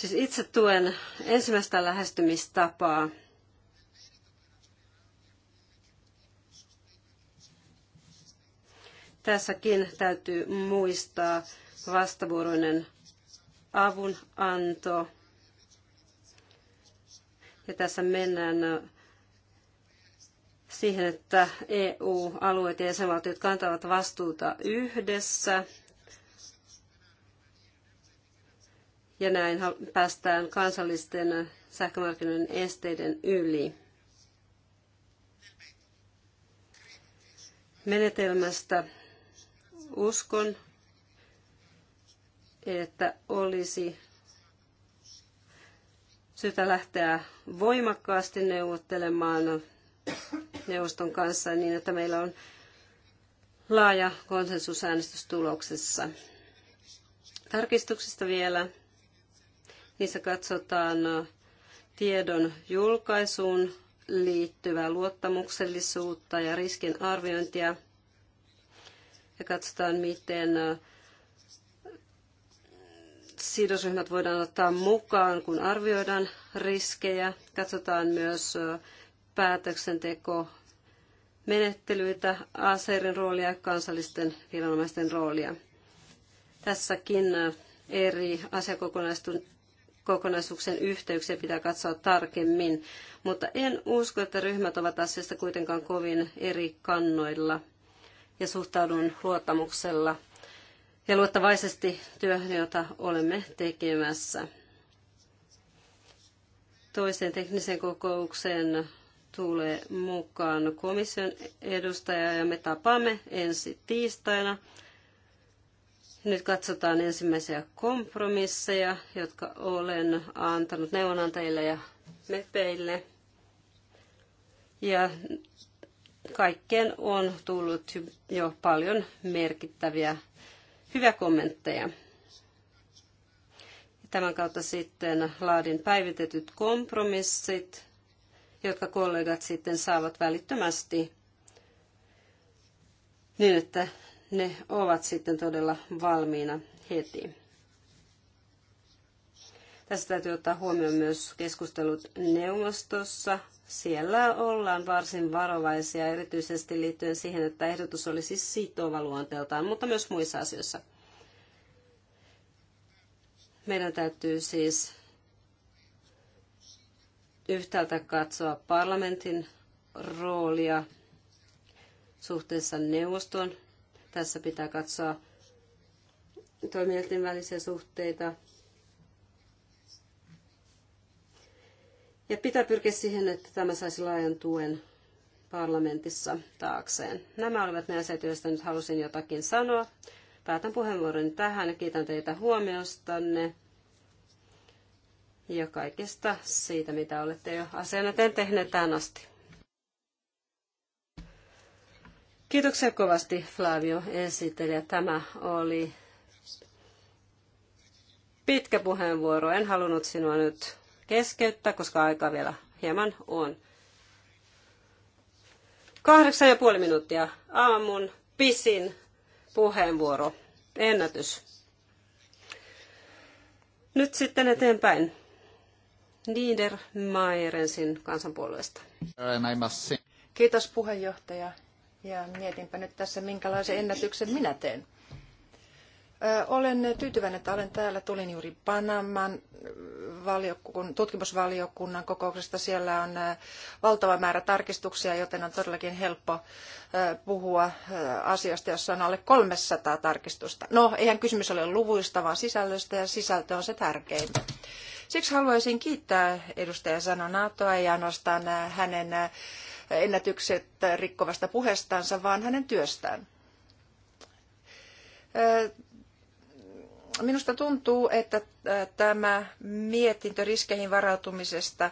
Siis itse tuen ensimmäistä lähestymistapaa, Tässäkin täytyy muistaa vastavuoroinen avunanto. Ja tässä mennään siihen, että EU-alueet ja jäsenvaltiot kantavat vastuuta yhdessä. Ja näin päästään kansallisten sähkömarkkinoiden esteiden yli. Menetelmästä uskon, että olisi syytä lähteä voimakkaasti neuvottelemaan neuvoston kanssa niin, että meillä on laaja konsensus äänestystuloksessa. Tarkistuksista vielä. Niissä katsotaan tiedon julkaisuun liittyvää luottamuksellisuutta ja riskin arviointia – ja katsotaan, miten sidosryhmät voidaan ottaa mukaan, kun arvioidaan riskejä. Katsotaan myös päätöksenteko menettelyitä, ASERin roolia ja kansallisten viranomaisten roolia. Tässäkin eri asiakokonaisuuksien yhteyksiä pitää katsoa tarkemmin, mutta en usko, että ryhmät ovat asiasta kuitenkaan kovin eri kannoilla ja suhtaudun luottamuksella ja luottavaisesti työhön, jota olemme tekemässä. Toiseen tekniseen kokoukseen tulee mukaan komission edustaja ja me tapaamme ensi tiistaina. Nyt katsotaan ensimmäisiä kompromisseja, jotka olen antanut neuvonantajille ja mepeille. Ja kaikkeen on tullut jo paljon merkittäviä hyviä kommentteja. Tämän kautta sitten laadin päivitetyt kompromissit, jotka kollegat sitten saavat välittömästi niin, että ne ovat sitten todella valmiina heti. Tässä täytyy ottaa huomioon myös keskustelut neuvostossa siellä ollaan varsin varovaisia, erityisesti liittyen siihen, että ehdotus olisi siis sitova luonteeltaan, mutta myös muissa asioissa. Meidän täytyy siis yhtäältä katsoa parlamentin roolia suhteessa neuvostoon. Tässä pitää katsoa toimijoiden välisiä suhteita Ja pitää pyrkiä siihen, että tämä saisi laajan tuen parlamentissa taakseen. Nämä olivat ne asiat, joista nyt halusin jotakin sanoa. Päätän puheenvuoroni tähän ja kiitän teitä huomiostanne ja kaikesta siitä, mitä olette jo asian eteen tehneet tähän asti. Kiitoksia kovasti Flavio esittelijä. Tämä oli pitkä puheenvuoro. En halunnut sinua nyt keskeyttää, koska aikaa vielä hieman on. Kahdeksan ja puoli minuuttia aamun pisin puheenvuoro, ennätys. Nyt sitten eteenpäin. Niedermayerensin kansanpuolueesta. Kiitos puheenjohtaja. Ja mietinpä nyt tässä, minkälaisen ennätyksen minä teen. Olen tyytyväinen, että olen täällä. Tulin juuri Panaman tutkimusvaliokunnan kokouksesta. Siellä on valtava määrä tarkistuksia, joten on todellakin helppo puhua asiasta, jossa on alle 300 tarkistusta. No, eihän kysymys ole luvuista, vaan sisällöstä, ja sisältö on se tärkein. Siksi haluaisin kiittää edustaja Sano Natoa ja ainoastaan hänen ennätykset rikkovasta puheestansa, vaan hänen työstään Minusta tuntuu, että äh, tämä mietintö riskeihin varautumisesta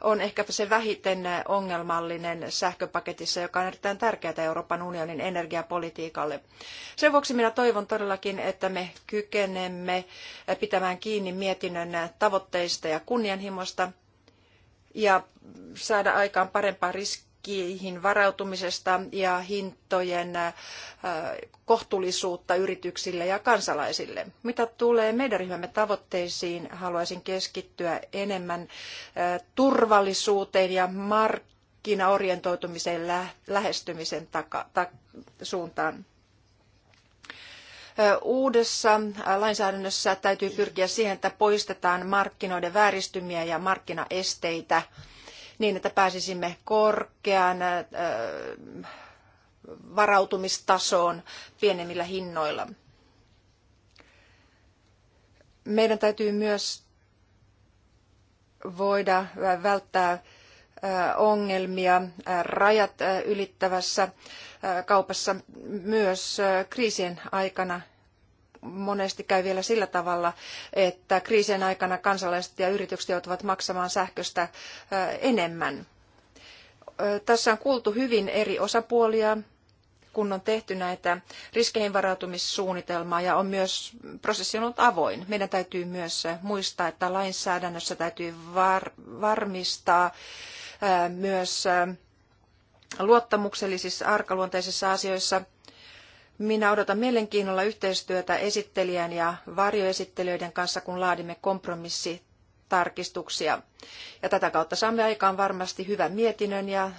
on ehkä se vähiten ongelmallinen sähköpaketissa, joka on erittäin tärkeää Euroopan unionin energiapolitiikalle. Sen vuoksi minä toivon todellakin, että me kykenemme pitämään kiinni mietinnön tavoitteista ja kunnianhimosta ja saada aikaan parempaa riskiä riskeihin varautumisesta ja hintojen äh, kohtuullisuutta yrityksille ja kansalaisille. Mitä tulee meidän ryhmämme tavoitteisiin, haluaisin keskittyä enemmän äh, turvallisuuteen ja markkinaorientoitumiseen lähestymisen taka, ta, suuntaan. Äh, uudessa lainsäädännössä täytyy pyrkiä siihen, että poistetaan markkinoiden vääristymiä ja markkinaesteitä niin, että pääsisimme korkean varautumistasoon pienemmillä hinnoilla. Meidän täytyy myös voida välttää ongelmia rajat ylittävässä kaupassa myös kriisien aikana monesti käy vielä sillä tavalla, että kriisien aikana kansalaiset ja yritykset joutuvat maksamaan sähköstä enemmän. Tässä on kuultu hyvin eri osapuolia, kun on tehty näitä riskeihin varautumissuunnitelmaa ja on myös, prosessi on ollut avoin. Meidän täytyy myös muistaa, että lainsäädännössä täytyy var, varmistaa myös luottamuksellisissa arkaluonteisissa asioissa – minä odotan mielenkiinnolla yhteistyötä esittelijän ja varjoesittelijöiden kanssa, kun laadimme kompromissitarkistuksia. Ja tätä kautta saamme aikaan varmasti hyvän mietinnön ja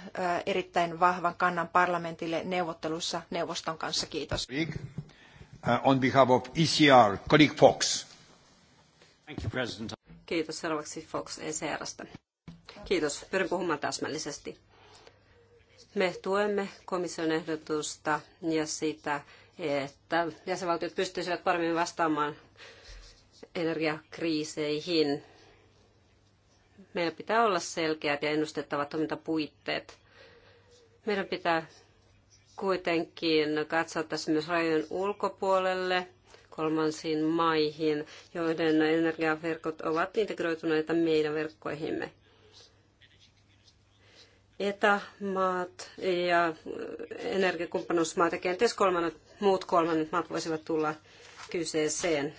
erittäin vahvan kannan parlamentille neuvotteluissa neuvoston kanssa. Kiitos. Uh, on behalf of ECR, colleague Fox. Thank you, President. Kiitos. Seuraavaksi Fox ECRstä. Kiitos. Pyrin puhumaan täsmällisesti. Me tuemme komission ehdotusta ja sitä, että jäsenvaltiot pystyisivät paremmin vastaamaan energiakriiseihin. Meillä pitää olla selkeät ja ennustettavat toimintapuitteet. Meidän pitää kuitenkin katsoa tässä myös rajojen ulkopuolelle kolmansiin maihin, joiden energiaverkot ovat integroituneita meidän verkkoihimme etämaat ja energiakumppanuusmaat ja kenties kolmannet, muut kolmannet maat voisivat tulla kyseeseen.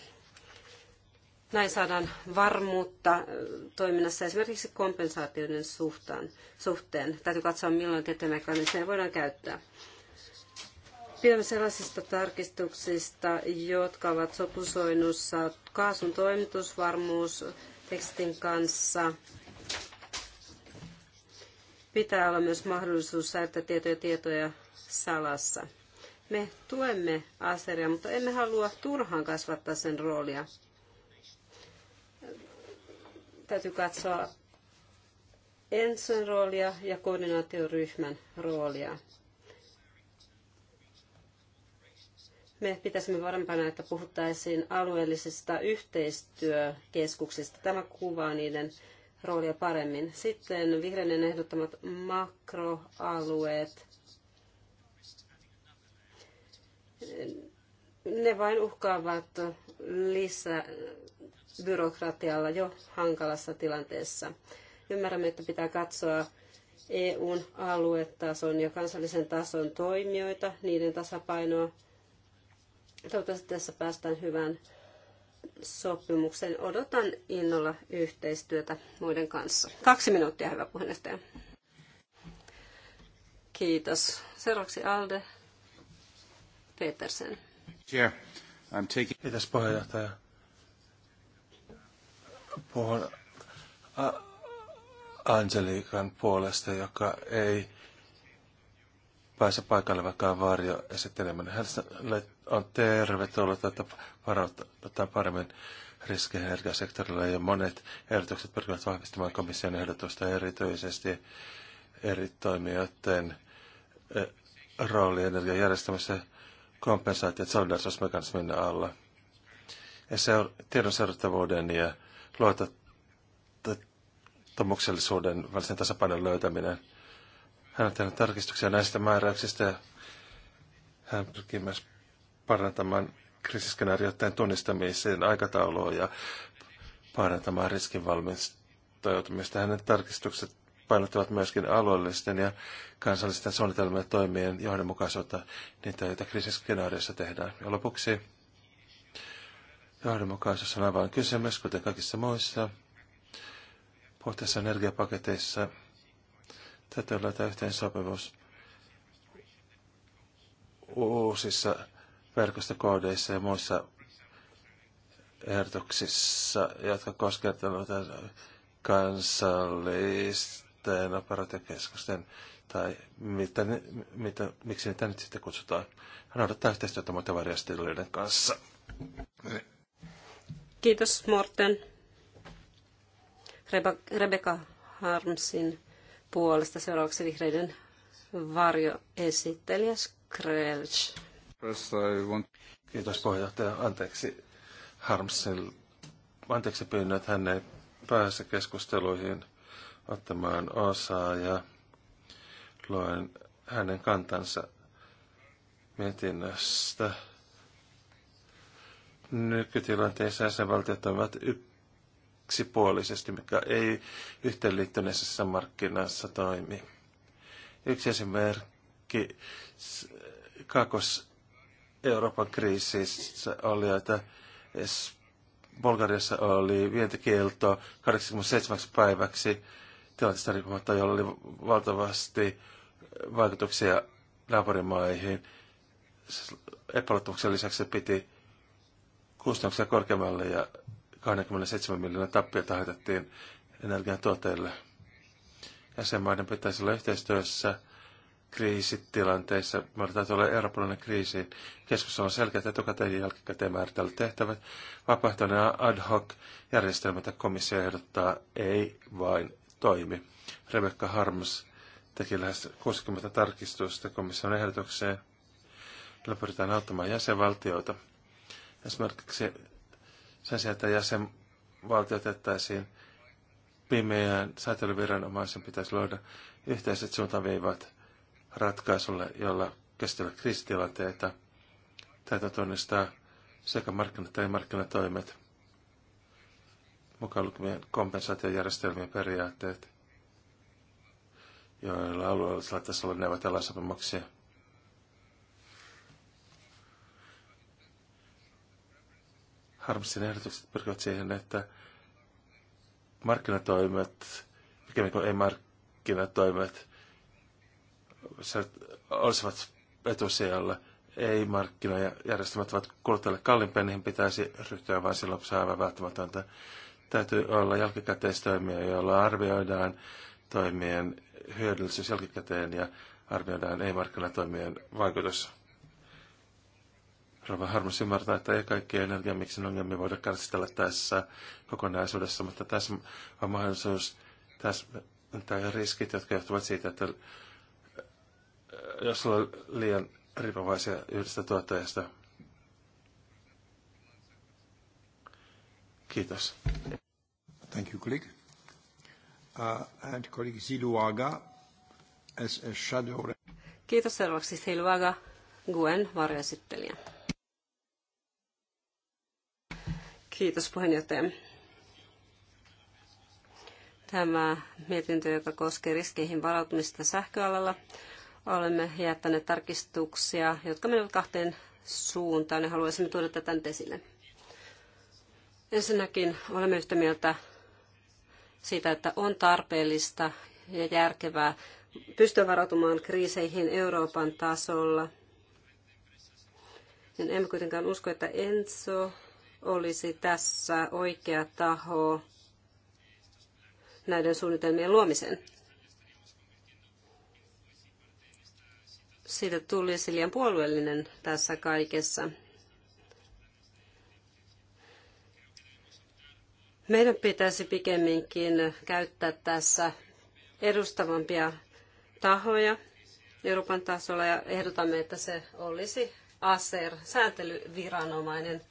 Näin saadaan varmuutta äh, toiminnassa esimerkiksi kompensaatioiden suhtaan, suhteen. Täytyy katsoa, milloin tätä niin voidaan käyttää. Pidämme sellaisista tarkistuksista, jotka ovat sopusoinnussa kaasun toimitusvarmuus tekstin kanssa – pitää olla myös mahdollisuus säilyttää tietoja tietoja salassa. Me tuemme aseria, mutta emme halua turhaan kasvattaa sen roolia. Täytyy katsoa ensin roolia ja koordinaatioryhmän roolia. me pitäisimme varempana, että puhuttaisiin alueellisista yhteistyökeskuksista. Tämä kuvaa niiden roolia paremmin. Sitten vihreiden ehdottamat makroalueet. Ne vain uhkaavat lisää byrokratialla jo hankalassa tilanteessa. Ymmärrämme, että pitää katsoa EUn aluetason ja kansallisen tason toimijoita, niiden tasapainoa. Toivottavasti tässä päästään hyvään sopimuksen. Odotan innolla yhteistyötä muiden kanssa. Kaksi minuuttia, hyvä puheenjohtaja. Kiitos. Seuraavaksi Alde Petersen. Kiitos puheenjohtaja. Puhun Angelikan puolesta, joka ei pääse paikalle, vaikka on varjo esittelemään. Hän on tervetullut, että varoittaa paremmin riskiherkällä ja monet ehdotukset pyrkivät vahvistamaan komission ehdotusta erityisesti eri toimijoiden e, rooli energiajärjestelmässä kompensaatiot solidarisuusmekanismin alla. Ja on tiedon seurattavuuden ja luotettomuksellisuuden välisen tasapainon löytäminen. Hän on tehnyt tarkistuksia näistä määräyksistä ja hän pyrkii myös parantamaan kriisiskenaarioiden tunnistamiseen aikatauluun ja parantamaan riskin valmistautumista. Hänen tarkistukset painottavat myöskin alueellisten ja kansallisten suunnitelmien ja toimien johdonmukaisuutta niitä, joita kriisiskenaariossa tehdään. Ja lopuksi johdonmukaisuus on avain kysymys, kuten kaikissa muissa puhteissa energiapaketeissa. Täytyy löytää yhteensopivuus uusissa verkostokoodeissa ja muissa ehdotuksissa, jotka koskevat kansallisten operaatiokeskusten tai mitä, mitä, miksi niitä nyt sitten kutsutaan. Hän odottaa yhteistyötä muiden varjastelijoiden kanssa. Kiitos Morten. Rebecca Harmsin puolesta seuraavaksi vihreiden varjoesittelijä Skrelch. Kiitos puheenjohtaja. Anteeksi Harmsel. Anteeksi pyynnä, että hän ei pääse keskusteluihin ottamaan osaa ja luen hänen kantansa mietinnöstä. Nykytilanteessa jäsenvaltiot ovat yksipuolisesti, mikä ei yhteenliittyneessä markkinassa toimi. Yksi esimerkki, kakos Euroopan kriisissä oli, että Bulgariassa oli vientikielto 87 päiväksi tilanteesta riippumatta, jolla oli valtavasti vaikutuksia naapurimaihin. Siis epäluottamuksen lisäksi piti kustannuksia korkeammalle ja 27 miljoonan tappiota haitattiin energiantuottajille. Jäsenmaiden pitäisi olla yhteistyössä kriisitilanteissa. Meillä täytyy olla eurooppalainen kriisi. Keskus on selkeät etukäteen ja jälkikäteen määritellyt tehtävät. Vapaaehtoinen ad hoc järjestelmä, jota komissio ehdottaa, ei vain toimi. Rebecca Harms teki lähes 60 tarkistusta komission ehdotukseen. jolla pyritään auttamaan jäsenvaltioita. Esimerkiksi sen sijaan, että jäsenvaltiot jättäisiin pimeään säätelyviranomaisen pitäisi luoda yhteiset suuntaviivat ratkaisulle, jolla kestellä kriisitilanteita. Täytyy tunnistaa sekä markkinat että markkinatoimet, mukaan lukien kompensaatiojärjestelmien periaatteet, joilla alueellisella tasolla neuvotellaan sopimuksia. Harmsin ehdotukset pyrkivät siihen, että markkinatoimet, mikä ei-markkinatoimet, olisivat etusijalla. Ei markkinajärjestelmät ovat kuluttajalle kalliimpia, niihin pitäisi ryhtyä vain silloin, kun se on aivan välttämätöntä. Täytyy olla jälkikäteistoimia, joilla arvioidaan toimien hyödyllisyys jälkikäteen ja arvioidaan ei-markkinatoimien vaikutus. Rova Harmus ymmärtää, että ei kaikkia miksi ongelmia voida käsitellä tässä kokonaisuudessa, mutta tässä on mahdollisuus tässä riskit, jotka johtuvat siitä, että jos on liian riippuvaisia yhdestä tuottajasta. Kiitos. Thank you, colleague. Uh, and colleague Ziluaga as a shadow. Kiitos seuraavaksi Ziluaga, Guen varjoesittelijä. Kiitos puheenjohtaja. Tämä mietintö, joka koskee riskeihin varautumista sähköalalla, Olemme jättäneet tarkistuksia, jotka menevät kahteen suuntaan ja haluaisimme tuoda tätä nyt esille. Ensinnäkin olemme yhtä mieltä siitä, että on tarpeellista ja järkevää pystyä varautumaan kriiseihin Euroopan tasolla. En emme kuitenkaan usko, että Enso olisi tässä oikea taho näiden suunnitelmien luomiseen. siitä tulisi liian puolueellinen tässä kaikessa. Meidän pitäisi pikemminkin käyttää tässä edustavampia tahoja Euroopan tasolla ja ehdotamme, että se olisi ASER, sääntelyviranomainen.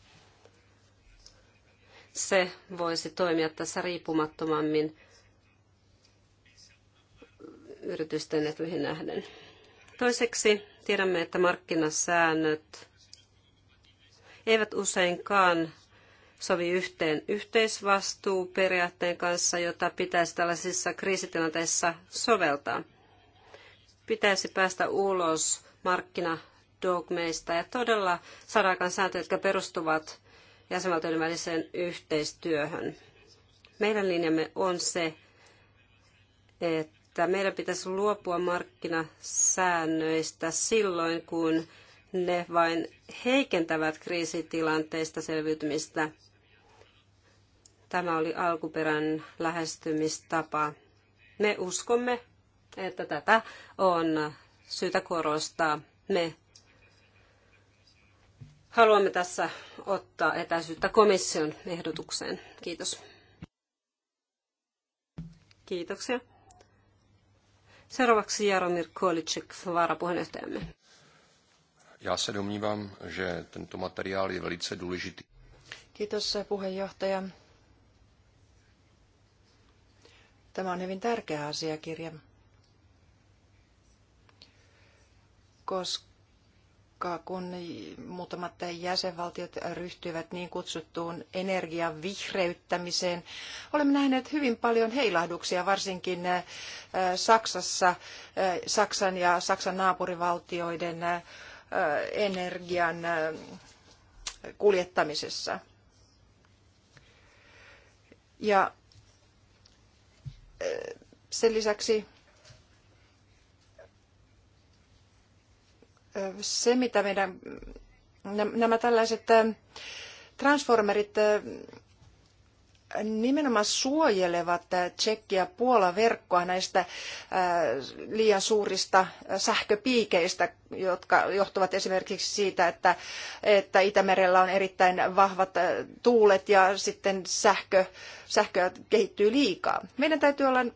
Se voisi toimia tässä riippumattomammin yritysten etuihin nähden. Toiseksi tiedämme, että markkinasäännöt eivät useinkaan sovi yhteen yhteisvastuuperiaatteen kanssa, jota pitäisi tällaisissa kriisitilanteissa soveltaa. Pitäisi päästä ulos markkinadogmeista ja todella saada aikaan sääntöjä, jotka perustuvat jäsenvaltioiden väliseen yhteistyöhön. Meidän linjamme on se, että että meidän pitäisi luopua markkinasäännöistä silloin, kun ne vain heikentävät kriisitilanteista selviytymistä. Tämä oli alkuperän lähestymistapa. Me uskomme, että tätä on syytä korostaa. Me haluamme tässä ottaa etäisyyttä komission ehdotukseen. Kiitos. Kiitoksia. Seuraavaksi Jaromir Kolicek, varapuheenjohtajamme. Já se domnívám, že tento materiál je velice důležitý. Kiitos puheenjohtaja. Tämä on hyvin tärkeä asiakirja, koska tiukkaa, kun muutamat jäsenvaltiot ryhtyivät niin kutsuttuun energian vihreyttämiseen. Olemme nähneet hyvin paljon heilahduksia, varsinkin äh, Saksassa, äh, Saksan ja Saksan naapurivaltioiden äh, energian kuljettamisessa. Ja sen lisäksi se, mitä meidän nämä tällaiset transformerit nimenomaan suojelevat Tsekki- ja Puola-verkkoa näistä liian suurista sähköpiikeistä, jotka johtuvat esimerkiksi siitä, että, että Itämerellä on erittäin vahvat äh, tuulet ja sitten sähkö, sähköä kehittyy liikaa. Meidän täytyy olla äh,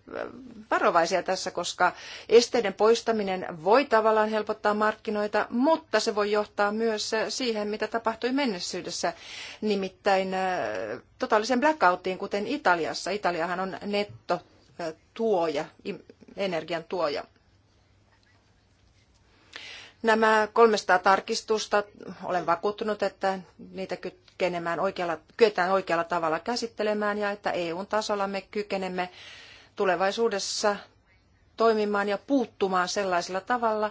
varovaisia tässä, koska esteiden poistaminen voi tavallaan helpottaa markkinoita, mutta se voi johtaa myös äh, siihen, mitä tapahtui menneisyydessä, nimittäin totaaliseen blackoutiin, kuten Italiassa. Italiahan on nettotuoja, energian tuoja. Nämä 300 tarkistusta, olen vakuuttunut, että niitä kykenemään oikealla, kyetään oikealla tavalla käsittelemään ja että EU-tasolla me kykenemme tulevaisuudessa toimimaan ja puuttumaan sellaisella tavalla,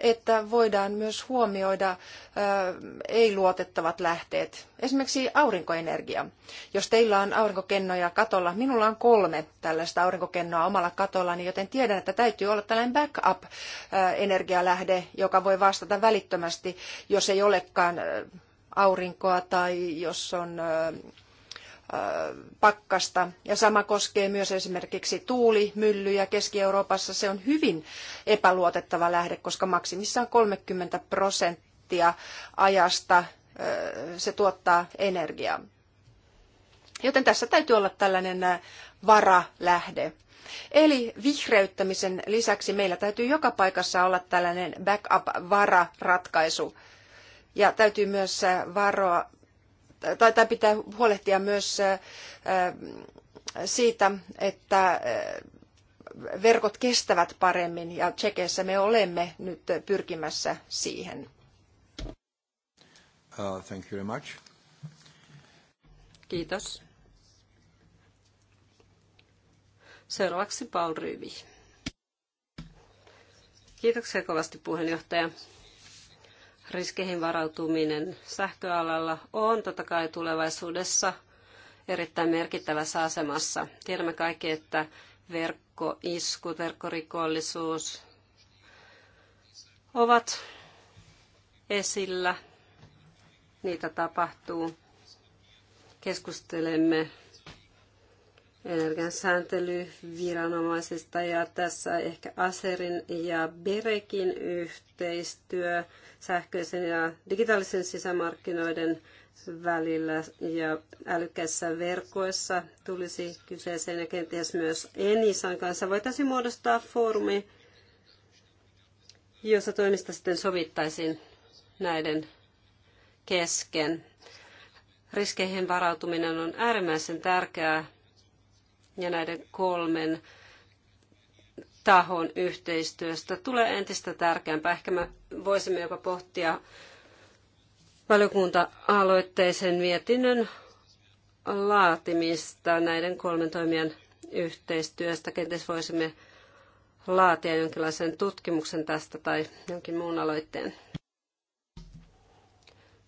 että voidaan myös huomioida ei-luotettavat lähteet, esimerkiksi aurinkoenergia. Jos teillä on aurinkokennoja katolla, minulla on kolme tällaista aurinkokennoa omalla katollani, joten tiedän, että täytyy olla tällainen backup-energialähde, joka voi vastata välittömästi, jos ei olekaan aurinkoa tai jos on pakkasta. Ja sama koskee myös esimerkiksi tuulimyllyjä Keski-Euroopassa. Se on hyvin epäluotettava lähde, koska maksimissaan 30 prosenttia ajasta se tuottaa energiaa. Joten tässä täytyy olla tällainen varalähde. Eli vihreyttämisen lisäksi meillä täytyy joka paikassa olla tällainen backup-vararatkaisu. Ja täytyy myös varoa, tai, tai pitää huolehtia myös siitä, että verkot kestävät paremmin ja Tsekeissä me olemme nyt pyrkimässä siihen. Uh, thank you very much. Kiitos. Seuraavaksi Paul Ryyvi. Kiitoksia kovasti puheenjohtaja riskeihin varautuminen sähköalalla on totta kai tulevaisuudessa erittäin merkittävässä asemassa. Tiedämme kaikki, että verkkoiskut, verkkorikollisuus ovat esillä. Niitä tapahtuu. Keskustelemme energian viranomaisista ja tässä ehkä Aserin ja Berekin yhteistyö sähköisen ja digitaalisen sisämarkkinoiden välillä ja älykkäissä verkoissa tulisi kyseeseen ja kenties myös Enisan kanssa voitaisiin muodostaa foorumi, jossa toimista sitten sovittaisiin näiden kesken. Riskeihin varautuminen on äärimmäisen tärkeää ja näiden kolmen tahon yhteistyöstä tulee entistä tärkeämpää. Ehkä me voisimme jopa pohtia valiokunta-aloitteisen mietinnön laatimista näiden kolmen toimijan yhteistyöstä. Kenties voisimme laatia jonkinlaisen tutkimuksen tästä tai jonkin muun aloitteen.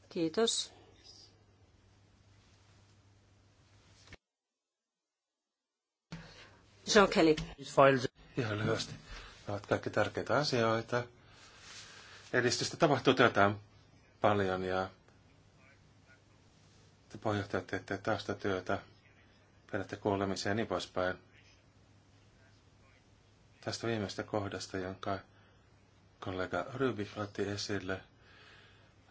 Kiitos. Jean Kelly. Ihan lyhyesti. Ne ovat kaikki tärkeitä asioita. Edistystä tapahtuu tätä paljon ja te pohjohtajat teette taustatyötä, pidätte kuulemisia ja niin poispäin. Tästä viimeistä kohdasta, jonka kollega Rybik otti esille,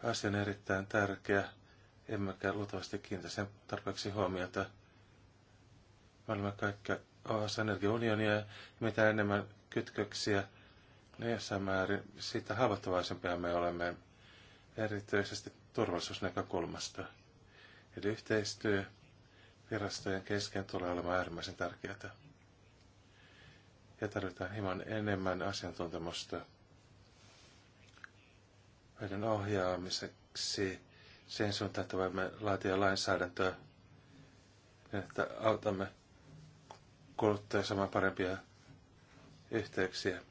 asia on erittäin tärkeä. Emmekä luultavasti kiinnitä sen tarpeeksi huomiota. Me olemme kaikki osa energiaunionia ja mitä enemmän kytköksiä, niin jossain määrin siitä haavoittuvaisempia me olemme erityisesti turvallisuusnäkökulmasta. Eli yhteistyö virastojen kesken tulee olemaan äärimmäisen tärkeää. Ja tarvitaan hieman enemmän asiantuntemusta meidän ohjaamiseksi sen suuntaan, että voimme laatia lainsäädäntöä, niin että autamme kuluttaa saman parempia yhteyksiä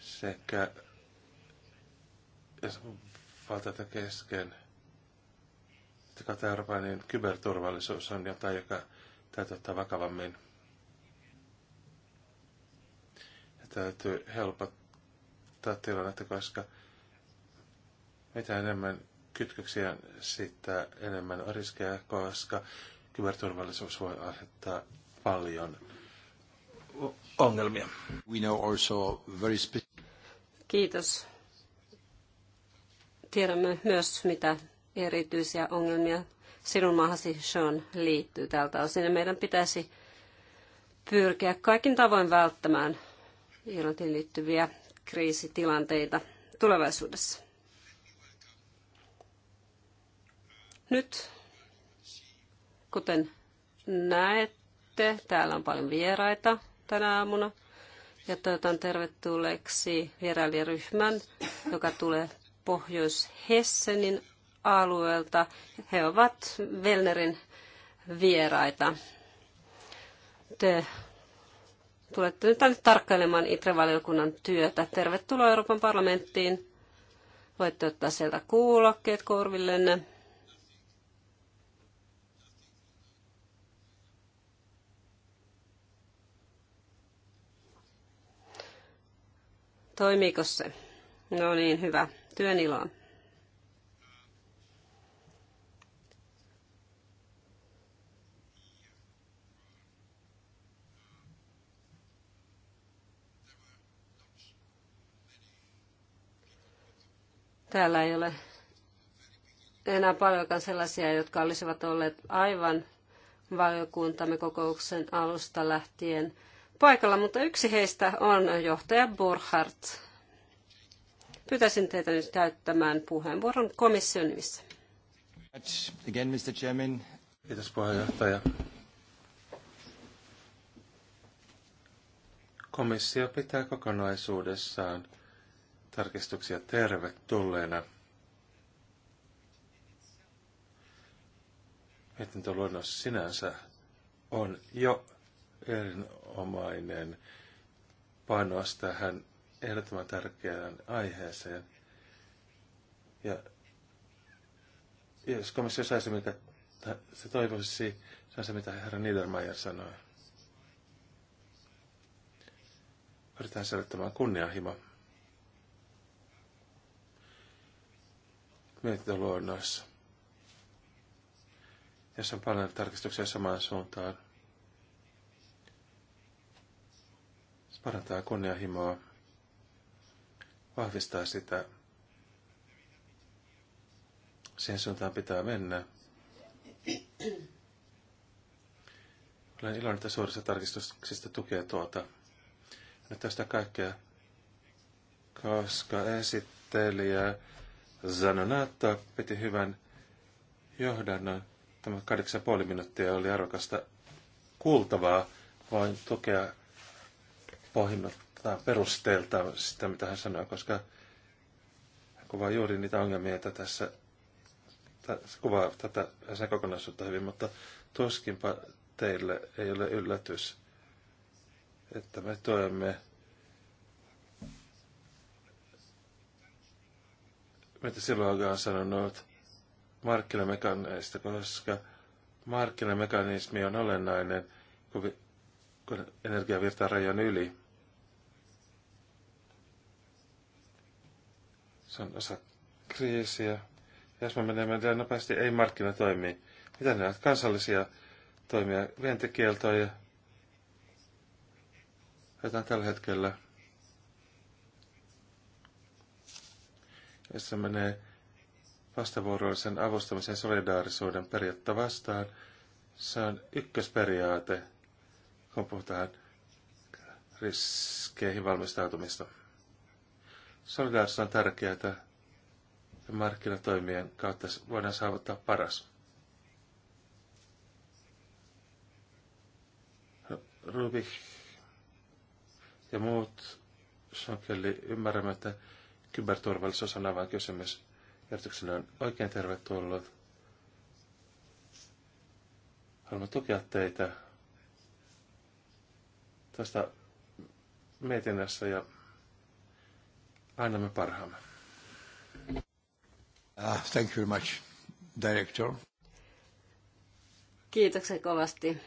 sekä valtioiden kesken. Että kautta Euroopan niin kyberturvallisuus on jotain, joka täytyy ottaa vakavammin. Ja täytyy helpottaa tilannetta, koska mitä enemmän kytköksiä, sitä enemmän riskejä, koska kyberturvallisuus voi aiheuttaa paljon ongelmia. We know also very Kiitos. Tiedämme myös, mitä erityisiä ongelmia sinun maahasi, Sean, liittyy tältä osin. Ja meidän pitäisi pyrkiä kaikin tavoin välttämään Irlantiin liittyviä kriisitilanteita tulevaisuudessa. Nyt, kuten näet, olette. Täällä on paljon vieraita tänä aamuna. Ja toivotan tervetulleeksi vierailijaryhmän, joka tulee Pohjois-Hessenin alueelta. He ovat Velnerin vieraita. Te tulette nyt tänne tarkkailemaan ITRE-valiokunnan työtä. Tervetuloa Euroopan parlamenttiin. Voitte ottaa sieltä kuulokkeet korvillenne. Toimiiko se? No niin, hyvä. Työn iloa. Täällä ei ole enää paljonkaan sellaisia, jotka olisivat olleet aivan valiokuntamme kokouksen alusta lähtien – paikalla, mutta yksi heistä on johtaja Burhardt. Pyytäisin teitä nyt käyttämään puheenvuoron komission nimissä. Again, Mr. Chairman. Kiitos puheenjohtaja. Komissio pitää kokonaisuudessaan tarkistuksia tervetulleena. Mietintöluonnos sinänsä on jo erinomainen panos tähän ehdottoman tärkeään aiheeseen. Ja jos komissio saisi, mitä se toivoisi, se on se, mitä herra Niedermayer sanoi. Pyritään säilyttämään kunnianhimo. Mietintöluonnossa. Jos on paljon tarkistuksia samaan suuntaan, parantaa kunnianhimoa, vahvistaa sitä. Siihen suuntaan pitää mennä. Olen iloinen, että suurissa tarkistuksista tukee tuota. Nyt tästä kaikkea, koska esittelijä Zanonato piti hyvän johdannon. Tämä 8,5 minuuttia oli arvokasta kuultavaa. Voin tukea pohjimmiltaan perusteelta sitä, mitä hän sanoi, koska hän kuvaa juuri niitä ongelmia, joita tässä se kuvaa tätä sen kokonaisuutta hyvin, mutta tuskinpa teille ei ole yllätys, että me toimme mitä silloin on sanonut markkinamekanismista, koska markkinamekanismi on olennainen, kun energia virtaa rajan yli. Se on osa kriisiä. Ja jos me menemme vielä nopeasti, ei markkina toimi, Mitä ne ovat? Kansallisia toimia, vientikieltoja, jotain tällä hetkellä. Jos se menee vastavuoroisen avustamisen solidaarisuuden periaatta vastaan. Se on ykkösperiaate, kun puhutaan riskeihin valmistautumista. Solidaarisuus on tärkeää että markkinatoimien kautta voidaan saavuttaa paras. Rubik ja muut Shankeli ymmärrämme, että kyberturvallisuus on aivan kysymys. Järjestyksenä on oikein tervetullut. Haluan tukea teitä tästä mietinnässä ja Annamme parhaamme. Uh, thank you very much, director. Kiitoksia kovasti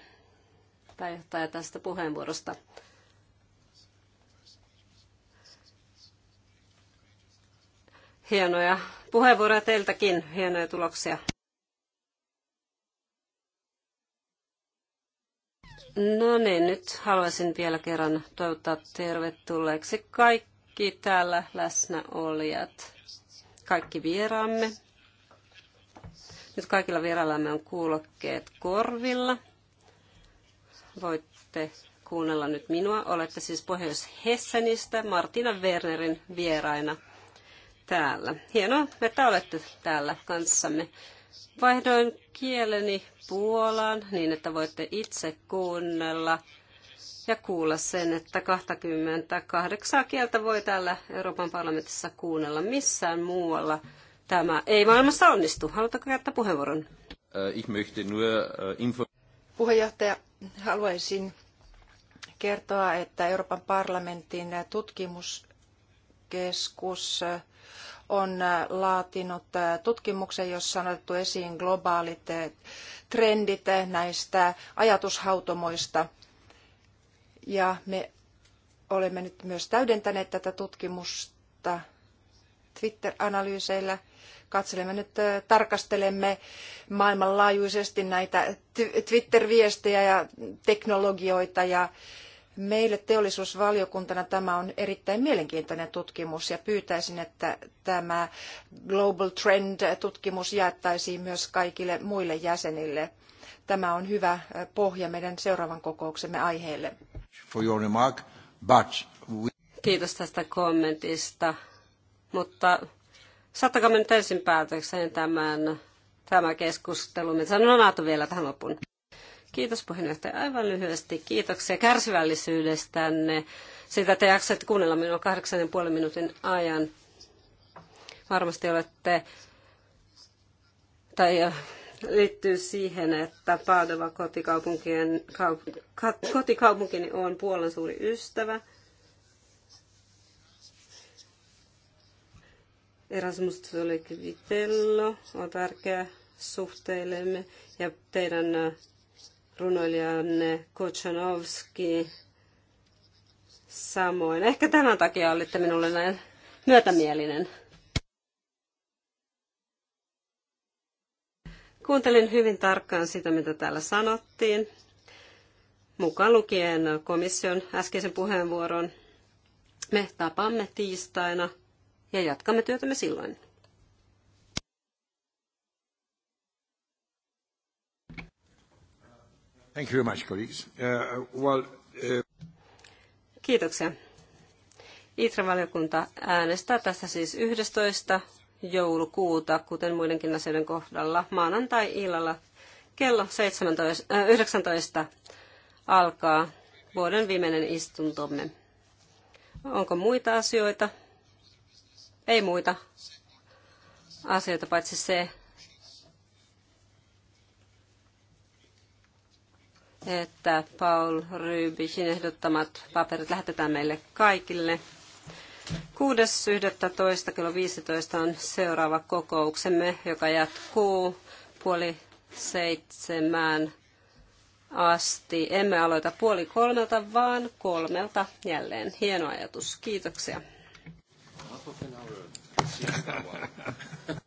pääjohtaja tästä puheenvuorosta. Hienoja puheenvuoroja teiltäkin, hienoja tuloksia. No niin, nyt haluaisin vielä kerran toivottaa tervetulleeksi kaikki kaikki täällä läsnäolijat, kaikki vieraamme. Nyt kaikilla vieraillamme on kuulokkeet korvilla. Voitte kuunnella nyt minua. Olette siis Pohjois-Hessenistä Martina Wernerin vieraina täällä. Hienoa, että olette täällä kanssamme. Vaihdoin kieleni Puolaan niin, että voitte itse kuunnella ja kuulla sen, että 28 kieltä voi täällä Euroopan parlamentissa kuunnella missään muualla. Tämä ei maailmassa onnistu. Haluatteko käyttää puheenvuoron? Äh, ich möchte äh, Puheenjohtaja, haluaisin kertoa, että Euroopan parlamentin tutkimuskeskus on laatinut tutkimuksen, jossa on otettu esiin globaalit trendit näistä ajatushautomoista – ja me olemme nyt myös täydentäneet tätä tutkimusta Twitter-analyyseillä. Katselemme nyt, tarkastelemme maailmanlaajuisesti näitä Twitter-viestejä ja teknologioita ja Meille teollisuusvaliokuntana tämä on erittäin mielenkiintoinen tutkimus ja pyytäisin, että tämä Global Trend-tutkimus jaettaisiin myös kaikille muille jäsenille. Tämä on hyvä pohja meidän seuraavan kokouksemme aiheelle for your remark, but we... Kiitos tästä kommentista, mutta me nyt ensin päätökseen tämän, tämä keskustelu. Me sanon Aatu vielä tähän lopun. Kiitos puheenjohtaja. Aivan lyhyesti kiitoksia kärsivällisyydestänne. Siitä te jaksatte kuunnella minua kahdeksan ja puolen minuutin ajan. Varmasti olette, tai liittyy siihen, että Padova kotikaupunkien, kaup, kotikaupunkini on Puolan suuri ystävä. Erasmus Vitello on tärkeä suhteillemme ja teidän äh, runoilijanne Kochanovski samoin. Ehkä tämän takia olitte minulle näin myötämielinen. Kuuntelin hyvin tarkkaan sitä, mitä täällä sanottiin, mukaan lukien komission äskeisen puheenvuoron. Me tapaamme tiistaina ja jatkamme työtämme silloin. Thank you very much, colleagues. Uh, well, uh... Kiitoksia. Itravaliokunta äänestää tässä siis 11 joulukuuta, kuten muidenkin asioiden kohdalla, maanantai-illalla kello 17, äh, 19 alkaa vuoden viimeinen istuntomme. Onko muita asioita? Ei muita asioita, paitsi se, että Paul Rybichin ehdottamat paperit lähetetään meille kaikille. 6.11. kello 15 on seuraava kokouksemme, joka jatkuu puoli seitsemään asti. Emme aloita puoli kolmelta, vaan kolmelta jälleen. Hieno ajatus. Kiitoksia.